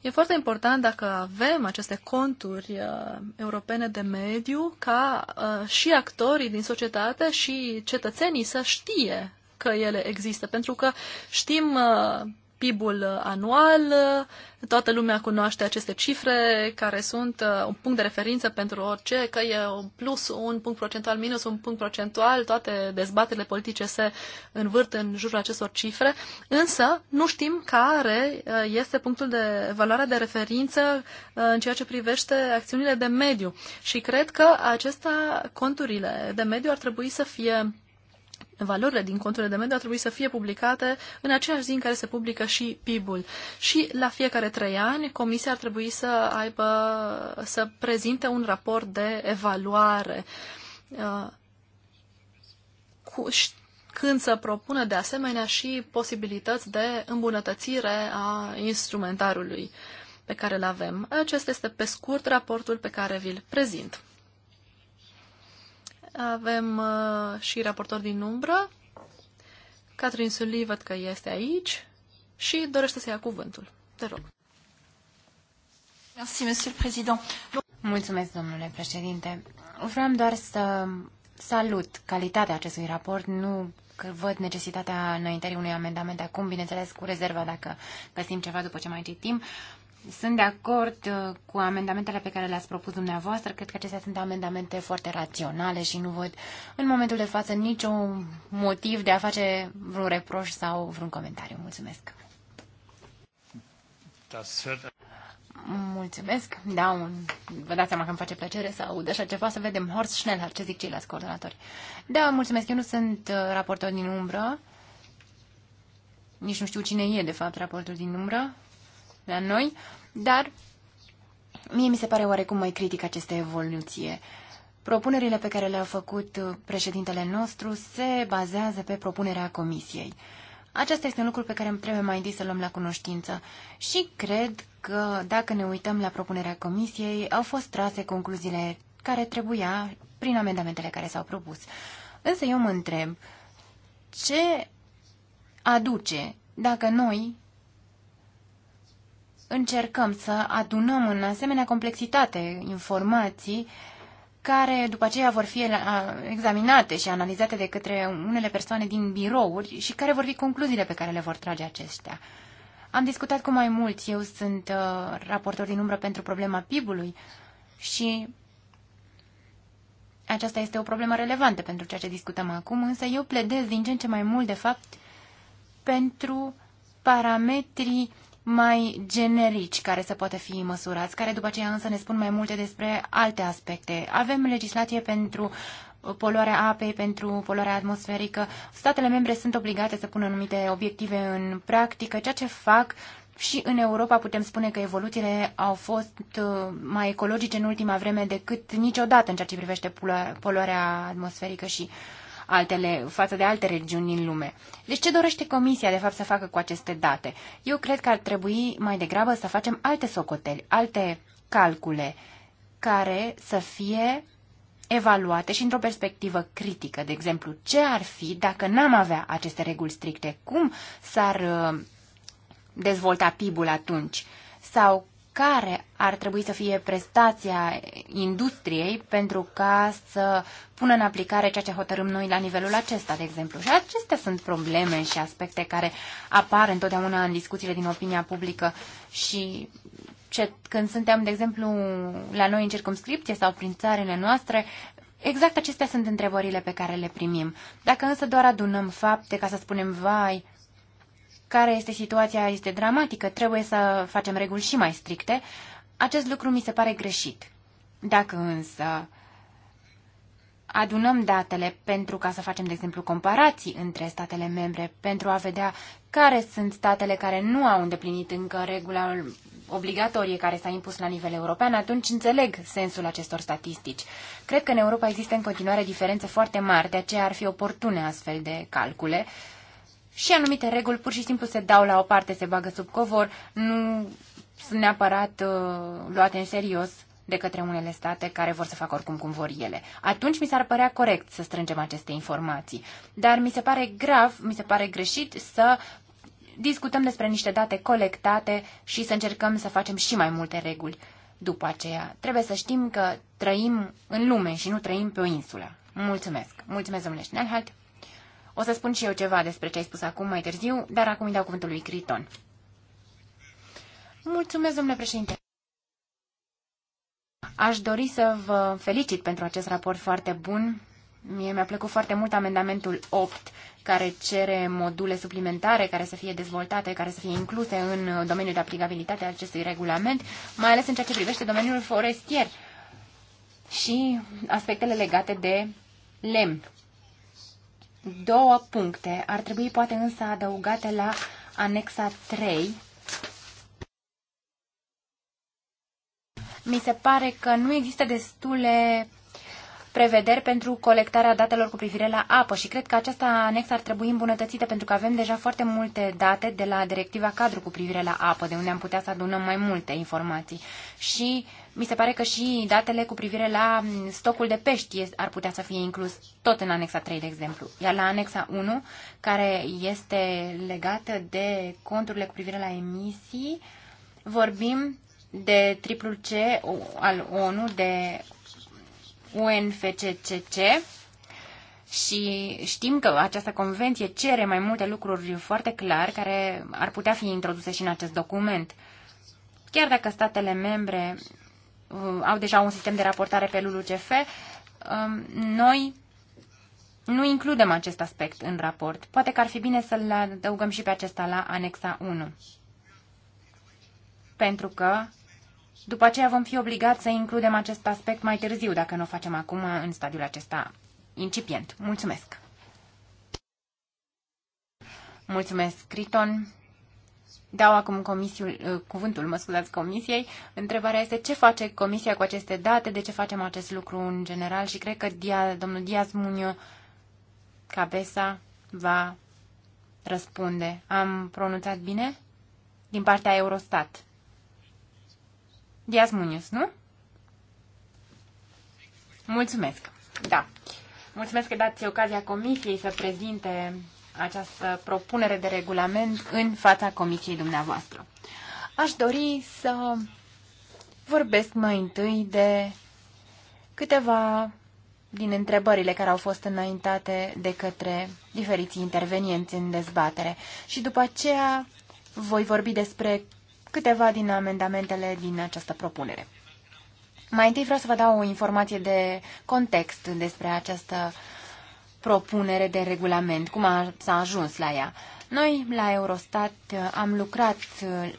E foarte important dacă avem aceste conturi uh, europene de mediu ca uh, și actorii din societate și cetățenii să știe că ele există, pentru că știm uh, PIB-ul uh, anual. Uh, toată lumea cunoaște aceste cifre care sunt uh, un punct de referință pentru orice, că e un plus, un punct procentual, minus un punct procentual. Toate dezbaterile politice se învârt în jurul acestor cifre, însă nu știm care este punctul de valoare de referință în ceea ce privește acțiunile de mediu. Și cred că acestea conturile de mediu ar trebui să fie valorile din conturile de mediu ar trebui să fie publicate în aceeași zi în care se publică și PIB-ul. Și la fiecare trei ani, comisia ar trebui să aibă, să prezinte un raport de evaluare. Uh, cu, când să propună de asemenea și posibilități de îmbunătățire a instrumentarului pe care îl avem. Acesta este pe scurt raportul pe care vi-l prezint. Avem uh, și raportor din umbră. Catherine Sully văd că este aici și dorește să ia cuvântul. Te rog. Merci, Monsieur Président. Mulțumesc, domnule președinte. Vreau doar să salut calitatea acestui raport. Nu că văd necesitatea înaintării unui amendament acum, bineînțeles cu rezerva dacă găsim ceva după ce mai citim. Sunt de acord uh, cu amendamentele pe care le-ați propus dumneavoastră. Cred că acestea sunt amendamente foarte raționale și nu văd în momentul de față niciun motiv de a face vreun reproș sau vreun comentariu. Mulțumesc! Mulțumesc! Da, un... vă dați seama că îmi face plăcere să aud așa ceva, să vedem Horst Schneller, ce zic ceilalți coordonatori. Da, mulțumesc! Eu nu sunt uh, raportor din umbră. Nici nu știu cine e, de fapt, raportul din umbră la noi, dar mie mi se pare oarecum mai critic această evoluție. Propunerile pe care le-a făcut uh, președintele nostru se bazează pe propunerea comisiei. Acesta este un lucru pe care îmi trebuie mai întâi să luăm la cunoștință și cred că, dacă ne uităm la propunerea comisiei, au fost trase concluziile care trebuia prin amendamentele care s-au propus. Însă eu mă întreb ce aduce dacă noi încercăm să adunăm în asemenea complexitate informații care după aceea vor fi examinate și analizate de către unele persoane din birouri și care vor fi concluziile pe care le vor trage aceștia. Am discutat cu mai mulți, eu sunt uh, raportor din umbră pentru problema PIB-ului și aceasta este o problemă relevantă pentru ceea ce discutăm acum, însă eu pledez din ce în ce mai mult, de fapt, pentru parametrii mai generici care să poată fi măsurați, care după aceea însă ne spun mai multe despre alte aspecte. Avem legislație pentru poluarea apei, pentru poluarea atmosferică. Statele membre sunt obligate să pună anumite obiective în practică, ceea ce fac și în Europa putem spune că evoluțiile au fost uh, mai ecologice în ultima vreme decât niciodată în ceea ce privește poluarea atmosferică și uh, altele, față de alte regiuni în lume. Deci ce dorește Comisia, de fapt, să facă cu aceste date? Eu cred că ar trebui mai degrabă să facem alte socoteli, alte calcule care să fie evaluate și într-o perspectivă critică. De exemplu, ce ar fi dacă n-am avea aceste reguli stricte? Cum s-ar uh, dezvolta PIB-ul atunci? Sau care ar trebui să fie prestația industriei pentru ca să pună în aplicare ceea ce hotărâm noi la nivelul acesta, de exemplu. Și acestea sunt probleme și aspecte care apar întotdeauna în discuțiile din opinia publică și ce, când suntem, de exemplu, la noi în circumscripție sau prin țarele noastre, exact acestea sunt întrebările pe care le primim. Dacă însă doar adunăm fapte ca să spunem, vai, care este situația este dramatică, trebuie să facem reguli și mai stricte, acest lucru mi se pare greșit. Dacă însă adunăm datele pentru ca să facem, de exemplu, comparații între statele membre, pentru a vedea care sunt statele care nu au îndeplinit încă regula obligatorie care s-a impus la nivel european, atunci înțeleg sensul acestor statistici. Cred că în Europa există în continuare diferențe foarte mari, de aceea ar fi oportune astfel de calcule, și anumite reguli pur și simplu se dau la o parte, se bagă sub covor, nu sunt neapărat uh, luate în serios de către unele state care vor să facă oricum cum vor ele. Atunci mi s-ar părea corect să strângem aceste informații. Dar mi se pare grav, mi se pare greșit să discutăm despre niște date colectate și să încercăm să facem și mai multe reguli după aceea. Trebuie să știm că trăim în lume și nu trăim pe o insulă. Mulțumesc. Mulțumesc, domnule Schnellhardt. O să spun și eu ceva despre ce ai spus acum mai târziu, dar acum îi dau cuvântul lui Criton. Mulțumesc, domnule președinte. Aș dori să vă felicit pentru acest raport foarte bun. Mie mi-a plăcut foarte mult amendamentul 8, care cere module suplimentare care să fie dezvoltate, care să fie incluse în domeniul de aplicabilitate a acestui regulament, mai ales în ceea ce privește domeniul forestier și aspectele legate de lemn două puncte. Ar trebui poate însă adăugate la anexa 3. Mi se pare că nu există destule prevederi pentru colectarea datelor cu privire la apă și cred că această anexă ar trebui îmbunătățită pentru că avem deja foarte multe date de la directiva cadru cu privire la apă, de unde am putea să adunăm mai multe informații. Și mi se pare că și datele cu privire la stocul de pești ar putea să fie inclus tot în anexa 3, de exemplu. Iar la anexa 1, care este legată de conturile cu privire la emisii, vorbim de triplul C al ONU, de UNFCCC și știm că această convenție cere mai multe lucruri foarte clar care ar putea fi introduse și în acest document. Chiar dacă statele membre uh, au deja un sistem de raportare pe LULUCF, um, noi nu includem acest aspect în raport. Poate că ar fi bine să-l adăugăm și pe acesta la anexa 1. Pentru că după aceea vom fi obligați să includem acest aspect mai târziu, dacă nu o facem acum în stadiul acesta incipient. Mulțumesc! Mulțumesc, Criton! Dau acum comisiul, uh, cuvântul, mă scuzați, comisiei. Întrebarea este ce face comisia cu aceste date, de ce facem acest lucru în general și cred că dia, domnul Diaz Munio Cabeza va răspunde. Am pronunțat bine? Din partea Eurostat. Diaz Muñoz, nu? Mulțumesc. Da. Mulțumesc că dați ocazia Comisiei să prezinte această propunere de regulament în fața Comisiei dumneavoastră. Aș dori să vorbesc mai întâi de câteva din întrebările care au fost înaintate de către diferiții intervenienți în dezbatere și după aceea voi vorbi despre câteva din amendamentele din această propunere. Mai întâi vreau să vă dau o informație de context despre această propunere de regulament, cum s-a ajuns la ea. Noi, la Eurostat, am lucrat uh,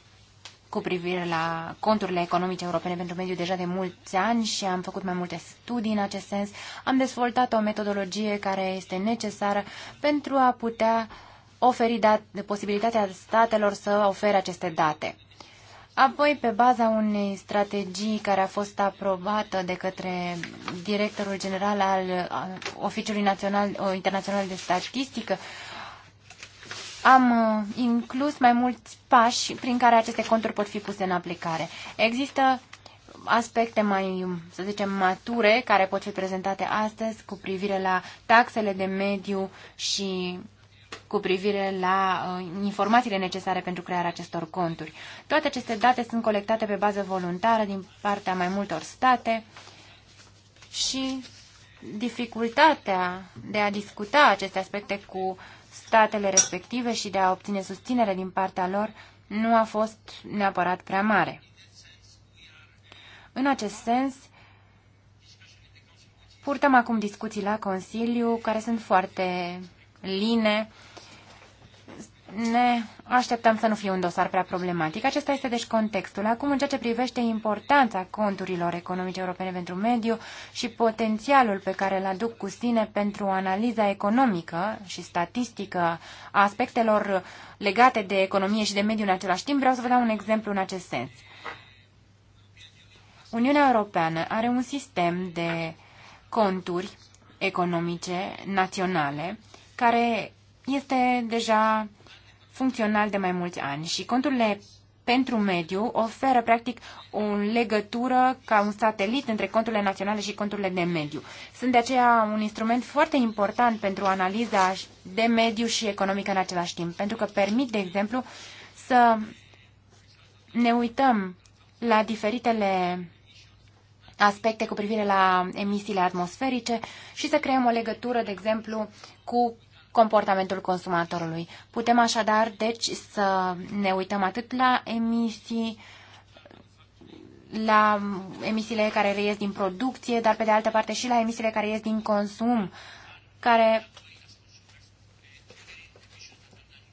cu privire la conturile economice europene pentru mediu deja de mulți ani și am făcut mai multe studii în acest sens. Am dezvoltat o metodologie care este necesară pentru a putea oferi dat, posibilitatea statelor să ofere aceste date. Apoi, pe baza unei strategii care a fost aprobată de către directorul general al uh, Oficiului Național, uh, Internațional de Statistică, am uh, inclus mai mulți pași prin care aceste conturi pot fi puse în aplicare. Există aspecte mai, să zicem, mature care pot fi prezentate astăzi cu privire la taxele de mediu și cu privire la uh, informațiile necesare pentru crearea acestor conturi. Toate aceste date sunt colectate pe bază voluntară din partea mai multor state și dificultatea de a discuta aceste aspecte cu statele respective și de a obține susținere din partea lor nu a fost neapărat prea mare. În acest sens, purtăm acum discuții la Consiliu care sunt foarte line. Ne așteptăm să nu fie un dosar prea problematic. Acesta este deci contextul. Acum, în ceea ce privește importanța conturilor economice europene pentru mediu și potențialul pe care îl aduc cu sine pentru analiza economică și statistică a aspectelor legate de economie și de mediu în același timp, vreau să vă dau un exemplu în acest sens. Uniunea Europeană are un sistem de conturi economice naționale care este deja funcțional de mai mulți ani și conturile pentru mediu oferă practic o legătură ca un satelit între conturile naționale și conturile de mediu. Sunt de aceea un instrument foarte important pentru analiza de mediu și economică în același timp, pentru că permit, de exemplu, să ne uităm la diferitele aspecte cu privire la emisiile atmosferice și să creăm o legătură, de exemplu, cu comportamentul consumatorului. Putem așadar, deci, să ne uităm atât la emisii, la emisiile care reies din producție, dar pe de altă parte și la emisiile care ies din consum, care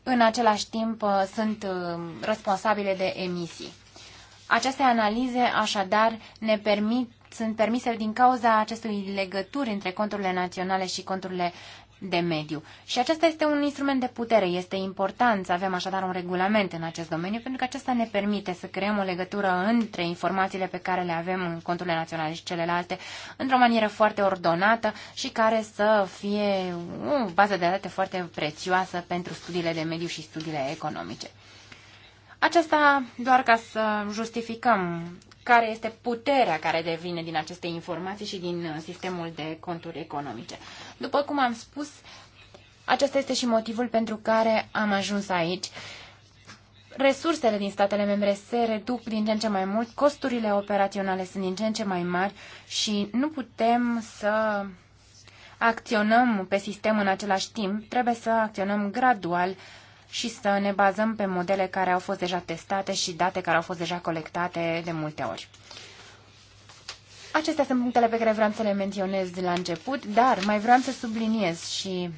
în același timp uh, sunt uh, responsabile de emisii. Aceste analize, așadar, ne permit, sunt permise din cauza acestui legături între conturile naționale și conturile de mediu. Și acesta este un instrument de putere, este important să avem așadar un regulament în acest domeniu, pentru că acesta ne permite să creăm o legătură între informațiile pe care le avem în conturile naționale și celelalte, într-o manieră foarte ordonată și care să fie o bază de date foarte prețioasă pentru studiile de mediu și studiile economice. Aceasta doar ca să justificăm care este puterea care devine din aceste informații și din sistemul de conturi economice. După cum am spus, acesta este și motivul pentru care am ajuns aici. Resursele din statele membre se reduc din ce în ce mai mult, costurile operaționale sunt din ce în ce mai mari și nu putem să acționăm pe sistem în același timp, trebuie să acționăm gradual și să ne bazăm pe modele care au fost deja testate și date care au fost deja colectate de multe ori. Acestea sunt punctele pe care vreau să le menționez de la început, dar mai vreau să subliniez și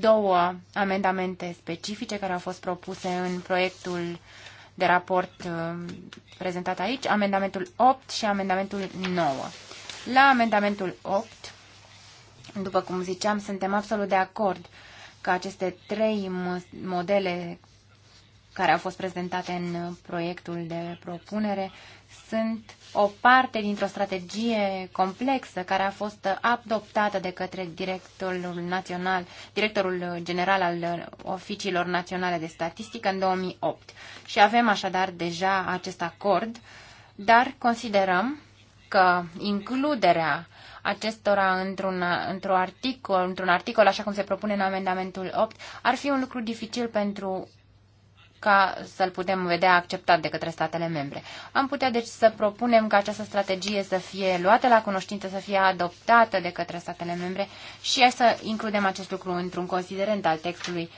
două amendamente specifice care au fost propuse în proiectul de raport uh, prezentat aici, amendamentul 8 și amendamentul 9. La amendamentul 8, după cum ziceam, suntem absolut de acord că aceste trei modele care au fost prezentate în proiectul de propunere sunt o parte dintr-o strategie complexă care a fost adoptată de către directorul, național, directorul general al Oficiilor Naționale de Statistică în 2008. Și avem așadar deja acest acord, dar considerăm că includerea acestora într-un, într articol, într-un articol, așa cum se propune în amendamentul 8, ar fi un lucru dificil pentru ca să-l putem vedea acceptat de către statele membre. Am putea deci să propunem ca această strategie să fie luată la cunoștință, să fie adoptată de către statele membre și să includem acest lucru într-un considerent al textului,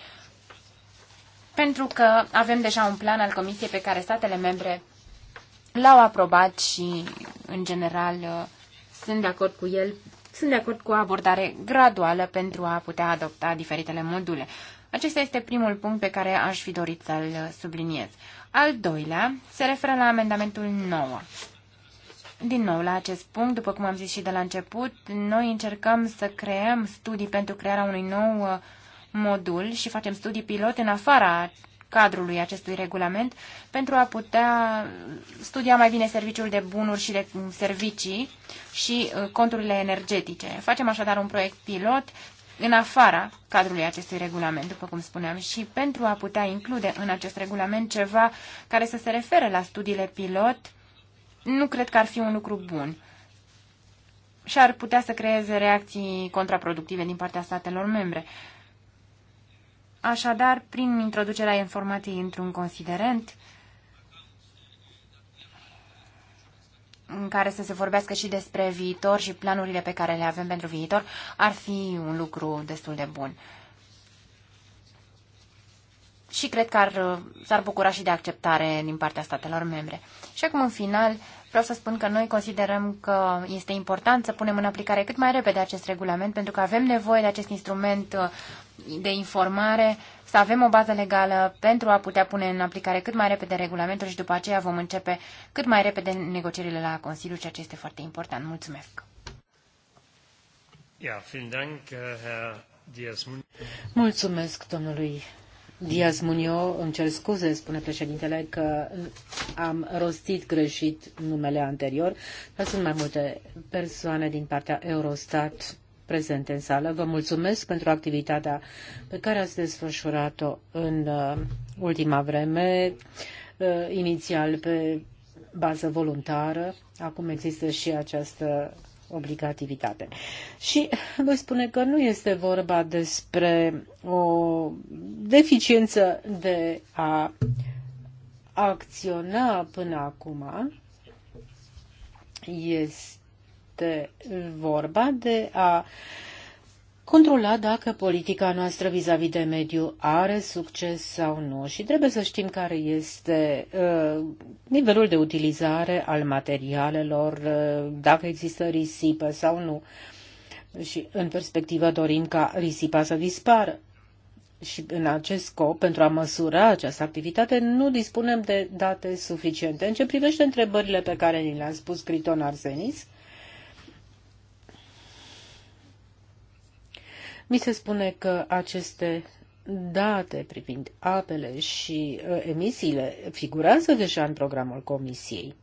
pentru că avem deja un plan al Comisiei pe care statele membre l-au aprobat și, în general, sunt de acord cu el, sunt de acord cu o abordare graduală pentru a putea adopta diferitele module. Acesta este primul punct pe care aș fi dorit să-l subliniez. Al doilea se referă la amendamentul 9. Din nou, la acest punct, după cum am zis și de la început, noi încercăm să creăm studii pentru crearea unui nou uh, modul și facem studii pilot în afara cadrului acestui regulament pentru a putea studia mai bine serviciul de bunuri și de servicii și uh, conturile energetice. Facem așadar un proiect pilot în afara cadrului acestui regulament, după cum spuneam, și pentru a putea include în acest regulament ceva care să se refere la studiile pilot, nu cred că ar fi un lucru bun și ar putea să creeze reacții contraproductive din partea statelor membre. Așadar, prin introducerea informației într-un considerent, în care să se vorbească și despre viitor și planurile pe care le avem pentru viitor ar fi un lucru destul de bun. Și cred că ar, s-ar bucura și de acceptare din partea statelor membre. Și acum, în final, Vreau să spun că noi considerăm că este important să punem în aplicare cât mai repede acest regulament, pentru că avem nevoie de acest instrument uh, de informare, să avem o bază legală pentru a putea pune în aplicare cât mai repede regulamentul și după aceea vom începe cât mai repede negocierile la Consiliu, ceea ce este foarte important. Mulțumesc! Mulțumesc domnului Diaz Munio, îmi cer scuze, spune președintele, că am rostit greșit numele anterior, dar sunt mai multe persoane din partea Eurostat prezente în sală. Vă mulțumesc pentru activitatea pe care ați desfășurat-o în uh, ultima vreme, uh, inițial pe bază voluntară. Acum există și această obligativitate. Și voi spune că nu este vorba despre o deficiență de a acționa până acum, este vorba de a uh, controla dacă politica noastră vis-a-vis -vis de mediu are succes sau nu și trebuie să știm care este uh, nivelul de utilizare al materialelor, uh, dacă există risipă sau nu. Și în perspectivă dorim ca risipa să dispară. Și în acest scop, pentru a măsura această activitate, nu dispunem de date suficiente. În ce privește întrebările pe care ni le-a spus Criton Arsenis, uh, Mi se spune că aceste date privind apele și uh, emisiile figurează deja în programul Comisiei.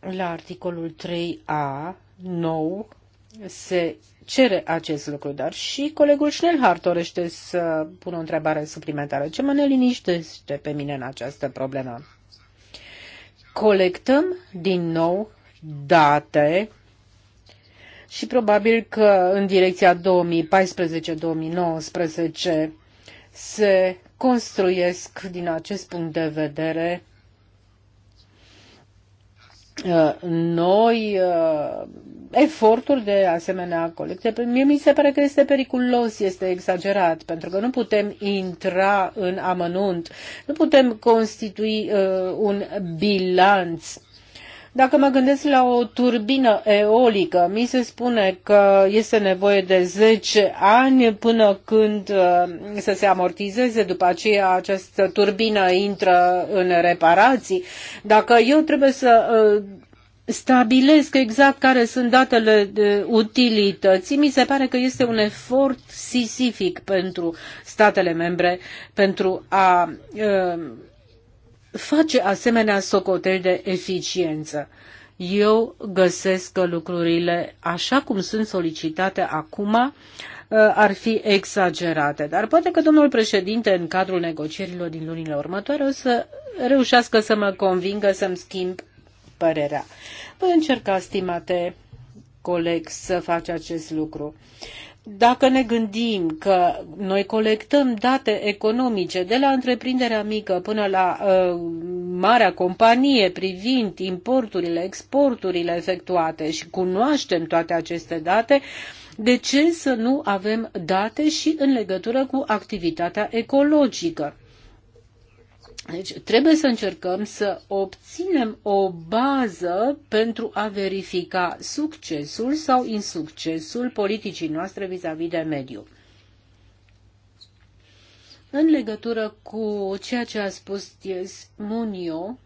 La articolul 3a, nou, se cere acest lucru, dar și colegul Schnellhardt dorește să pună o întrebare suplimentară. Ce mă neliniștește pe mine în această problemă? Colectăm din nou date și probabil că în direcția 2014-2019 se construiesc din acest punct de vedere uh, noi uh, eforturi de asemenea colecte. Mie mi se pare că este periculos, este exagerat, pentru că nu putem intra în amănunt, nu putem constitui uh, un bilanț dacă mă gândesc la o turbină eolică, mi se spune că este nevoie de 10 ani până când uh, să se amortizeze, după aceea această turbină intră în reparații. Dacă eu trebuie să uh, stabilesc exact care sunt datele de utilității, mi se pare că este un efort sisific pentru statele membre pentru a uh, face asemenea socoteri de eficiență. Eu găsesc că lucrurile, așa cum sunt solicitate acum, uh, ar fi exagerate. Dar poate că domnul președinte, în cadrul negocierilor din lunile următoare, o să reușească să mă convingă să-mi schimb părerea. Voi încerca, stimate coleg, să faci acest lucru. Dacă ne gândim că noi colectăm date economice de la întreprinderea mică până la uh, marea companie privind importurile, exporturile efectuate și cunoaștem toate aceste date, de ce să nu avem date și în legătură cu activitatea ecologică? Deci trebuie să încercăm să obținem o bază pentru a verifica succesul sau insuccesul politicii noastre vis-a-vis -vis de mediu. În legătură cu ceea ce a spus Ties Munio,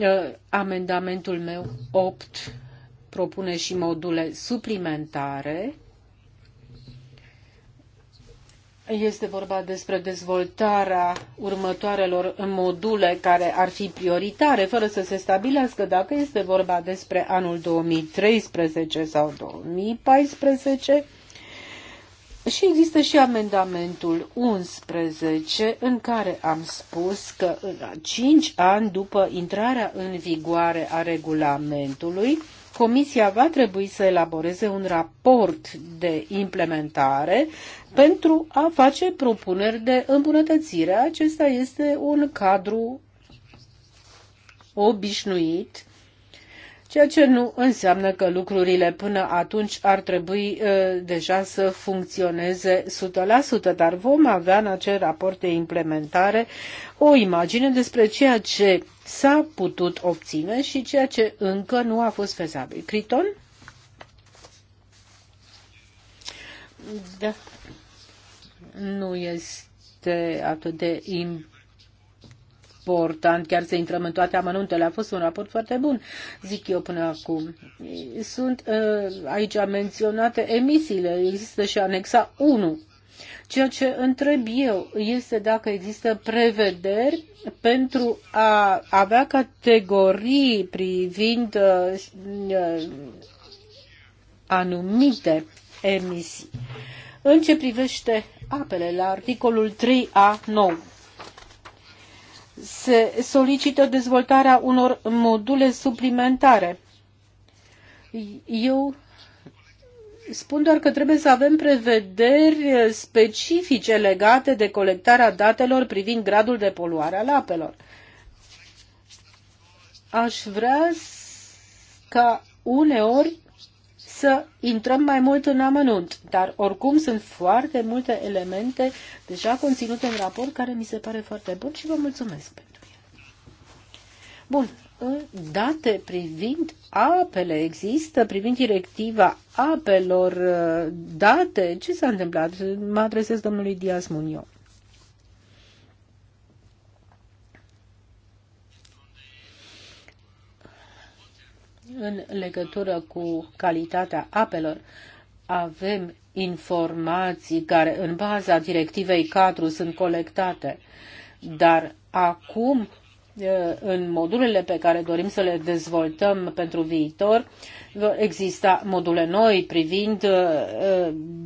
ă, amendamentul meu 8 propune și module suplimentare este vorba despre dezvoltarea următoarelor module care ar fi prioritare, fără să se stabilească dacă este vorba despre anul 2013 sau 2014. Și există și amendamentul 11, în care am spus că în 5 ani după intrarea în vigoare a regulamentului, Comisia va trebui să elaboreze un raport de implementare pentru a face propuneri de îmbunătățire. Acesta este un cadru obișnuit, ceea ce nu înseamnă că lucrurile până atunci ar trebui uh, deja să funcționeze 100%, dar vom avea în acel raport de implementare o imagine despre ceea ce s-a putut obține și ceea ce încă nu a fost fezabil. Criton? Da. Nu este atât de important chiar să intrăm în toate amănuntele. A fost un raport foarte bun, zic eu până acum. Sunt uh, aici menționate emisiile. Există și anexa 1 Ceea ce întreb eu este dacă există prevederi pentru a avea categorii privind uh, uh anumite emisii. În ce privește apele, la articolul 3A9 se solicită dezvoltarea unor module suplimentare. Eu Spun doar că trebuie să avem prevederi specifice legate de colectarea datelor privind gradul de poluare al apelor. Aș vrea ca uneori să intrăm mai mult în amănunt, dar oricum sunt foarte multe elemente deja conținute în raport care mi se pare foarte bun și vă mulțumesc pentru el. Bun, date privind apele, există privind directiva apelor uh, date. Ce s-a întâmplat? Mă adresez domnului Diaz Munio. În legătură cu calitatea apelor, avem informații care în baza directivei 4 sunt colectate, dar acum în modulele pe care dorim să le dezvoltăm pentru viitor, există exista module noi privind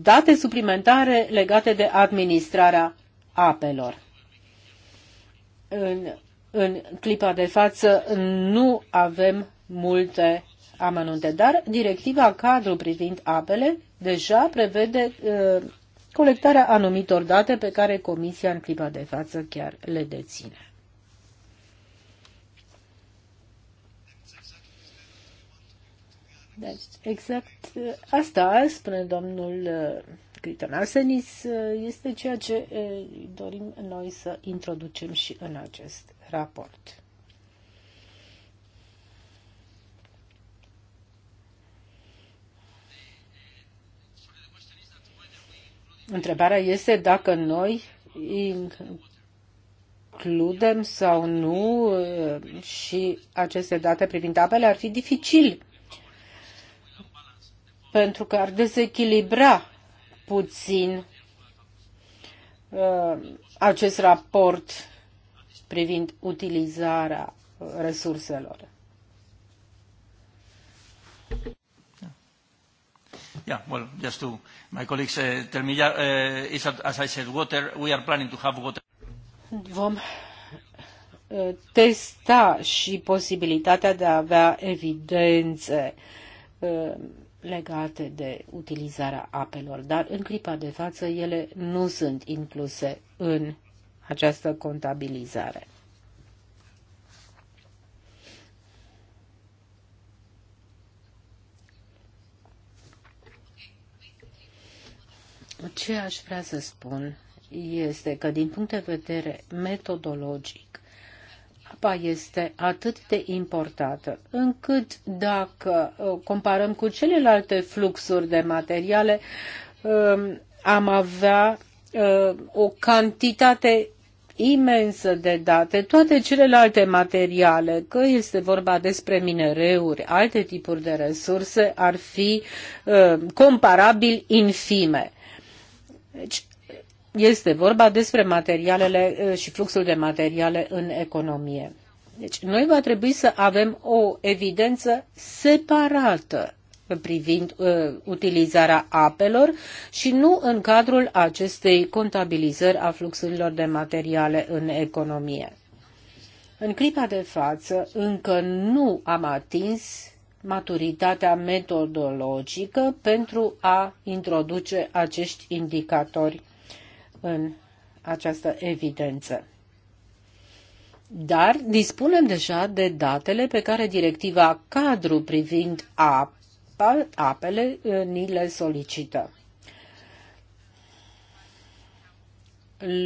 date suplimentare legate de administrarea apelor. În, în clipa de față nu avem multe amănunte, dar directiva cadru privind apele deja prevede colectarea anumitor date pe care Comisia în clipa de față chiar le deține. Deci, exact uh, asta spune domnul uh, Criton Arsenis, uh, este ceea ce dorim noi să introducem și în acest raport. Întrebarea este dacă noi includem sau nu și aceste date privind apele ar fi dificil pentru că ar dezechilibra puțin uh, acest raport privind utilizarea uh, resurselor. Yeah, well, just to my colleagues uh, tell me, yeah, uh, is that, as I said, water. We are planning to have water. Vom uh, testa și posibilitatea de a avea evidențe uh, legate de utilizarea apelor, dar în clipa de față ele nu sunt incluse în această contabilizare. Ce aș vrea să spun este că din punct de vedere metodologic apa este atât de importantă, încât dacă uh, comparăm cu celelalte fluxuri de materiale, um, am avea uh, o cantitate imensă de date, toate celelalte materiale, că este vorba despre minereuri, alte tipuri de resurse, ar fi uh, comparabil infime. Deci, este vorba despre materialele și fluxul de materiale în economie. Deci noi va trebui să avem o evidență separată privind uh, utilizarea apelor și nu în cadrul acestei contabilizări a fluxurilor de materiale în economie. În clipa de față, încă nu am atins maturitatea metodologică pentru a introduce acești indicatori în această evidență. Dar dispunem deja de datele pe care directiva cadru privind apa, apele uh, ni le solicită.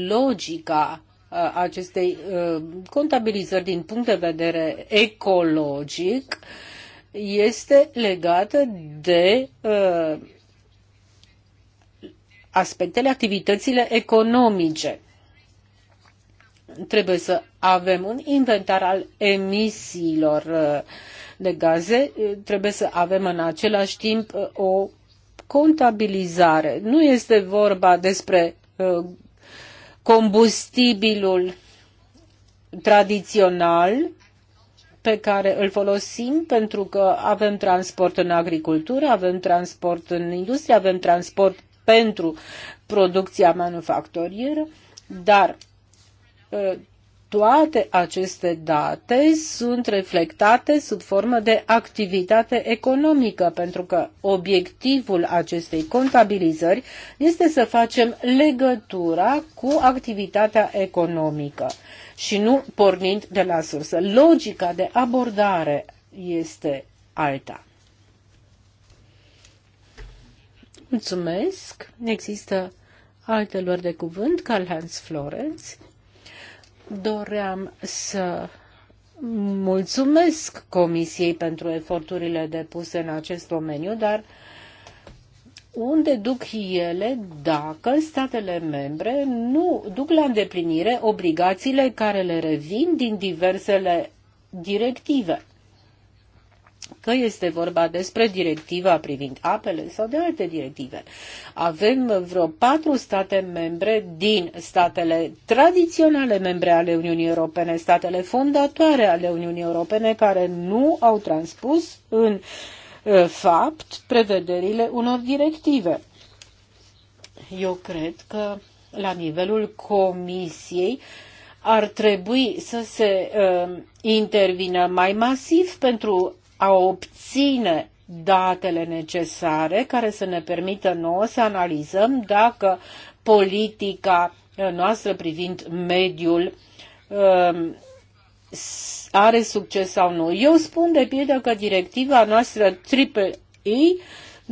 Logica uh, acestei uh, contabilizări din punct de vedere ecologic este legată de aspectele, activitățile economice. Trebuie să avem un inventar al emisiilor uh, de gaze, uh, trebuie să avem în același timp uh, o contabilizare. Nu este vorba despre combustibilul tradițional pe care îl folosim pentru că avem transport în agricultură, avem transport în industrie, avem transport pentru producția manufacturieră, dar ă, toate aceste date sunt reflectate sub formă de activitate economică, pentru că obiectivul acestei contabilizări este să facem legătura cu activitatea economică și nu pornind de la sursă. Logica de abordare este alta. Mulțumesc. Există alte luări de cuvânt. ca Hans Florenz. Doream să mulțumesc Comisiei pentru eforturile depuse în acest domeniu, dar unde duc ele dacă statele membre nu duc la îndeplinire obligațiile care le revin din diversele directive că este vorba despre directiva privind apele sau de alte directive. Avem vreo patru state membre din statele tradiționale membre ale Uniunii Europene, statele fondatoare ale Uniunii Europene, care nu au transpus în eh, fapt prevederile unor directive. Eu cred că la nivelul Comisiei ar trebui să se uh, intervină mai masiv pentru a obține datele necesare care să ne permită nouă să analizăm dacă politica noastră privind mediul um, are succes sau nu. Eu spun de pildă că directiva noastră Triple E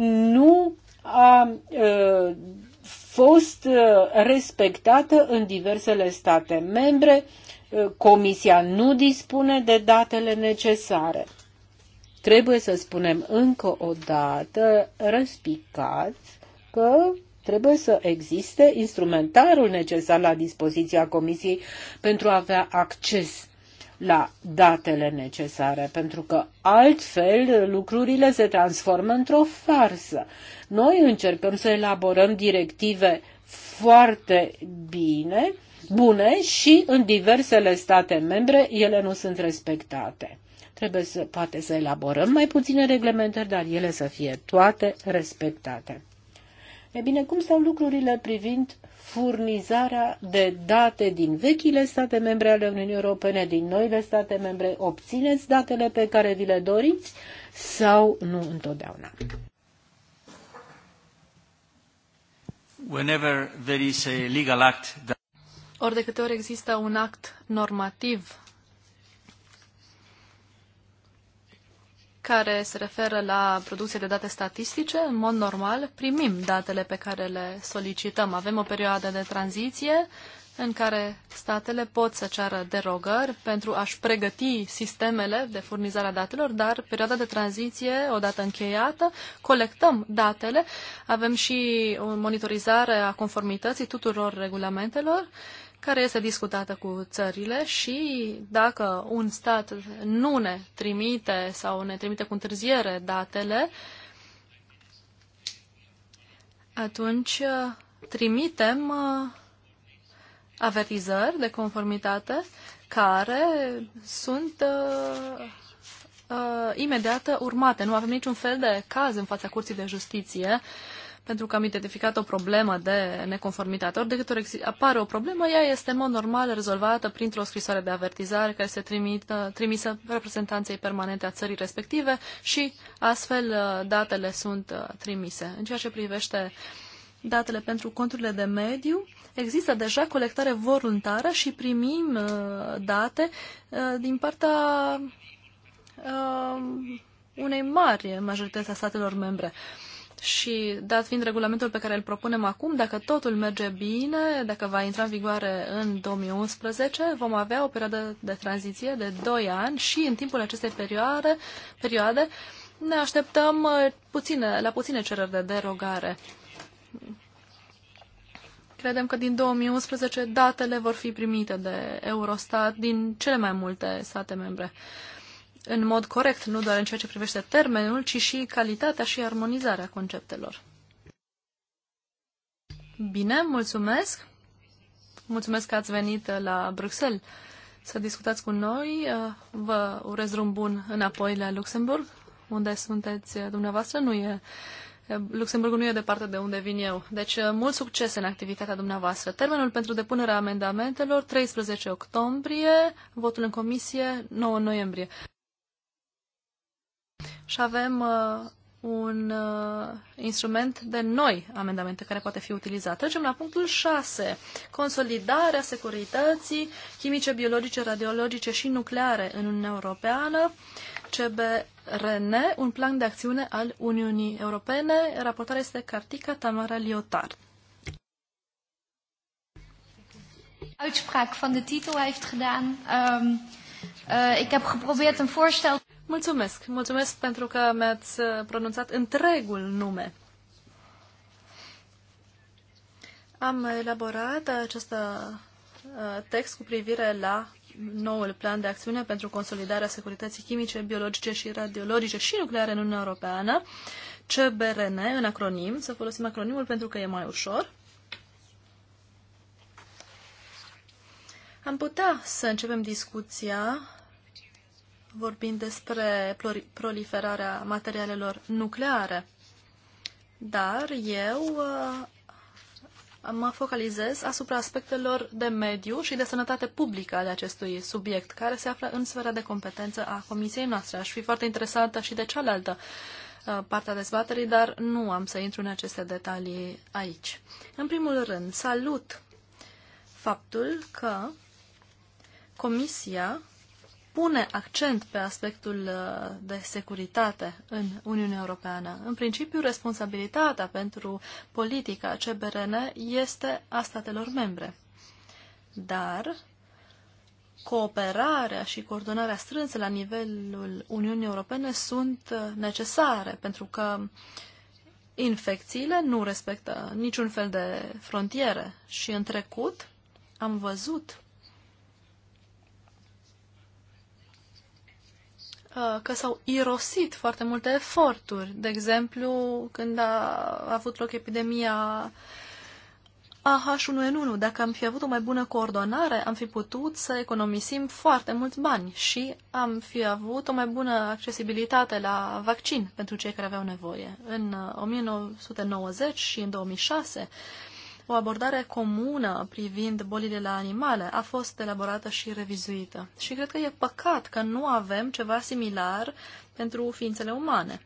nu a uh, fost uh, respectată în diversele state membre. Uh, Comisia nu dispune de datele necesare trebuie să spunem încă o dată răspicat că trebuie să existe instrumentarul necesar la dispoziția Comisiei pentru a avea acces la datele necesare, pentru că altfel lucrurile se transformă într-o farsă. Noi încercăm să elaborăm directive foarte bine, bune și în diversele state membre ele nu sunt respectate. Trebuie să poate să elaborăm mai puține reglementări, dar ele să fie toate respectate. E bine, cum stau lucrurile privind furnizarea de date din vechile state membre ale Uniunii Europene, din noile state membre? Obțineți datele pe care vi le doriți sau nu întotdeauna? Whenever there is a legal act that... Ori de câte ori există un act normativ care se referă la producție de date statistice, în mod normal primim datele pe care le solicităm. Avem o perioadă de tranziție în care statele pot să ceară derogări pentru a-și pregăti sistemele de furnizare a datelor, dar perioada de tranziție, odată încheiată, colectăm datele, avem și o monitorizare a conformității tuturor regulamentelor care este discutată cu țările și dacă un stat nu ne trimite sau ne trimite cu întârziere datele, atunci uh, trimitem uh, avertizări de conformitate care sunt uh, uh, imediat urmate. Nu avem niciun fel de caz în fața Curții de Justiție pentru că am identificat o problemă de neconformitate. Ori de câte ori apare o problemă, ea este în mod normal rezolvată printr-o scrisoare de avertizare care se trimită, trimisă reprezentanței permanente a țării respective și astfel uh, datele sunt uh, trimise. În ceea ce privește datele pentru conturile de mediu, există deja colectare voluntară și primim uh, date din partea unei mari majorități a statelor membre. Uh, și dat fiind regulamentul pe care îl propunem acum, dacă totul merge bine, dacă va intra în vigoare în 2011, vom avea o perioadă de tranziție de 2 ani și în timpul acestei perioade, perioade ne așteptăm uh, puține, la puține cereri de derogare. Credem că din 2011 datele vor fi primite de Eurostat din cele mai multe state membre în mod corect, nu doar în ceea ce privește termenul, ci și calitatea și armonizarea conceptelor. Bine, mulțumesc! Mulțumesc că ați venit uh, la Bruxelles să discutați cu noi. Uh, vă urez drum bun înapoi la Luxemburg, unde sunteți uh, dumneavoastră. Nu e, Luxemburgul nu e departe de unde vin eu. Deci, mult succes în activitatea dumneavoastră. Termenul pentru depunerea amendamentelor, 13 octombrie, votul în comisie, 9 noiembrie și avem uh, un uh, instrument de noi amendamente care poate fi utilizat. Trecem la punctul 6. Consolidarea securității chimice, biologice, radiologice și nucleare în Uniunea Europeană. CBRN, un plan de acțiune al Uniunii Europene. Raportarea este Cartica Tamara Liotard. Uitspraak van de titel heeft gedaan. Um, uh, ik heb geprobeerd een voorstel. Mulțumesc! Mulțumesc pentru că mi-ați uh, pronunțat întregul nume. Am elaborat acest uh, text cu privire la noul plan de acțiune pentru consolidarea securității chimice, biologice și radiologice și nucleare în Uniunea Europeană, CBRN, în acronim. Să folosim acronimul pentru că e mai ușor. Am putea să începem discuția vorbind despre proliferarea materialelor nucleare. Dar eu uh, mă focalizez asupra aspectelor de mediu și de sănătate publică ale acestui subiect, care se află în sfera de competență a comisiei noastre. Aș fi foarte interesată și de cealaltă uh, parte a dezbaterii, dar nu am să intru în aceste detalii aici. În primul rând, salut faptul că Comisia pune accent pe aspectul uh, de securitate în Uniunea Europeană. În principiu, responsabilitatea pentru politica CBRN este a statelor membre. Dar cooperarea și coordonarea strânsă la nivelul Uniunii Europene sunt uh, necesare, pentru că infecțiile nu respectă niciun fel de frontiere și în trecut am văzut Uh, că s-au irosit foarte multe eforturi. De exemplu, când a avut loc epidemia AH1N1, dacă am fi avut o mai bună coordonare, am fi putut să economisim foarte mulți bani și am fi avut o mai bună accesibilitate la vaccin pentru cei care aveau nevoie. În 1990 uh, și în 2006 o abordare comună privind bolile la animale a fost elaborată și revizuită. Și cred că e păcat că nu avem ceva similar pentru ființele umane.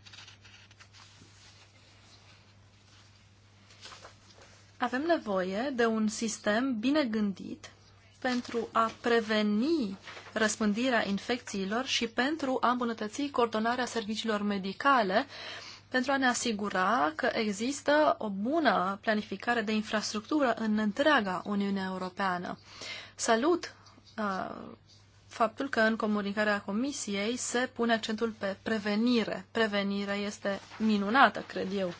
Avem nevoie de un sistem bine gândit pentru a preveni răspândirea infecțiilor și pentru a îmbunătăți coordonarea serviciilor medicale uh, pentru a ne asigura că există o bună planificare de infrastructură în întreaga Uniune Europeană. Salut uh, faptul că în comunicarea Comisiei se pune accentul pe prevenire. Prevenirea este minunată, cred eu.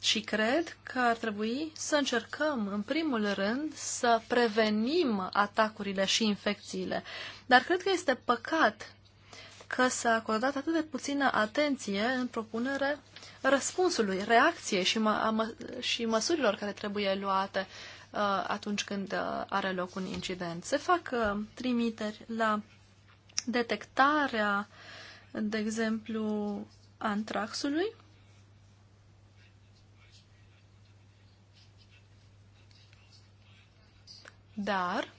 Și cred că ar trebui să încercăm, în primul rând, să prevenim atacurile și infecțiile. Dar cred că este păcat că s-a acordat atât de puțină atenție în propunere răspunsului, reacției și, mă, mă, și măsurilor care trebuie luate uh, atunci când uh, are loc un incident. Se fac uh, trimiteri la detectarea, de exemplu, antraxului. Dar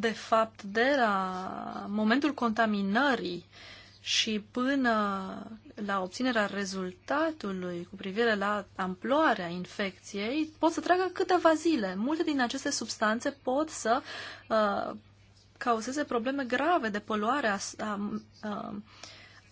de fapt, de la momentul contaminării și până la obținerea rezultatului cu privire la amploarea infecției, pot să treacă câteva zile. Multe din aceste substanțe pot să uh, cauzeze probleme grave de poluare a, a, a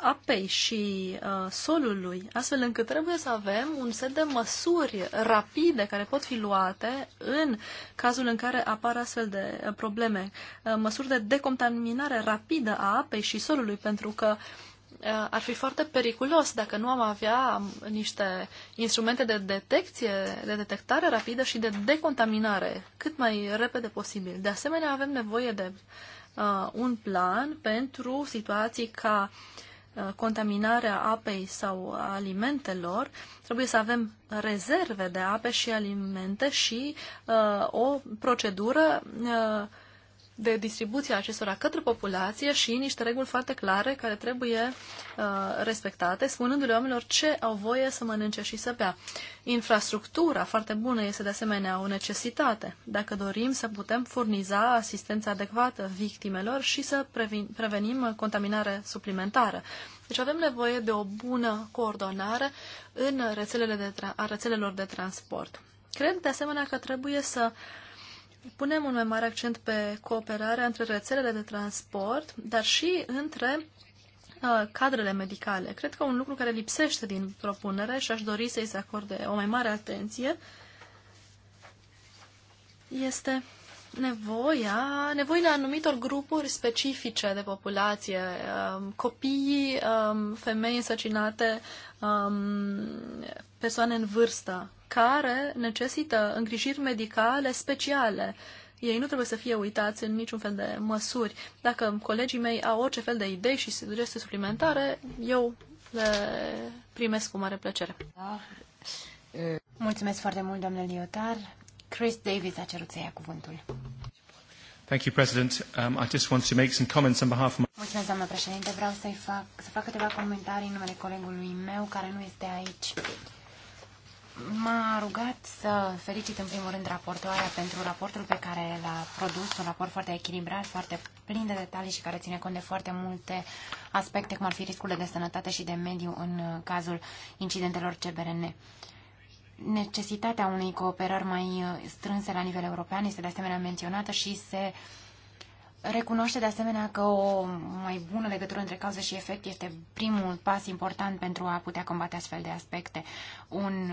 apei și uh, solului, astfel încât trebuie să avem un set de măsuri rapide care pot fi luate în cazul în care apar astfel de uh, probleme. Uh, măsuri de decontaminare rapidă a apei și solului, pentru că uh, ar fi foarte periculos dacă nu am avea um, niște instrumente de detecție, de detectare rapidă și de decontaminare cât mai repede posibil. De asemenea, avem nevoie de uh, un plan pentru situații ca uh, Uh, contaminarea apei sau alimentelor, trebuie să avem rezerve de ape și alimente și uh, o procedură uh, de distribuție a acestora către populație și niște reguli foarte clare care trebuie uh, respectate, spunându-le oamenilor ce au voie să mănânce și să bea. Infrastructura foarte bună este de asemenea o necesitate dacă dorim să putem furniza asistența adecvată victimelor și să prevenim contaminare suplimentară. Deci avem nevoie de o bună coordonare în rețelele de a rețelelor de transport. Cred de asemenea că trebuie să uh, punem un mai mare accent pe cooperarea între rețelele de transport, dar și între uh, cadrele medicale. Cred că un lucru care lipsește din propunere și aș dori să-i se acorde o mai mare atenție este nevoia, nevoile anumitor grupuri specifice de populație, um, copii, um, femei însăcinate, um, persoane în vârstă care necesită îngrijiri medicale speciale. Ei nu trebuie să fie uitați în niciun fel de măsuri. Dacă colegii mei au orice fel de idei și sugestii suplimentare, eu le primesc cu mare plăcere. Da. Mulțumesc foarte mult, domnule Liotar. Chris Davis a cerut să ia cuvântul. Thank you, President. Um, I just want to make some comments on behalf of my... Mulțumesc, doamnă președinte. Vreau să fac, să fac câteva comentarii în numele colegului meu care nu este aici m-a rugat să felicit în primul rând raportoarea pentru raportul pe care l-a produs, un raport foarte echilibrat, foarte plin de detalii și care ține cont de foarte multe aspecte, cum ar fi riscurile de sănătate și de mediu în cazul incidentelor CBRN. Necesitatea unei cooperări mai strânse la nivel european este de asemenea menționată și se uh, Recunoaște de asemenea că o mai bună legătură între cauză și efect este primul pas important pentru a putea combate astfel de aspecte. Un,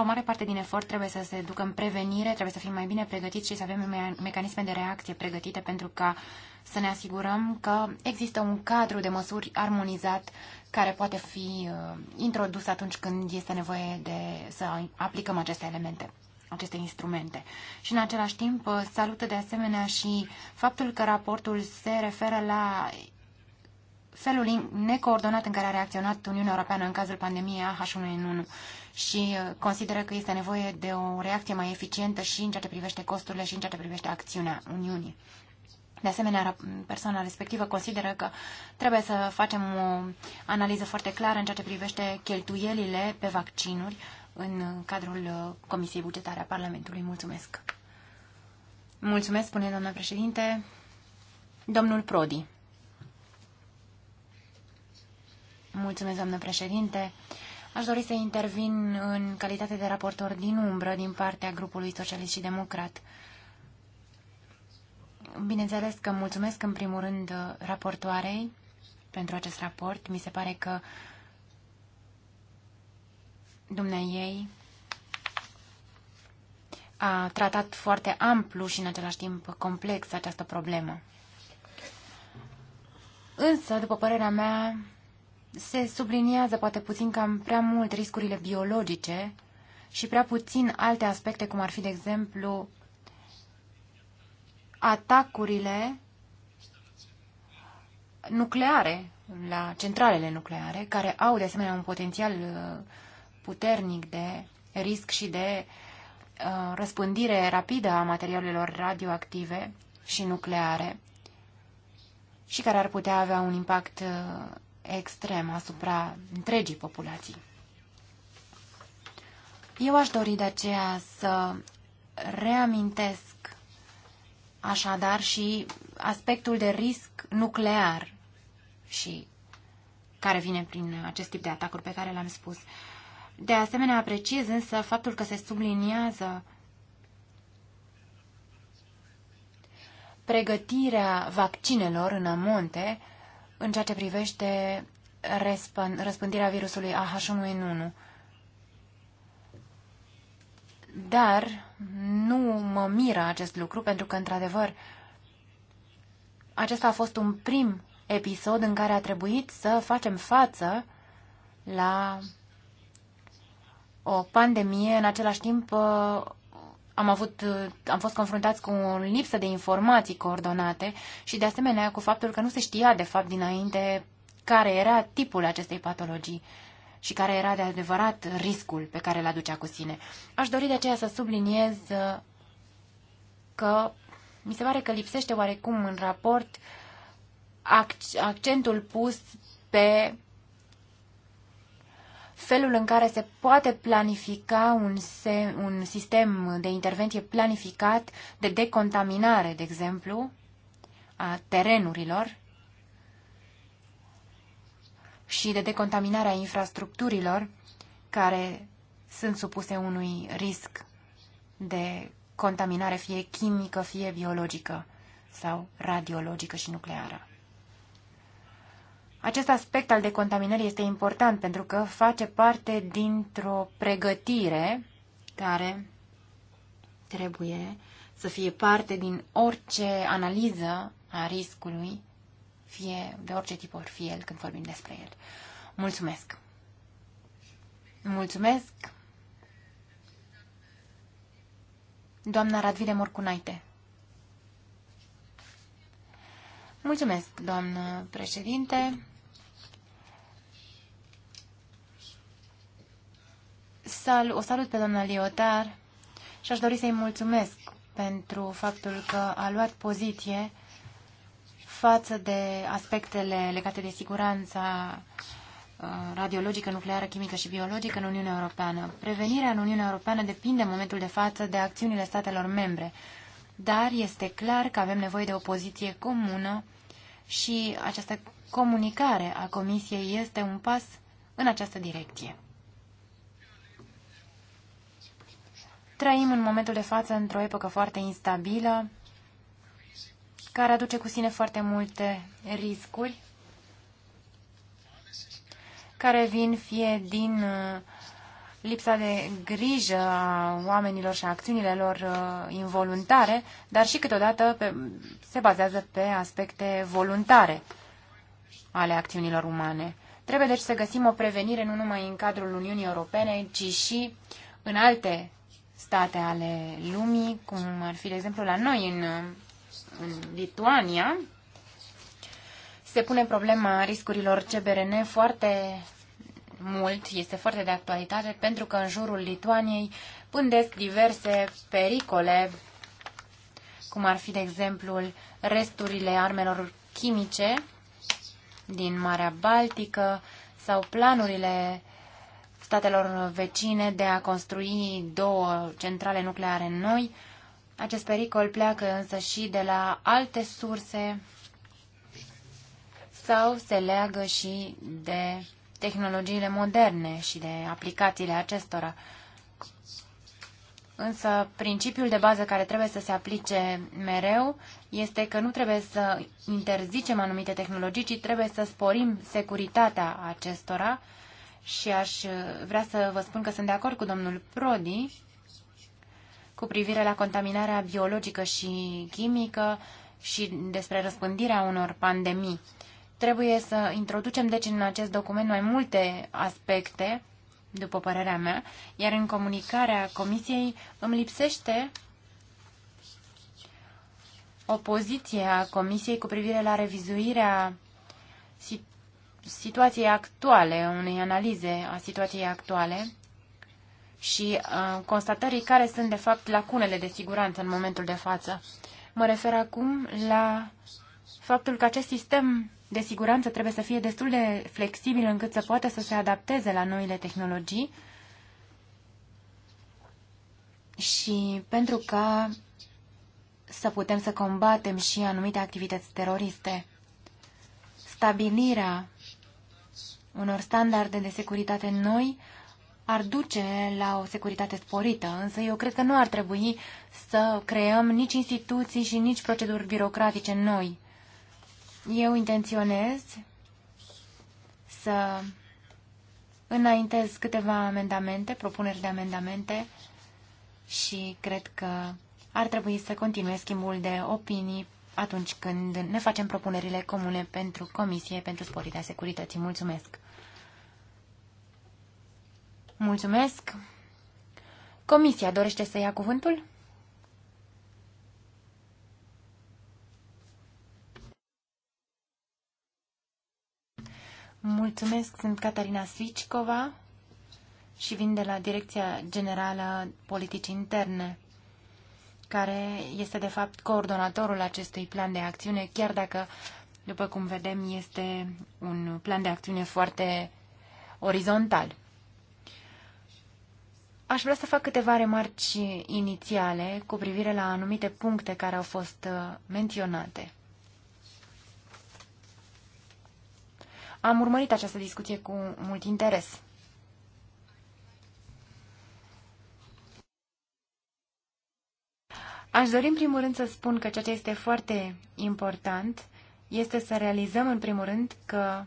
o mare parte din efort trebuie să se ducă în prevenire, trebuie să fim mai bine pregătiți și să avem mecanisme de reacție pregătite pentru ca să ne asigurăm că există un cadru de măsuri armonizat care poate fi uh, introdus atunci când este nevoie de să aplicăm aceste elemente aceste instrumente. Și în același timp uh, salută de asemenea și faptul că raportul se referă la felul necoordonat în care a reacționat Uniunea Europeană în cazul pandemiei H1N1 și uh, consideră că este nevoie de o reacție mai eficientă și în ceea ce privește costurile și în ceea ce privește acțiunea Uniunii. De asemenea, persoana respectivă consideră că trebuie să facem o analiză foarte clară în ceea ce privește cheltuielile pe vaccinuri, în cadrul uh, Comisiei Bugetare a Parlamentului. Mulțumesc! Mulțumesc, spune doamna președinte. Domnul Prodi. Mulțumesc, doamnă președinte. Aș dori să intervin în calitate de raportor din umbră din partea grupului socialist și democrat. Bineînțeles că mulțumesc în primul rând raportoarei pentru acest raport. Mi se pare că uh, Dumneiei a tratat foarte amplu și în același timp complex această problemă. Însă, după părerea mea, se subliniază poate puțin cam prea mult riscurile biologice și prea puțin alte aspecte, cum ar fi, de exemplu, atacurile nucleare la centralele nucleare, care au de asemenea un potențial uh, puternic de risc și de uh, răspândire rapidă a materialelor radioactive și nucleare și care ar putea avea un impact uh, extrem asupra întregii populații. Eu aș dori de aceea să reamintesc așadar și aspectul de risc nuclear și care vine prin acest tip de atacuri pe care l-am spus. De asemenea, apreciez însă faptul că se subliniază pregătirea vaccinelor în amonte în ceea ce privește răspândirea virusului AH1N1. Dar nu mă miră acest lucru pentru că, într-adevăr, acesta a fost un prim episod în care a trebuit să facem față la o pandemie, în același timp uh, am, avut, uh, am fost confruntați cu o lipsă de informații coordonate și de asemenea cu faptul că nu se știa de fapt dinainte care era tipul acestei patologii și care era de adevărat riscul pe care îl aducea cu sine. Aș dori de aceea să subliniez uh, că mi se pare că lipsește oarecum în raport accentul pus pe felul în care se poate planifica un, se, un sistem de intervenție planificat de decontaminare, de exemplu, a terenurilor și de decontaminare a infrastructurilor care sunt supuse unui risc de contaminare fie chimică, fie biologică sau radiologică și nucleară. Acest aspect al decontaminării este important pentru că face parte dintr-o pregătire care trebuie să fie parte din orice analiză a riscului, fie de orice tip or fi el, când vorbim despre el. Mulțumesc! Mulțumesc! Doamna Radvide Morcunaite. Mulțumesc, doamnă președinte. Sal, o salut pe doamna Liotar și aș dori să-i mulțumesc pentru faptul că a luat poziție față de aspectele legate de siguranța uh, radiologică, nucleară, chimică și biologică în Uniunea Europeană. Prevenirea în Uniunea Europeană depinde în momentul de față de acțiunile statelor membre, dar este clar că avem nevoie de o poziție comună și această comunicare a Comisiei este un pas în această direcție. Trăim în momentul de față într-o epocă foarte instabilă, care aduce cu sine foarte multe riscuri, care vin fie din uh, lipsa de grijă a oamenilor și a acțiunile lor uh, involuntare, dar și câteodată pe, se bazează pe aspecte voluntare ale acțiunilor umane. Trebuie deci să găsim o prevenire nu numai în cadrul Uniunii Europene, ci și în alte state ale lumii, cum ar fi, de exemplu, la noi în, în Lituania, se pune problema riscurilor CBRN foarte mult, este foarte de actualitate, pentru că în jurul Lituaniei pândesc diverse pericole, cum ar fi, de exemplu, resturile armelor chimice din Marea Baltică sau planurile statelor vecine de a construi două centrale nucleare noi. Acest pericol pleacă însă și de la alte surse sau se leagă și de tehnologiile moderne și de aplicațiile acestora. Însă principiul de bază care trebuie să se aplice mereu este că nu trebuie să interzicem anumite tehnologii, ci trebuie să sporim securitatea acestora și aș uh, vrea să vă spun că sunt de acord cu domnul Prodi cu privire la contaminarea biologică și chimică și despre răspândirea unor pandemii. Trebuie să introducem deci în acest document mai multe aspecte, după părerea mea, iar în comunicarea Comisiei îmi lipsește o poziție a Comisiei cu privire la revizuirea situației actuale, unei analize a situației actuale și uh, constatării care sunt, de fapt, lacunele de siguranță în momentul de față. Mă refer acum la faptul că acest sistem de siguranță trebuie să fie destul de flexibil încât să poată să se adapteze la noile tehnologii și pentru ca să putem să combatem și anumite activități teroriste. Stabilirea unor standarde de securitate noi ar duce la o securitate sporită, însă eu cred că nu ar trebui să creăm nici instituții și nici proceduri birocratice noi. Eu intenționez să înaintez câteva amendamente, propuneri de amendamente și cred că ar trebui să continue schimbul de opinii atunci când ne facem propunerile comune pentru Comisie pentru sporirea securității. Mulțumesc! Mulțumesc. Comisia dorește să ia cuvântul? Mulțumesc, sunt Catarina Svicicova și vin de la Direcția Generală Politici Interne, care este de fapt coordonatorul acestui plan de acțiune, chiar dacă, după cum vedem, este un plan de acțiune foarte orizontal. Aș vrea să fac câteva remarci inițiale cu privire la anumite puncte care au fost uh, menționate. Am urmărit această discuție cu mult interes. Aș dori în primul rând să spun că ceea ce este foarte important este să realizăm în primul rând că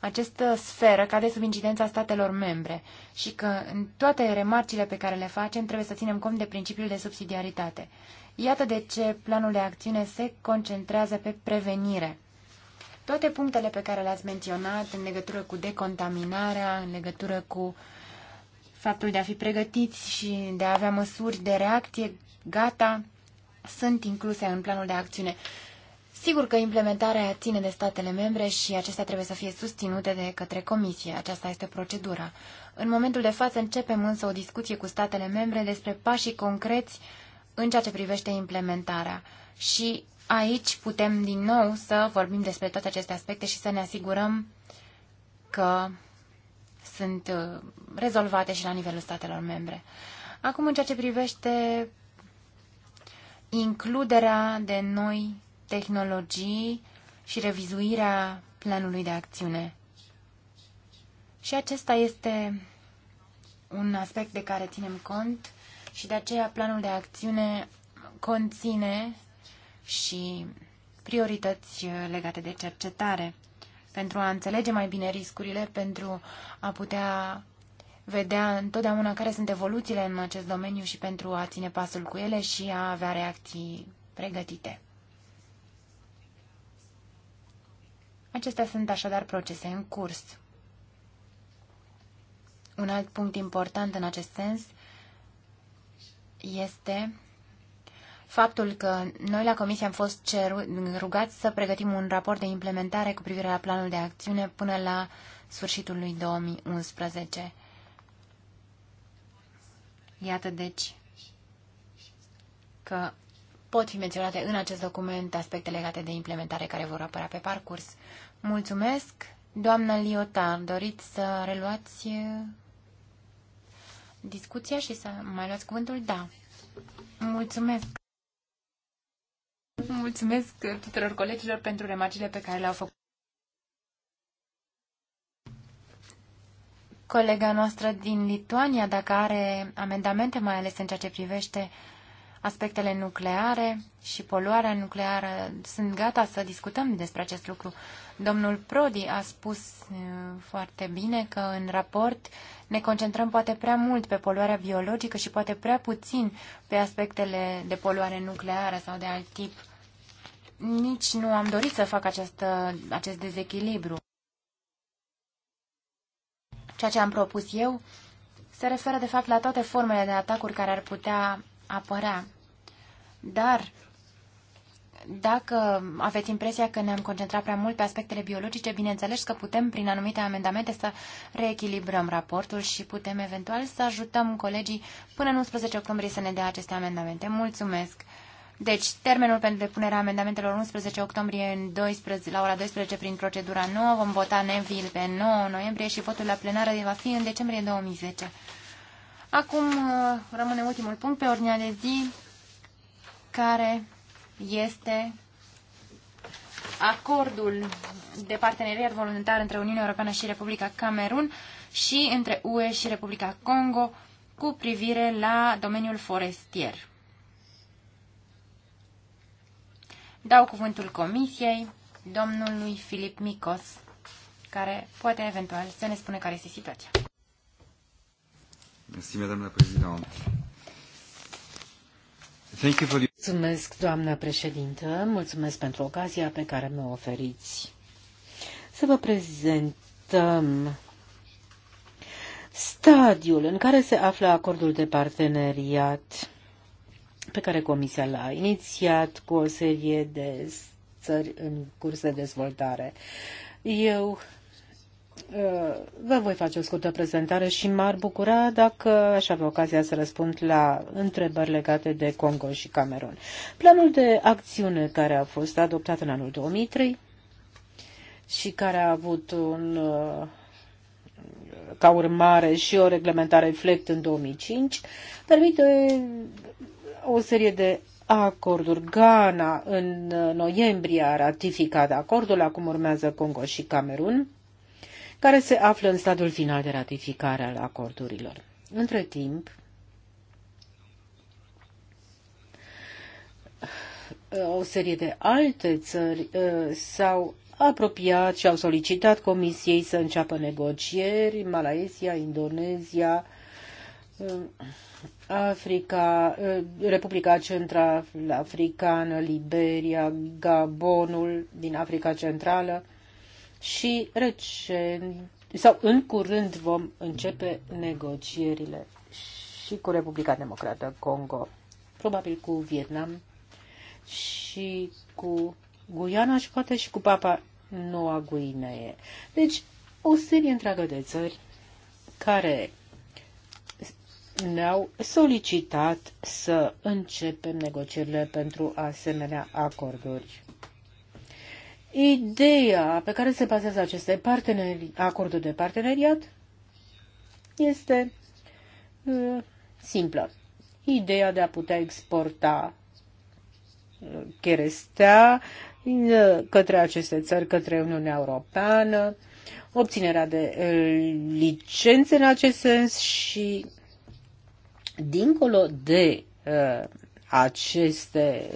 această sferă cade sub incidența statelor membre și că în toate remarcile pe care le facem trebuie să ținem cont de principiul de subsidiaritate. Iată de ce planul de acțiune se concentrează pe prevenire. Toate punctele pe care le-ați menționat în legătură cu decontaminarea, în legătură cu faptul de a fi pregătiți și de a avea măsuri de reacție gata, sunt incluse în planul de acțiune. Sigur că implementarea ține de statele membre și acestea trebuie să fie susținute de către Comisie. Aceasta este procedura. În momentul de față începem însă o discuție cu statele membre despre pașii concreți în ceea ce privește implementarea. Și aici putem din nou să vorbim despre toate aceste aspecte și să ne asigurăm că sunt uh, rezolvate și la nivelul statelor membre. Acum, în ceea ce privește includerea de noi tehnologii și revizuirea planului de acțiune. Și acesta este un aspect de care ținem cont și de aceea planul de acțiune conține și priorități legate de cercetare pentru a înțelege mai bine riscurile, pentru a putea vedea întotdeauna care sunt evoluțiile în acest domeniu și pentru a ține pasul cu ele și a avea reacții pregătite. Acestea sunt așadar procese în curs. Un alt punct important în acest sens este faptul că noi la Comisie am fost ceru- rugați să pregătim un raport de implementare cu privire la planul de acțiune până la sfârșitul lui 2011. Iată deci că pot fi menționate în acest document aspecte legate de implementare care vor apărea pe parcurs. Mulțumesc! Doamna Liotar, doriți să reluați uh, discuția și să mai luați cuvântul? Da. Mulțumesc! Mulțumesc tuturor colegilor pentru remarcile pe care le-au făcut. Colega noastră din Lituania, dacă are amendamente, mai ales în ceea ce privește uh, aspectele nucleare și poluarea nucleară. Sunt gata să discutăm despre acest lucru. Domnul Prodi a spus uh, foarte bine că în raport ne concentrăm poate prea mult pe poluarea biologică și poate prea puțin pe aspectele de poluare nucleară sau de alt tip. Nici nu am dorit să fac această, acest dezechilibru. Ceea ce am propus eu se referă de fapt la toate formele de atacuri care ar putea apărea. Dar dacă aveți impresia că ne-am concentrat prea mult pe aspectele biologice, bineînțeles că putem, prin anumite amendamente, să reechilibrăm raportul și putem eventual să ajutăm colegii până în 11 octombrie să ne dea aceste amendamente. Mulțumesc! Deci, termenul pentru depunerea amendamentelor 11 octombrie în 12, la ora 12 prin procedura nouă, vom vota Neville pe 9 noiembrie și votul la plenară va fi în decembrie 2010. Acum uh, rămâne ultimul punct pe ordinea de zi, care este acordul de parteneriat voluntar între Uniunea Europeană și Republica Camerun și între UE și Republica Congo cu privire la domeniul forestier. Dau cuvântul comisiei domnului Filip Micos, care poate eventual să ne spune care este situația. Merci, Madame la Présidente. Thank you for... Mulțumesc, doamnă președintă, mulțumesc pentru ocazia pe care mi-o oferiți. Să vă prezentăm stadiul în care se află acordul de parteneriat pe care Comisia l-a inițiat cu o serie de țări în curs de dezvoltare. Eu Uh, vă voi face o scurtă prezentare și m-ar bucura dacă aș avea ocazia să răspund la întrebări legate de Congo și Camerun. Planul de acțiune care a fost adoptat în anul 2003 și care a avut un uh, ca urmare și o reglementare FLECT în 2005, permite o serie de acorduri. Ghana în uh, noiembrie a ratificat acordul, acum urmează Congo și Camerun care se află în stadiul final de ratificare al acordurilor. Între timp, o serie de alte țări uh, s-au apropiat și au solicitat Comisiei să înceapă negocieri, Malaezia, Indonezia, uh, Africa, uh, Republica Central Africană, Liberia, Gabonul din Africa Centrală și recent, sau în curând vom începe negocierile și cu Republica Democrată Congo, probabil cu Vietnam și cu Guiana și poate și cu Papa Noua Guinee. Deci, o serie întreagă de țări care ne-au solicitat să începem negocierile pentru asemenea acorduri. Ideea pe care se bazează aceste parteneri, acordul de parteneriat este uh, simplă. Ideea de a putea exporta uh, cherestea uh, către aceste țări, către Uniunea Europeană, obținerea de licențe în acest sens și dincolo de aceste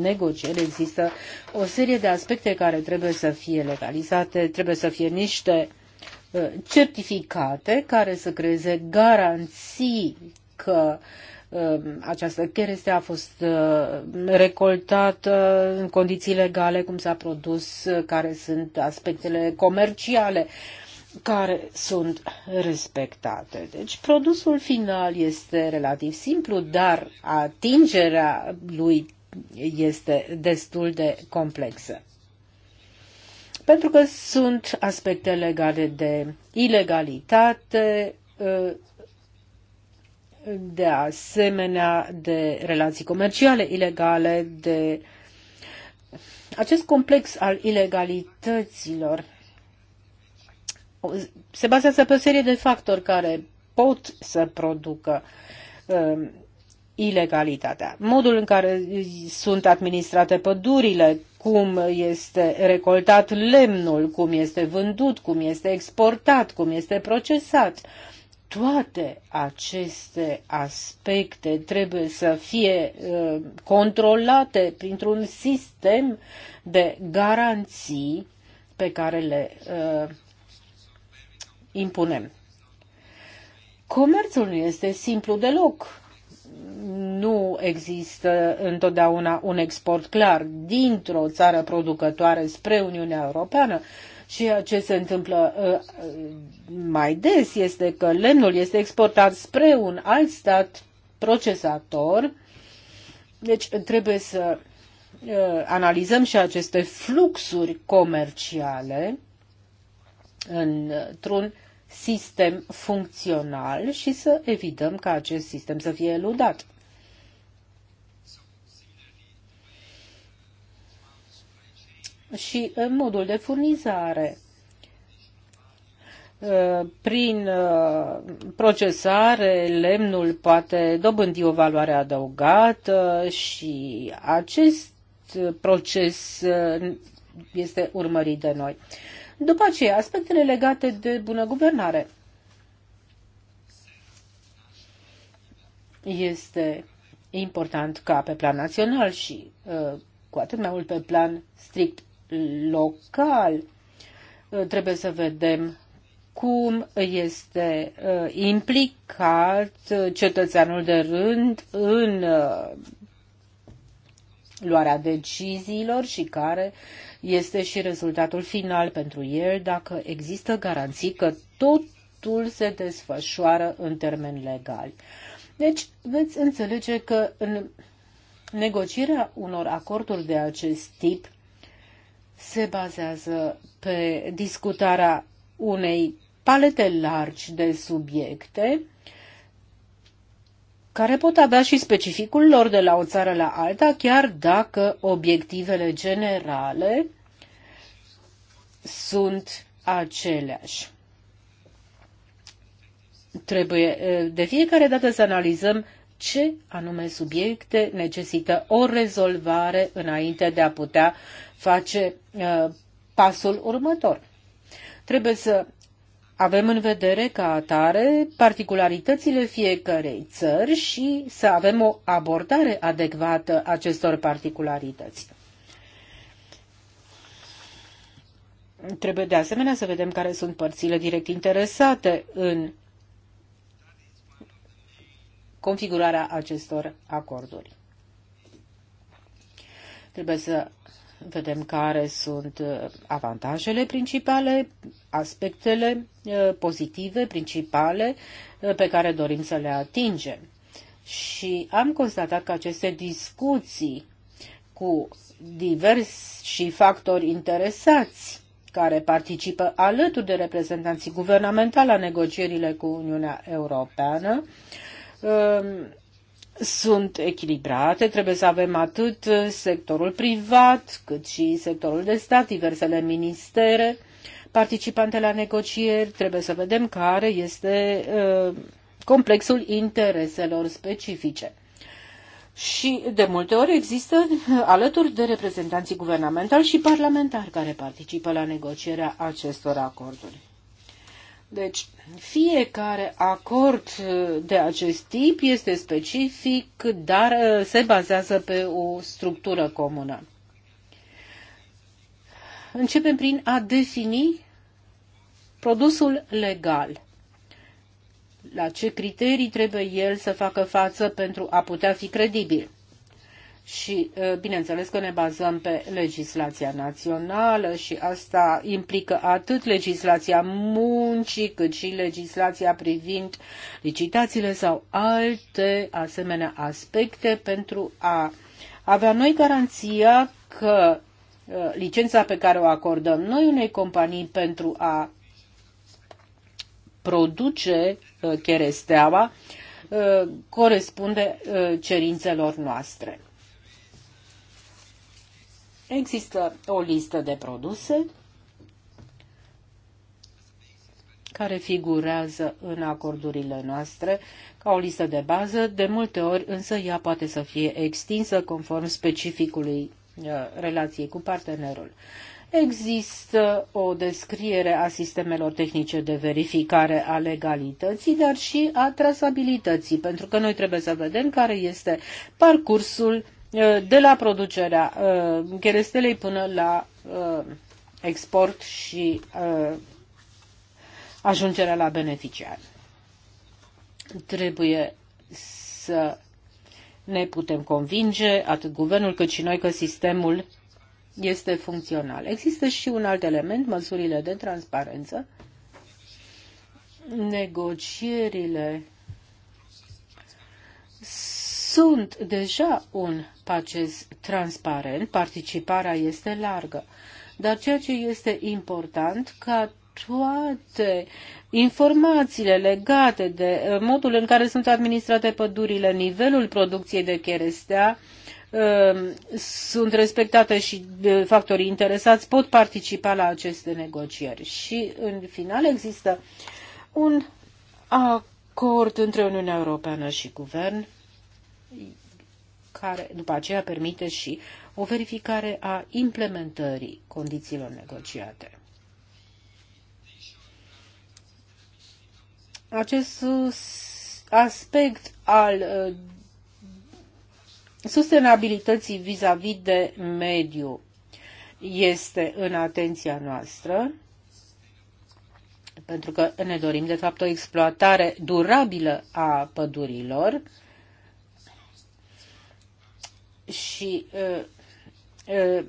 negocieri există o serie de aspecte care trebuie să fie legalizate, trebuie să fie niște uh, certificate care să creeze garanții că um, această chereste a fost uh, recoltată în condiții legale, cum s-a produs, uh, care sunt aspectele comerciale care sunt respectate. Deci produsul final este relativ simplu, dar atingerea lui este destul de complexă. Pentru că sunt aspecte legate de ilegalitate, de asemenea de relații comerciale ilegale, de acest complex al ilegalităților se bazează pe o serie de factori care pot să producă um, ilegalitatea. Modul în care sunt administrate pădurile, cum este recoltat lemnul, cum este vândut, cum este exportat, cum este procesat. Toate aceste aspecte trebuie să fie uh, controlate printr-un sistem de garanții pe care le uh, impunem. Comerțul nu este simplu deloc nu există întotdeauna un export clar dintr-o țară producătoare spre Uniunea Europeană. Ceea ce se întâmplă uh, uh, mai des este că lemnul este exportat spre un alt stat procesator. Deci trebuie să uh, analizăm și aceste fluxuri comerciale într-un sistem funcțional și să evităm ca acest sistem să fie eludat. Și în modul de furnizare uh, prin uh, procesare lemnul poate dobândi o valoare adăugată și acest proces uh, este urmărit de noi. După aceea, aspectele legate de bună guvernare. Este important ca pe plan național și uh, cu atât mai mult pe plan strict local uh, trebuie să vedem cum este uh, implicat cetățeanul de rând în luarea deciziilor și care este și rezultatul final pentru el dacă există garanții că totul se desfășoară în termen legal. Deci veți înțelege că în negocierea unor acorduri de acest tip se bazează pe discutarea unei palete largi de subiecte care pot avea și specificul lor de la o țară la alta, chiar dacă obiectivele generale sunt aceleași. Trebuie de fiecare dată să analizăm ce anume subiecte necesită o rezolvare înainte de a putea face uh, pasul următor. Trebuie să avem în vedere ca atare particularitățile fiecărei țări și să avem o abordare adecvată acestor particularități. Trebuie de asemenea să vedem care sunt părțile direct interesate în configurarea acestor acorduri. Trebuie să vedem care sunt uh, avantajele principale, aspectele uh, pozitive principale uh, pe care dorim să le atingem. Și am constatat că aceste discuții cu diversi și factori interesați care participă alături de reprezentanții guvernamentali la negocierile cu Uniunea Europeană, um, sunt echilibrate, trebuie să avem atât sectorul privat cât și sectorul de stat, diversele ministere participante la negocieri, trebuie să vedem care este uh, complexul intereselor specifice. Și de multe ori există uh, alături de reprezentanții guvernamentali și parlamentari care participă la negocierea acestor acorduri. Deci, fiecare acord uh, de acest tip este specific, dar uh, se bazează pe o structură comună. Începem prin a defini produsul legal. La ce criterii trebuie el să facă față pentru a putea fi credibil? și, bineînțeles, că ne bazăm pe legislația națională și asta implică atât legislația muncii, cât și legislația privind licitațiile sau alte asemenea aspecte pentru a avea noi garanția că licența pe care o acordăm noi unei companii pentru a produce cheresteaua corespunde cerințelor noastre. Există o listă de produse care figurează în acordurile noastre ca o listă de bază, de multe ori însă ea poate să fie extinsă conform specificului uh, relației cu partenerul. Există o descriere a sistemelor tehnice de verificare a legalității, dar și a trasabilității, pentru că noi trebuie să vedem care este parcursul Eh, de la producerea eh, cherestelei până la eh, export și ajungerea la beneficiar. Trebuie să ne putem convinge, atât guvernul cât și noi, că sistemul este funcțional. Există și un alt element, măsurile de transparență. Negocierile sunt deja un pacez transparent, participarea este largă. Dar ceea ce este important ca toate informațiile legate de uh, modul în care sunt administrate pădurile, nivelul producției de cherestea, uh, sunt respectate și uh, factorii interesați pot participa la aceste negocieri. Și în final există un acord între Uniunea Europeană și Guvern care după aceea permite și o verificare a implementării condițiilor negociate. Acest aspect al uh, sustenabilității vis-a-vis -vis de mediu este în atenția noastră, pentru că ne dorim, de fapt, o exploatare durabilă a pădurilor și uh, uh,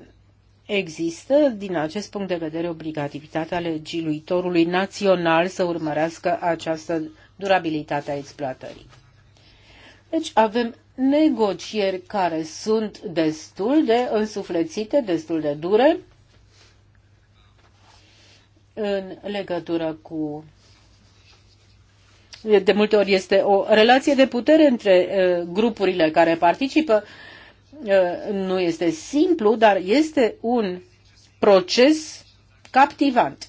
Există, din acest punct de vedere, obligativitatea legiluitorului național să urmărească această durabilitate a exploatării. Deci avem negocieri care sunt destul de însuflețite, destul de dure în legătură cu de multe ori este o relație de putere între uh, grupurile care participă Uh, nu este simplu, dar este un proces captivant.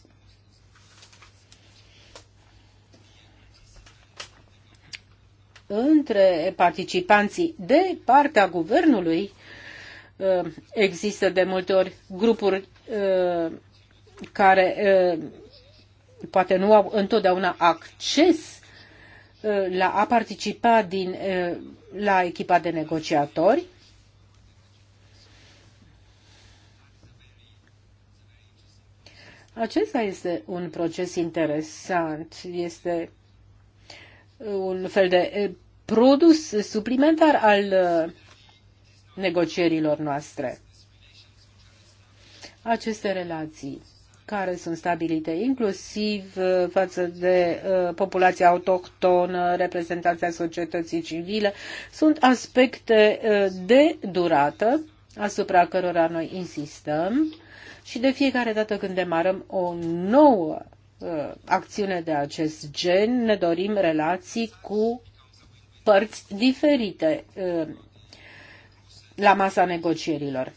Între participanții de partea guvernului uh, există de multe ori grupuri uh, care poate nu au întotdeauna acces la a participa din, la echipa de negociatori Acesta este un proces interesant, este un fel de eh, produs suplimentar al eh, negocierilor noastre. Aceste relații care sunt stabilite, inclusiv eh, față de populația autohtonă, reprezentația societății civile, sunt aspecte de durată asupra cărora noi insistăm și de fiecare dată când demarăm o nouă uh, acțiune de acest gen, ne dorim relații cu părți diferite uh, la masa negocierilor.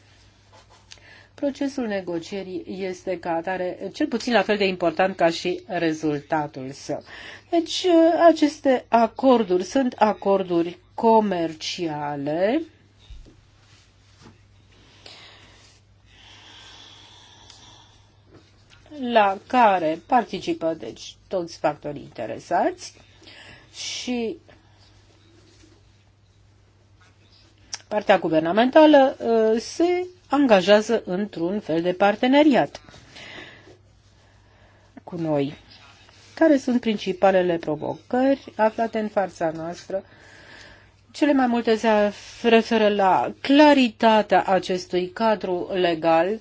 Procesul negocierii este ca atare cel puțin la fel de important ca și rezultatul său. Deci uh, aceste acorduri sunt acorduri comerciale la care participă deci toți factorii interesați și partea guvernamentală uh, se angajează într-un fel de parteneriat cu noi. Care sunt principalele provocări aflate în fața noastră? Cele mai multe se referă la claritatea acestui cadru legal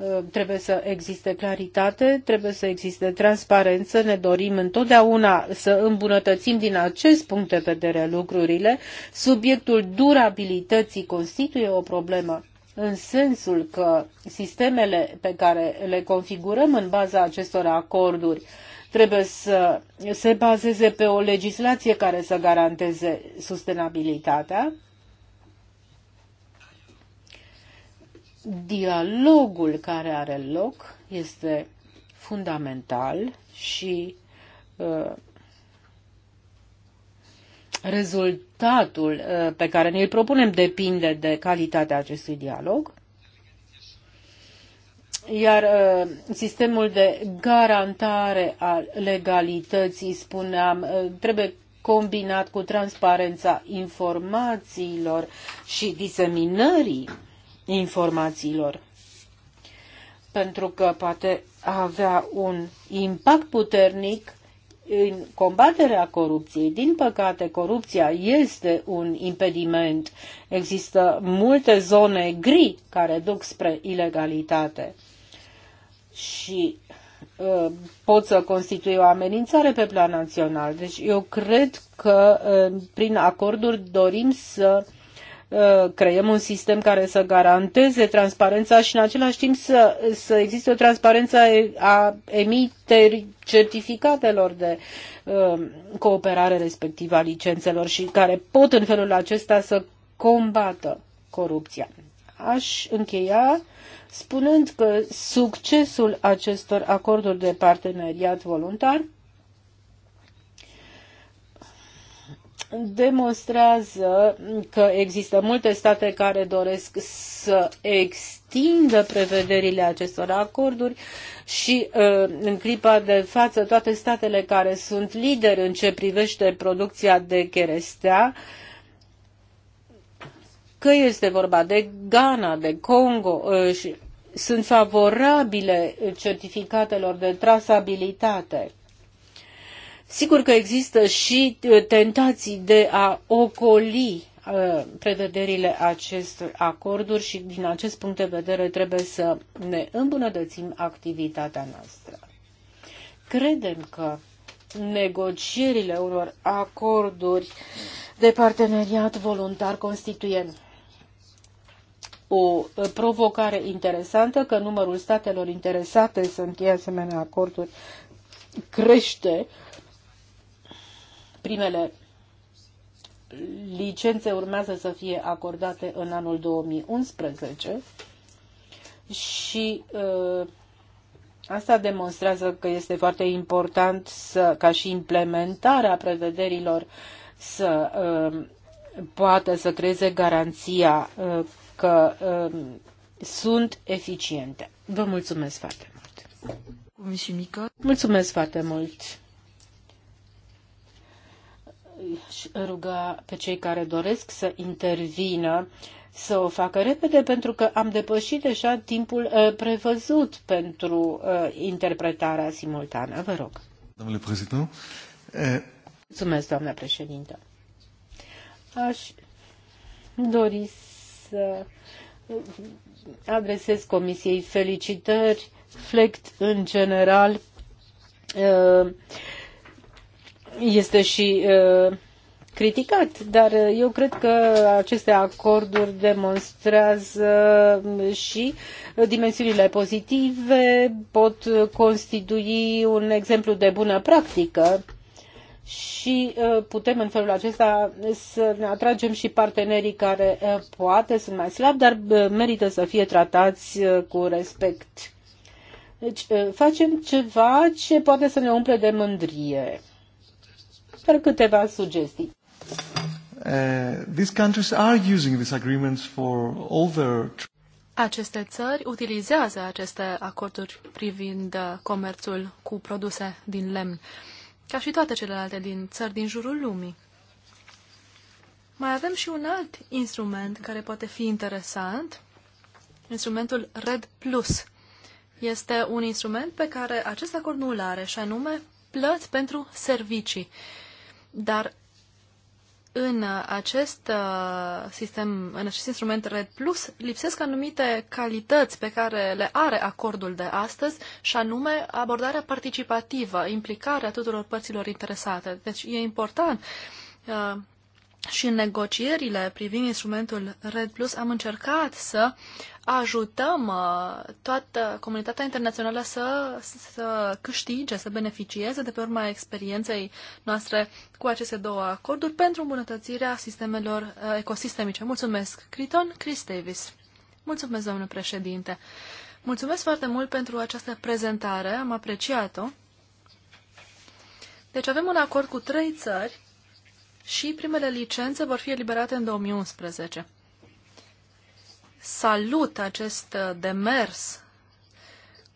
Uh, trebuie să existe claritate, trebuie să existe transparență, ne dorim întotdeauna să îmbunătățim din acest punct de vedere lucrurile. Subiectul durabilității constituie o problemă în sensul că sistemele pe care le configurăm în baza acestor acorduri trebuie să se bazeze pe o legislație care să garanteze sustenabilitatea dialogul care are loc este fundamental și uh, rezultatul uh, pe care ne-l propunem depinde de calitatea acestui dialog. Iar uh, sistemul de garantare a legalității, spuneam, trebuie combinat cu transparența informațiilor și diseminării informațiilor. Pentru că poate avea un impact puternic în combaterea corupției. Din păcate, corupția este un impediment. Există multe zone gri care duc spre ilegalitate și uh, pot să constituie o amenințare pe plan național. Deci eu cred că uh, prin acorduri dorim să Uh, creăm un sistem care să garanteze transparența și în același timp să, să existe o transparență a emiterii certificatelor de uh, cooperare respectivă a licențelor și care pot în felul acesta să combată corupția. Aș încheia spunând că succesul acestor acorduri de parteneriat voluntar demonstrează că există multe state care doresc să extindă prevederile acestor acorduri și ă, în clipa de față toate statele care sunt lideri în ce privește producția de cherestea că este vorba de Ghana, de Congo ă, și sunt favorabile certificatelor de trasabilitate Sigur că există și uh, tentații de a ocoli uh, prevederile acestor acorduri și din acest punct de vedere trebuie să ne îmbunătățim activitatea noastră. Credem că negocierile unor acorduri de parteneriat voluntar constituie o provocare interesantă, că numărul statelor interesate să încheie asemenea acorduri crește primele licențe urmează să fie acordate în anul 2011 și uh, asta demonstrează că este foarte important să, ca și implementarea prevederilor să uh, poată să creeze garanția uh, că uh, sunt eficiente. Vă mulțumesc foarte mult! Mulțumesc foarte mult! ruga pe cei care doresc să intervină să o facă repede pentru că am depășit deja timpul uh, prevăzut pentru uh, interpretarea simultană. Vă rog. Domnule președinte. Uh, Mulțumesc, doamna președintă. Aș dori să uh, adresez Comisiei felicitări, flect în general uh, este și uh, criticat, dar eu cred că aceste acorduri demonstrează și dimensiunile pozitive, pot constitui un exemplu de bună practică și uh, putem în felul acesta să ne atragem și partenerii care uh, poate sunt mai slabi, dar merită să fie tratați cu respect. Deci facem ceva ce poate să ne umple de mândrie. Sper câteva sugestii. Uh, these countries are using these agreements for all their aceste țări utilizează aceste acorduri privind uh, comerțul cu produse din lemn, ca și toate celelalte din țări din jurul lumii. Mai avem și un alt instrument care poate fi interesant, instrumentul Red Plus. Este un instrument pe care acest acord nu îl are, și anume plăți pentru servicii. Uh, dar în acest uh, sistem, în acest instrument Red Plus, lipsesc anumite calități pe care le are acordul de astăzi, și anume abordarea participativă, implicarea tuturor părților interesate. Deci e important uh, și în negocierile privind instrumentul Red Plus am încercat să ajutăm uh, toată comunitatea internațională să, să câștige, să beneficieze de pe urma experienței noastre cu aceste două acorduri pentru îmbunătățirea sistemelor uh, ecosistemice. Mulțumesc, Criton, Chris Davis. Mulțumesc, domnule președinte. Mulțumesc foarte mult pentru această prezentare, am apreciat-o. Deci avem un acord cu trei țări și primele licențe vor fi eliberate în 2011. Salut acest uh, demers.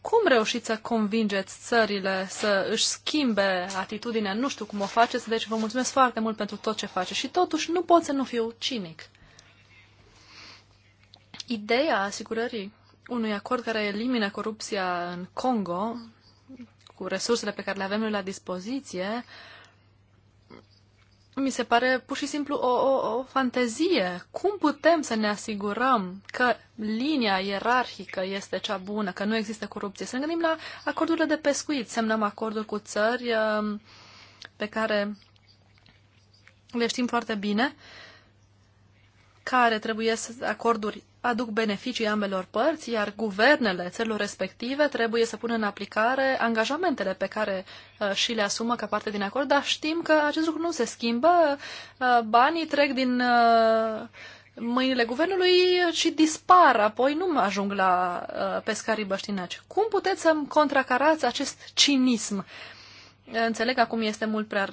Cum reușiți să convingeți țările să își schimbe atitudinea? Nu știu cum o faceți, deci vă mulțumesc foarte mult pentru tot ce faceți. Și totuși nu pot să nu fiu cinic. Ideea asigurării unui acord care elimină corupția în Congo, cu resursele pe care le avem noi la dispoziție, uh, mi se pare pur și simplu o, o, o fantezie. Cum putem să ne asigurăm că linia ierarhică este cea bună, că nu există corupție? Să ne gândim la acordurile de pescuit. Semnăm acorduri cu țări um, pe care le știm foarte bine, care trebuie să acorduri aduc beneficii ambelor părți, iar guvernele țărilor respective trebuie să pună în aplicare angajamentele pe care uh, și le asumă ca parte din acord, dar știm că acest lucru nu se schimbă, uh, banii trec din uh, mâinile guvernului și dispar, apoi nu ajung la uh, pescarii băștinaci. Cum puteți să contracarați acest cinism? Înțeleg că acum este mult prea,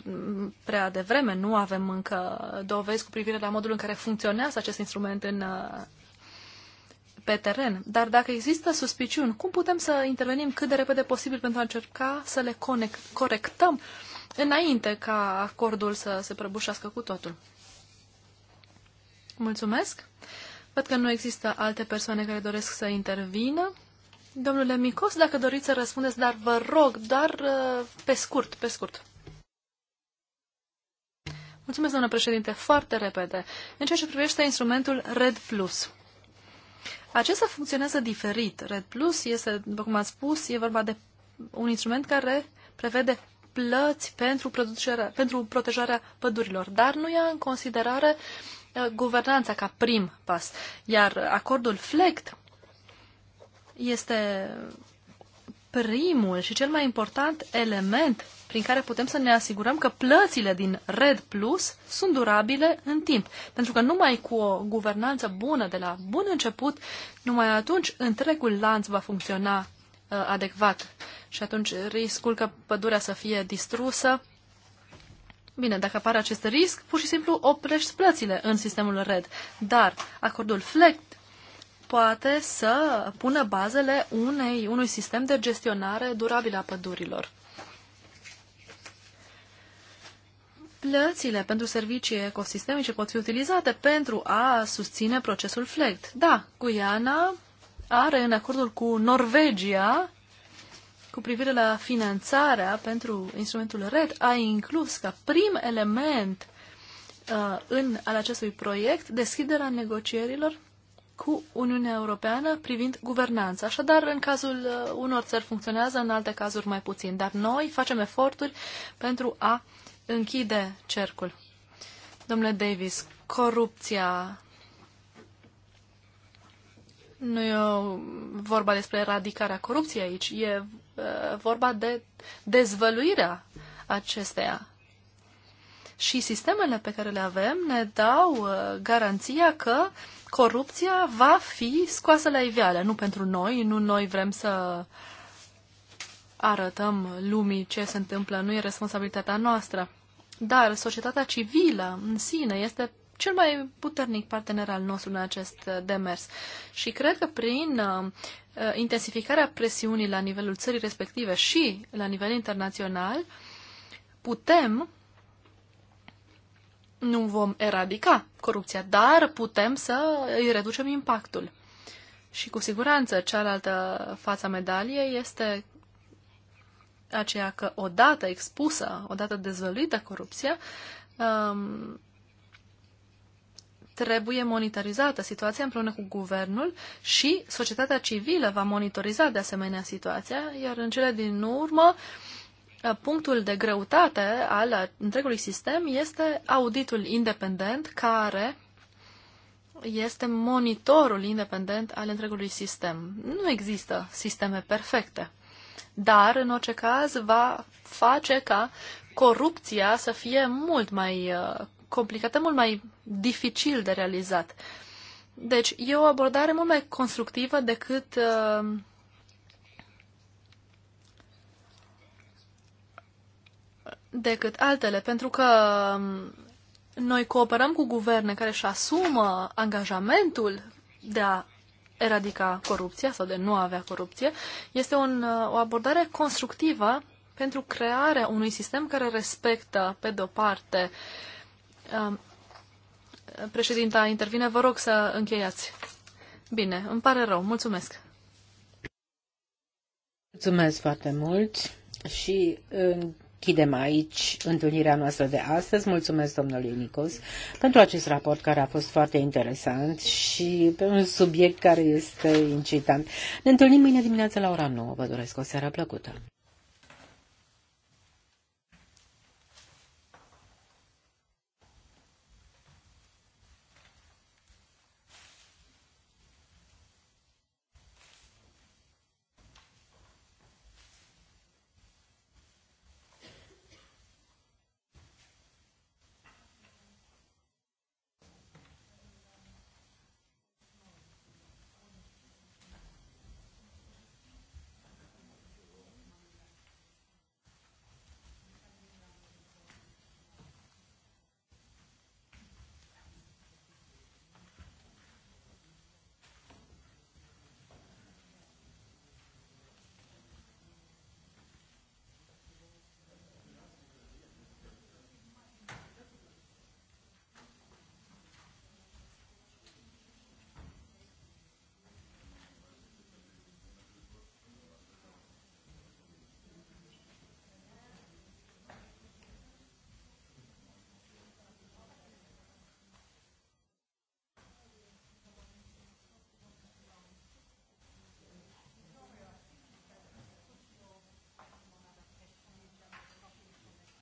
prea devreme, nu avem încă dovezi cu privire la modul în care funcționează acest instrument în uh, pe teren, dar dacă există suspiciuni, cum putem să intervenim cât de repede posibil pentru a încerca să le corectăm înainte ca acordul să se prăbușească cu totul? Mulțumesc! Văd că nu există alte persoane care doresc să intervină. Domnule Micos, dacă doriți să răspundeți, dar vă rog, dar uh, pe scurt, pe scurt. Mulțumesc, doamnă președinte, foarte repede. În ceea ce privește instrumentul Red Plus, acesta funcționează diferit. Red Plus este, după cum am spus, e vorba de un instrument care prevede plăți pentru, pentru protejarea pădurilor, dar nu ia în considerare uh, guvernanța ca prim pas. Iar acordul FLECT este primul și cel mai important element prin care putem să ne asigurăm că plățile din Red Plus sunt durabile în timp. Pentru că numai cu o guvernanță bună de la bun început, numai atunci întregul lanț va funcționa uh, adecvat. Și atunci riscul că pădurea să fie distrusă. Bine, dacă apare acest risc, pur și simplu oprești plățile în sistemul Red. Dar acordul FLECT poate să pună bazele unei, unui sistem de gestionare durabilă a pădurilor. Plățile pentru servicii ecosistemice pot fi utilizate pentru a susține procesul FLECT. Da, Guiana are în acordul cu Norvegia cu privire la finanțarea pentru instrumentul RED a inclus ca prim element uh, în al acestui proiect deschiderea negocierilor cu Uniunea Europeană privind guvernanța. Așadar, în cazul uh, unor țări funcționează, în alte cazuri mai puțin. Dar noi facem eforturi pentru a închide cercul. Domnule Davis, corupția nu e vorba despre eradicarea corupției aici, e uh, vorba de dezvăluirea acesteia. Și sistemele pe care le avem ne dau uh, garanția că uh, corupția va fi scoasă la iveală. Nu pentru noi, nu noi vrem să arătăm lumii ce se întâmplă, nu e responsabilitatea noastră. Dar societatea civilă în sine este cel mai puternic partener al nostru în acest demers. Și cred că prin uh, intensificarea presiunii la nivelul țării respective și la nivel internațional, putem nu vom eradica corupția, dar putem să îi reducem impactul. Și cu siguranță cealaltă fața medaliei este aceea că odată expusă, odată dezvăluită corupția, um, trebuie monitorizată situația împreună cu guvernul și societatea civilă va monitoriza de asemenea situația, iar în cele din urmă uh, Uh, punctul de greutate al întregului sistem este auditul independent care este monitorul independent al întregului sistem. Nu există sisteme perfecte, dar în orice caz va face ca corupția să fie mult mai uh, complicată, mult mai dificil de realizat. Deci e o abordare mult mai constructivă decât uh, decât altele, pentru că um, noi cooperăm cu guverne care își asumă angajamentul de a eradica corupția sau de nu a avea corupție, este un, uh, o abordare constructivă pentru crearea unui sistem care respectă, pe de-o parte, um, președinta intervine, vă rog să încheiați. Bine, îmi pare rău, mulțumesc. Mulțumesc foarte mult și în Chidem aici întâlnirea noastră de astăzi. Mulțumesc domnului Nicos pentru acest raport care a fost foarte interesant și pe un subiect care este incitant. Ne întâlnim mâine dimineață la ora 9. Vă doresc o seară plăcută!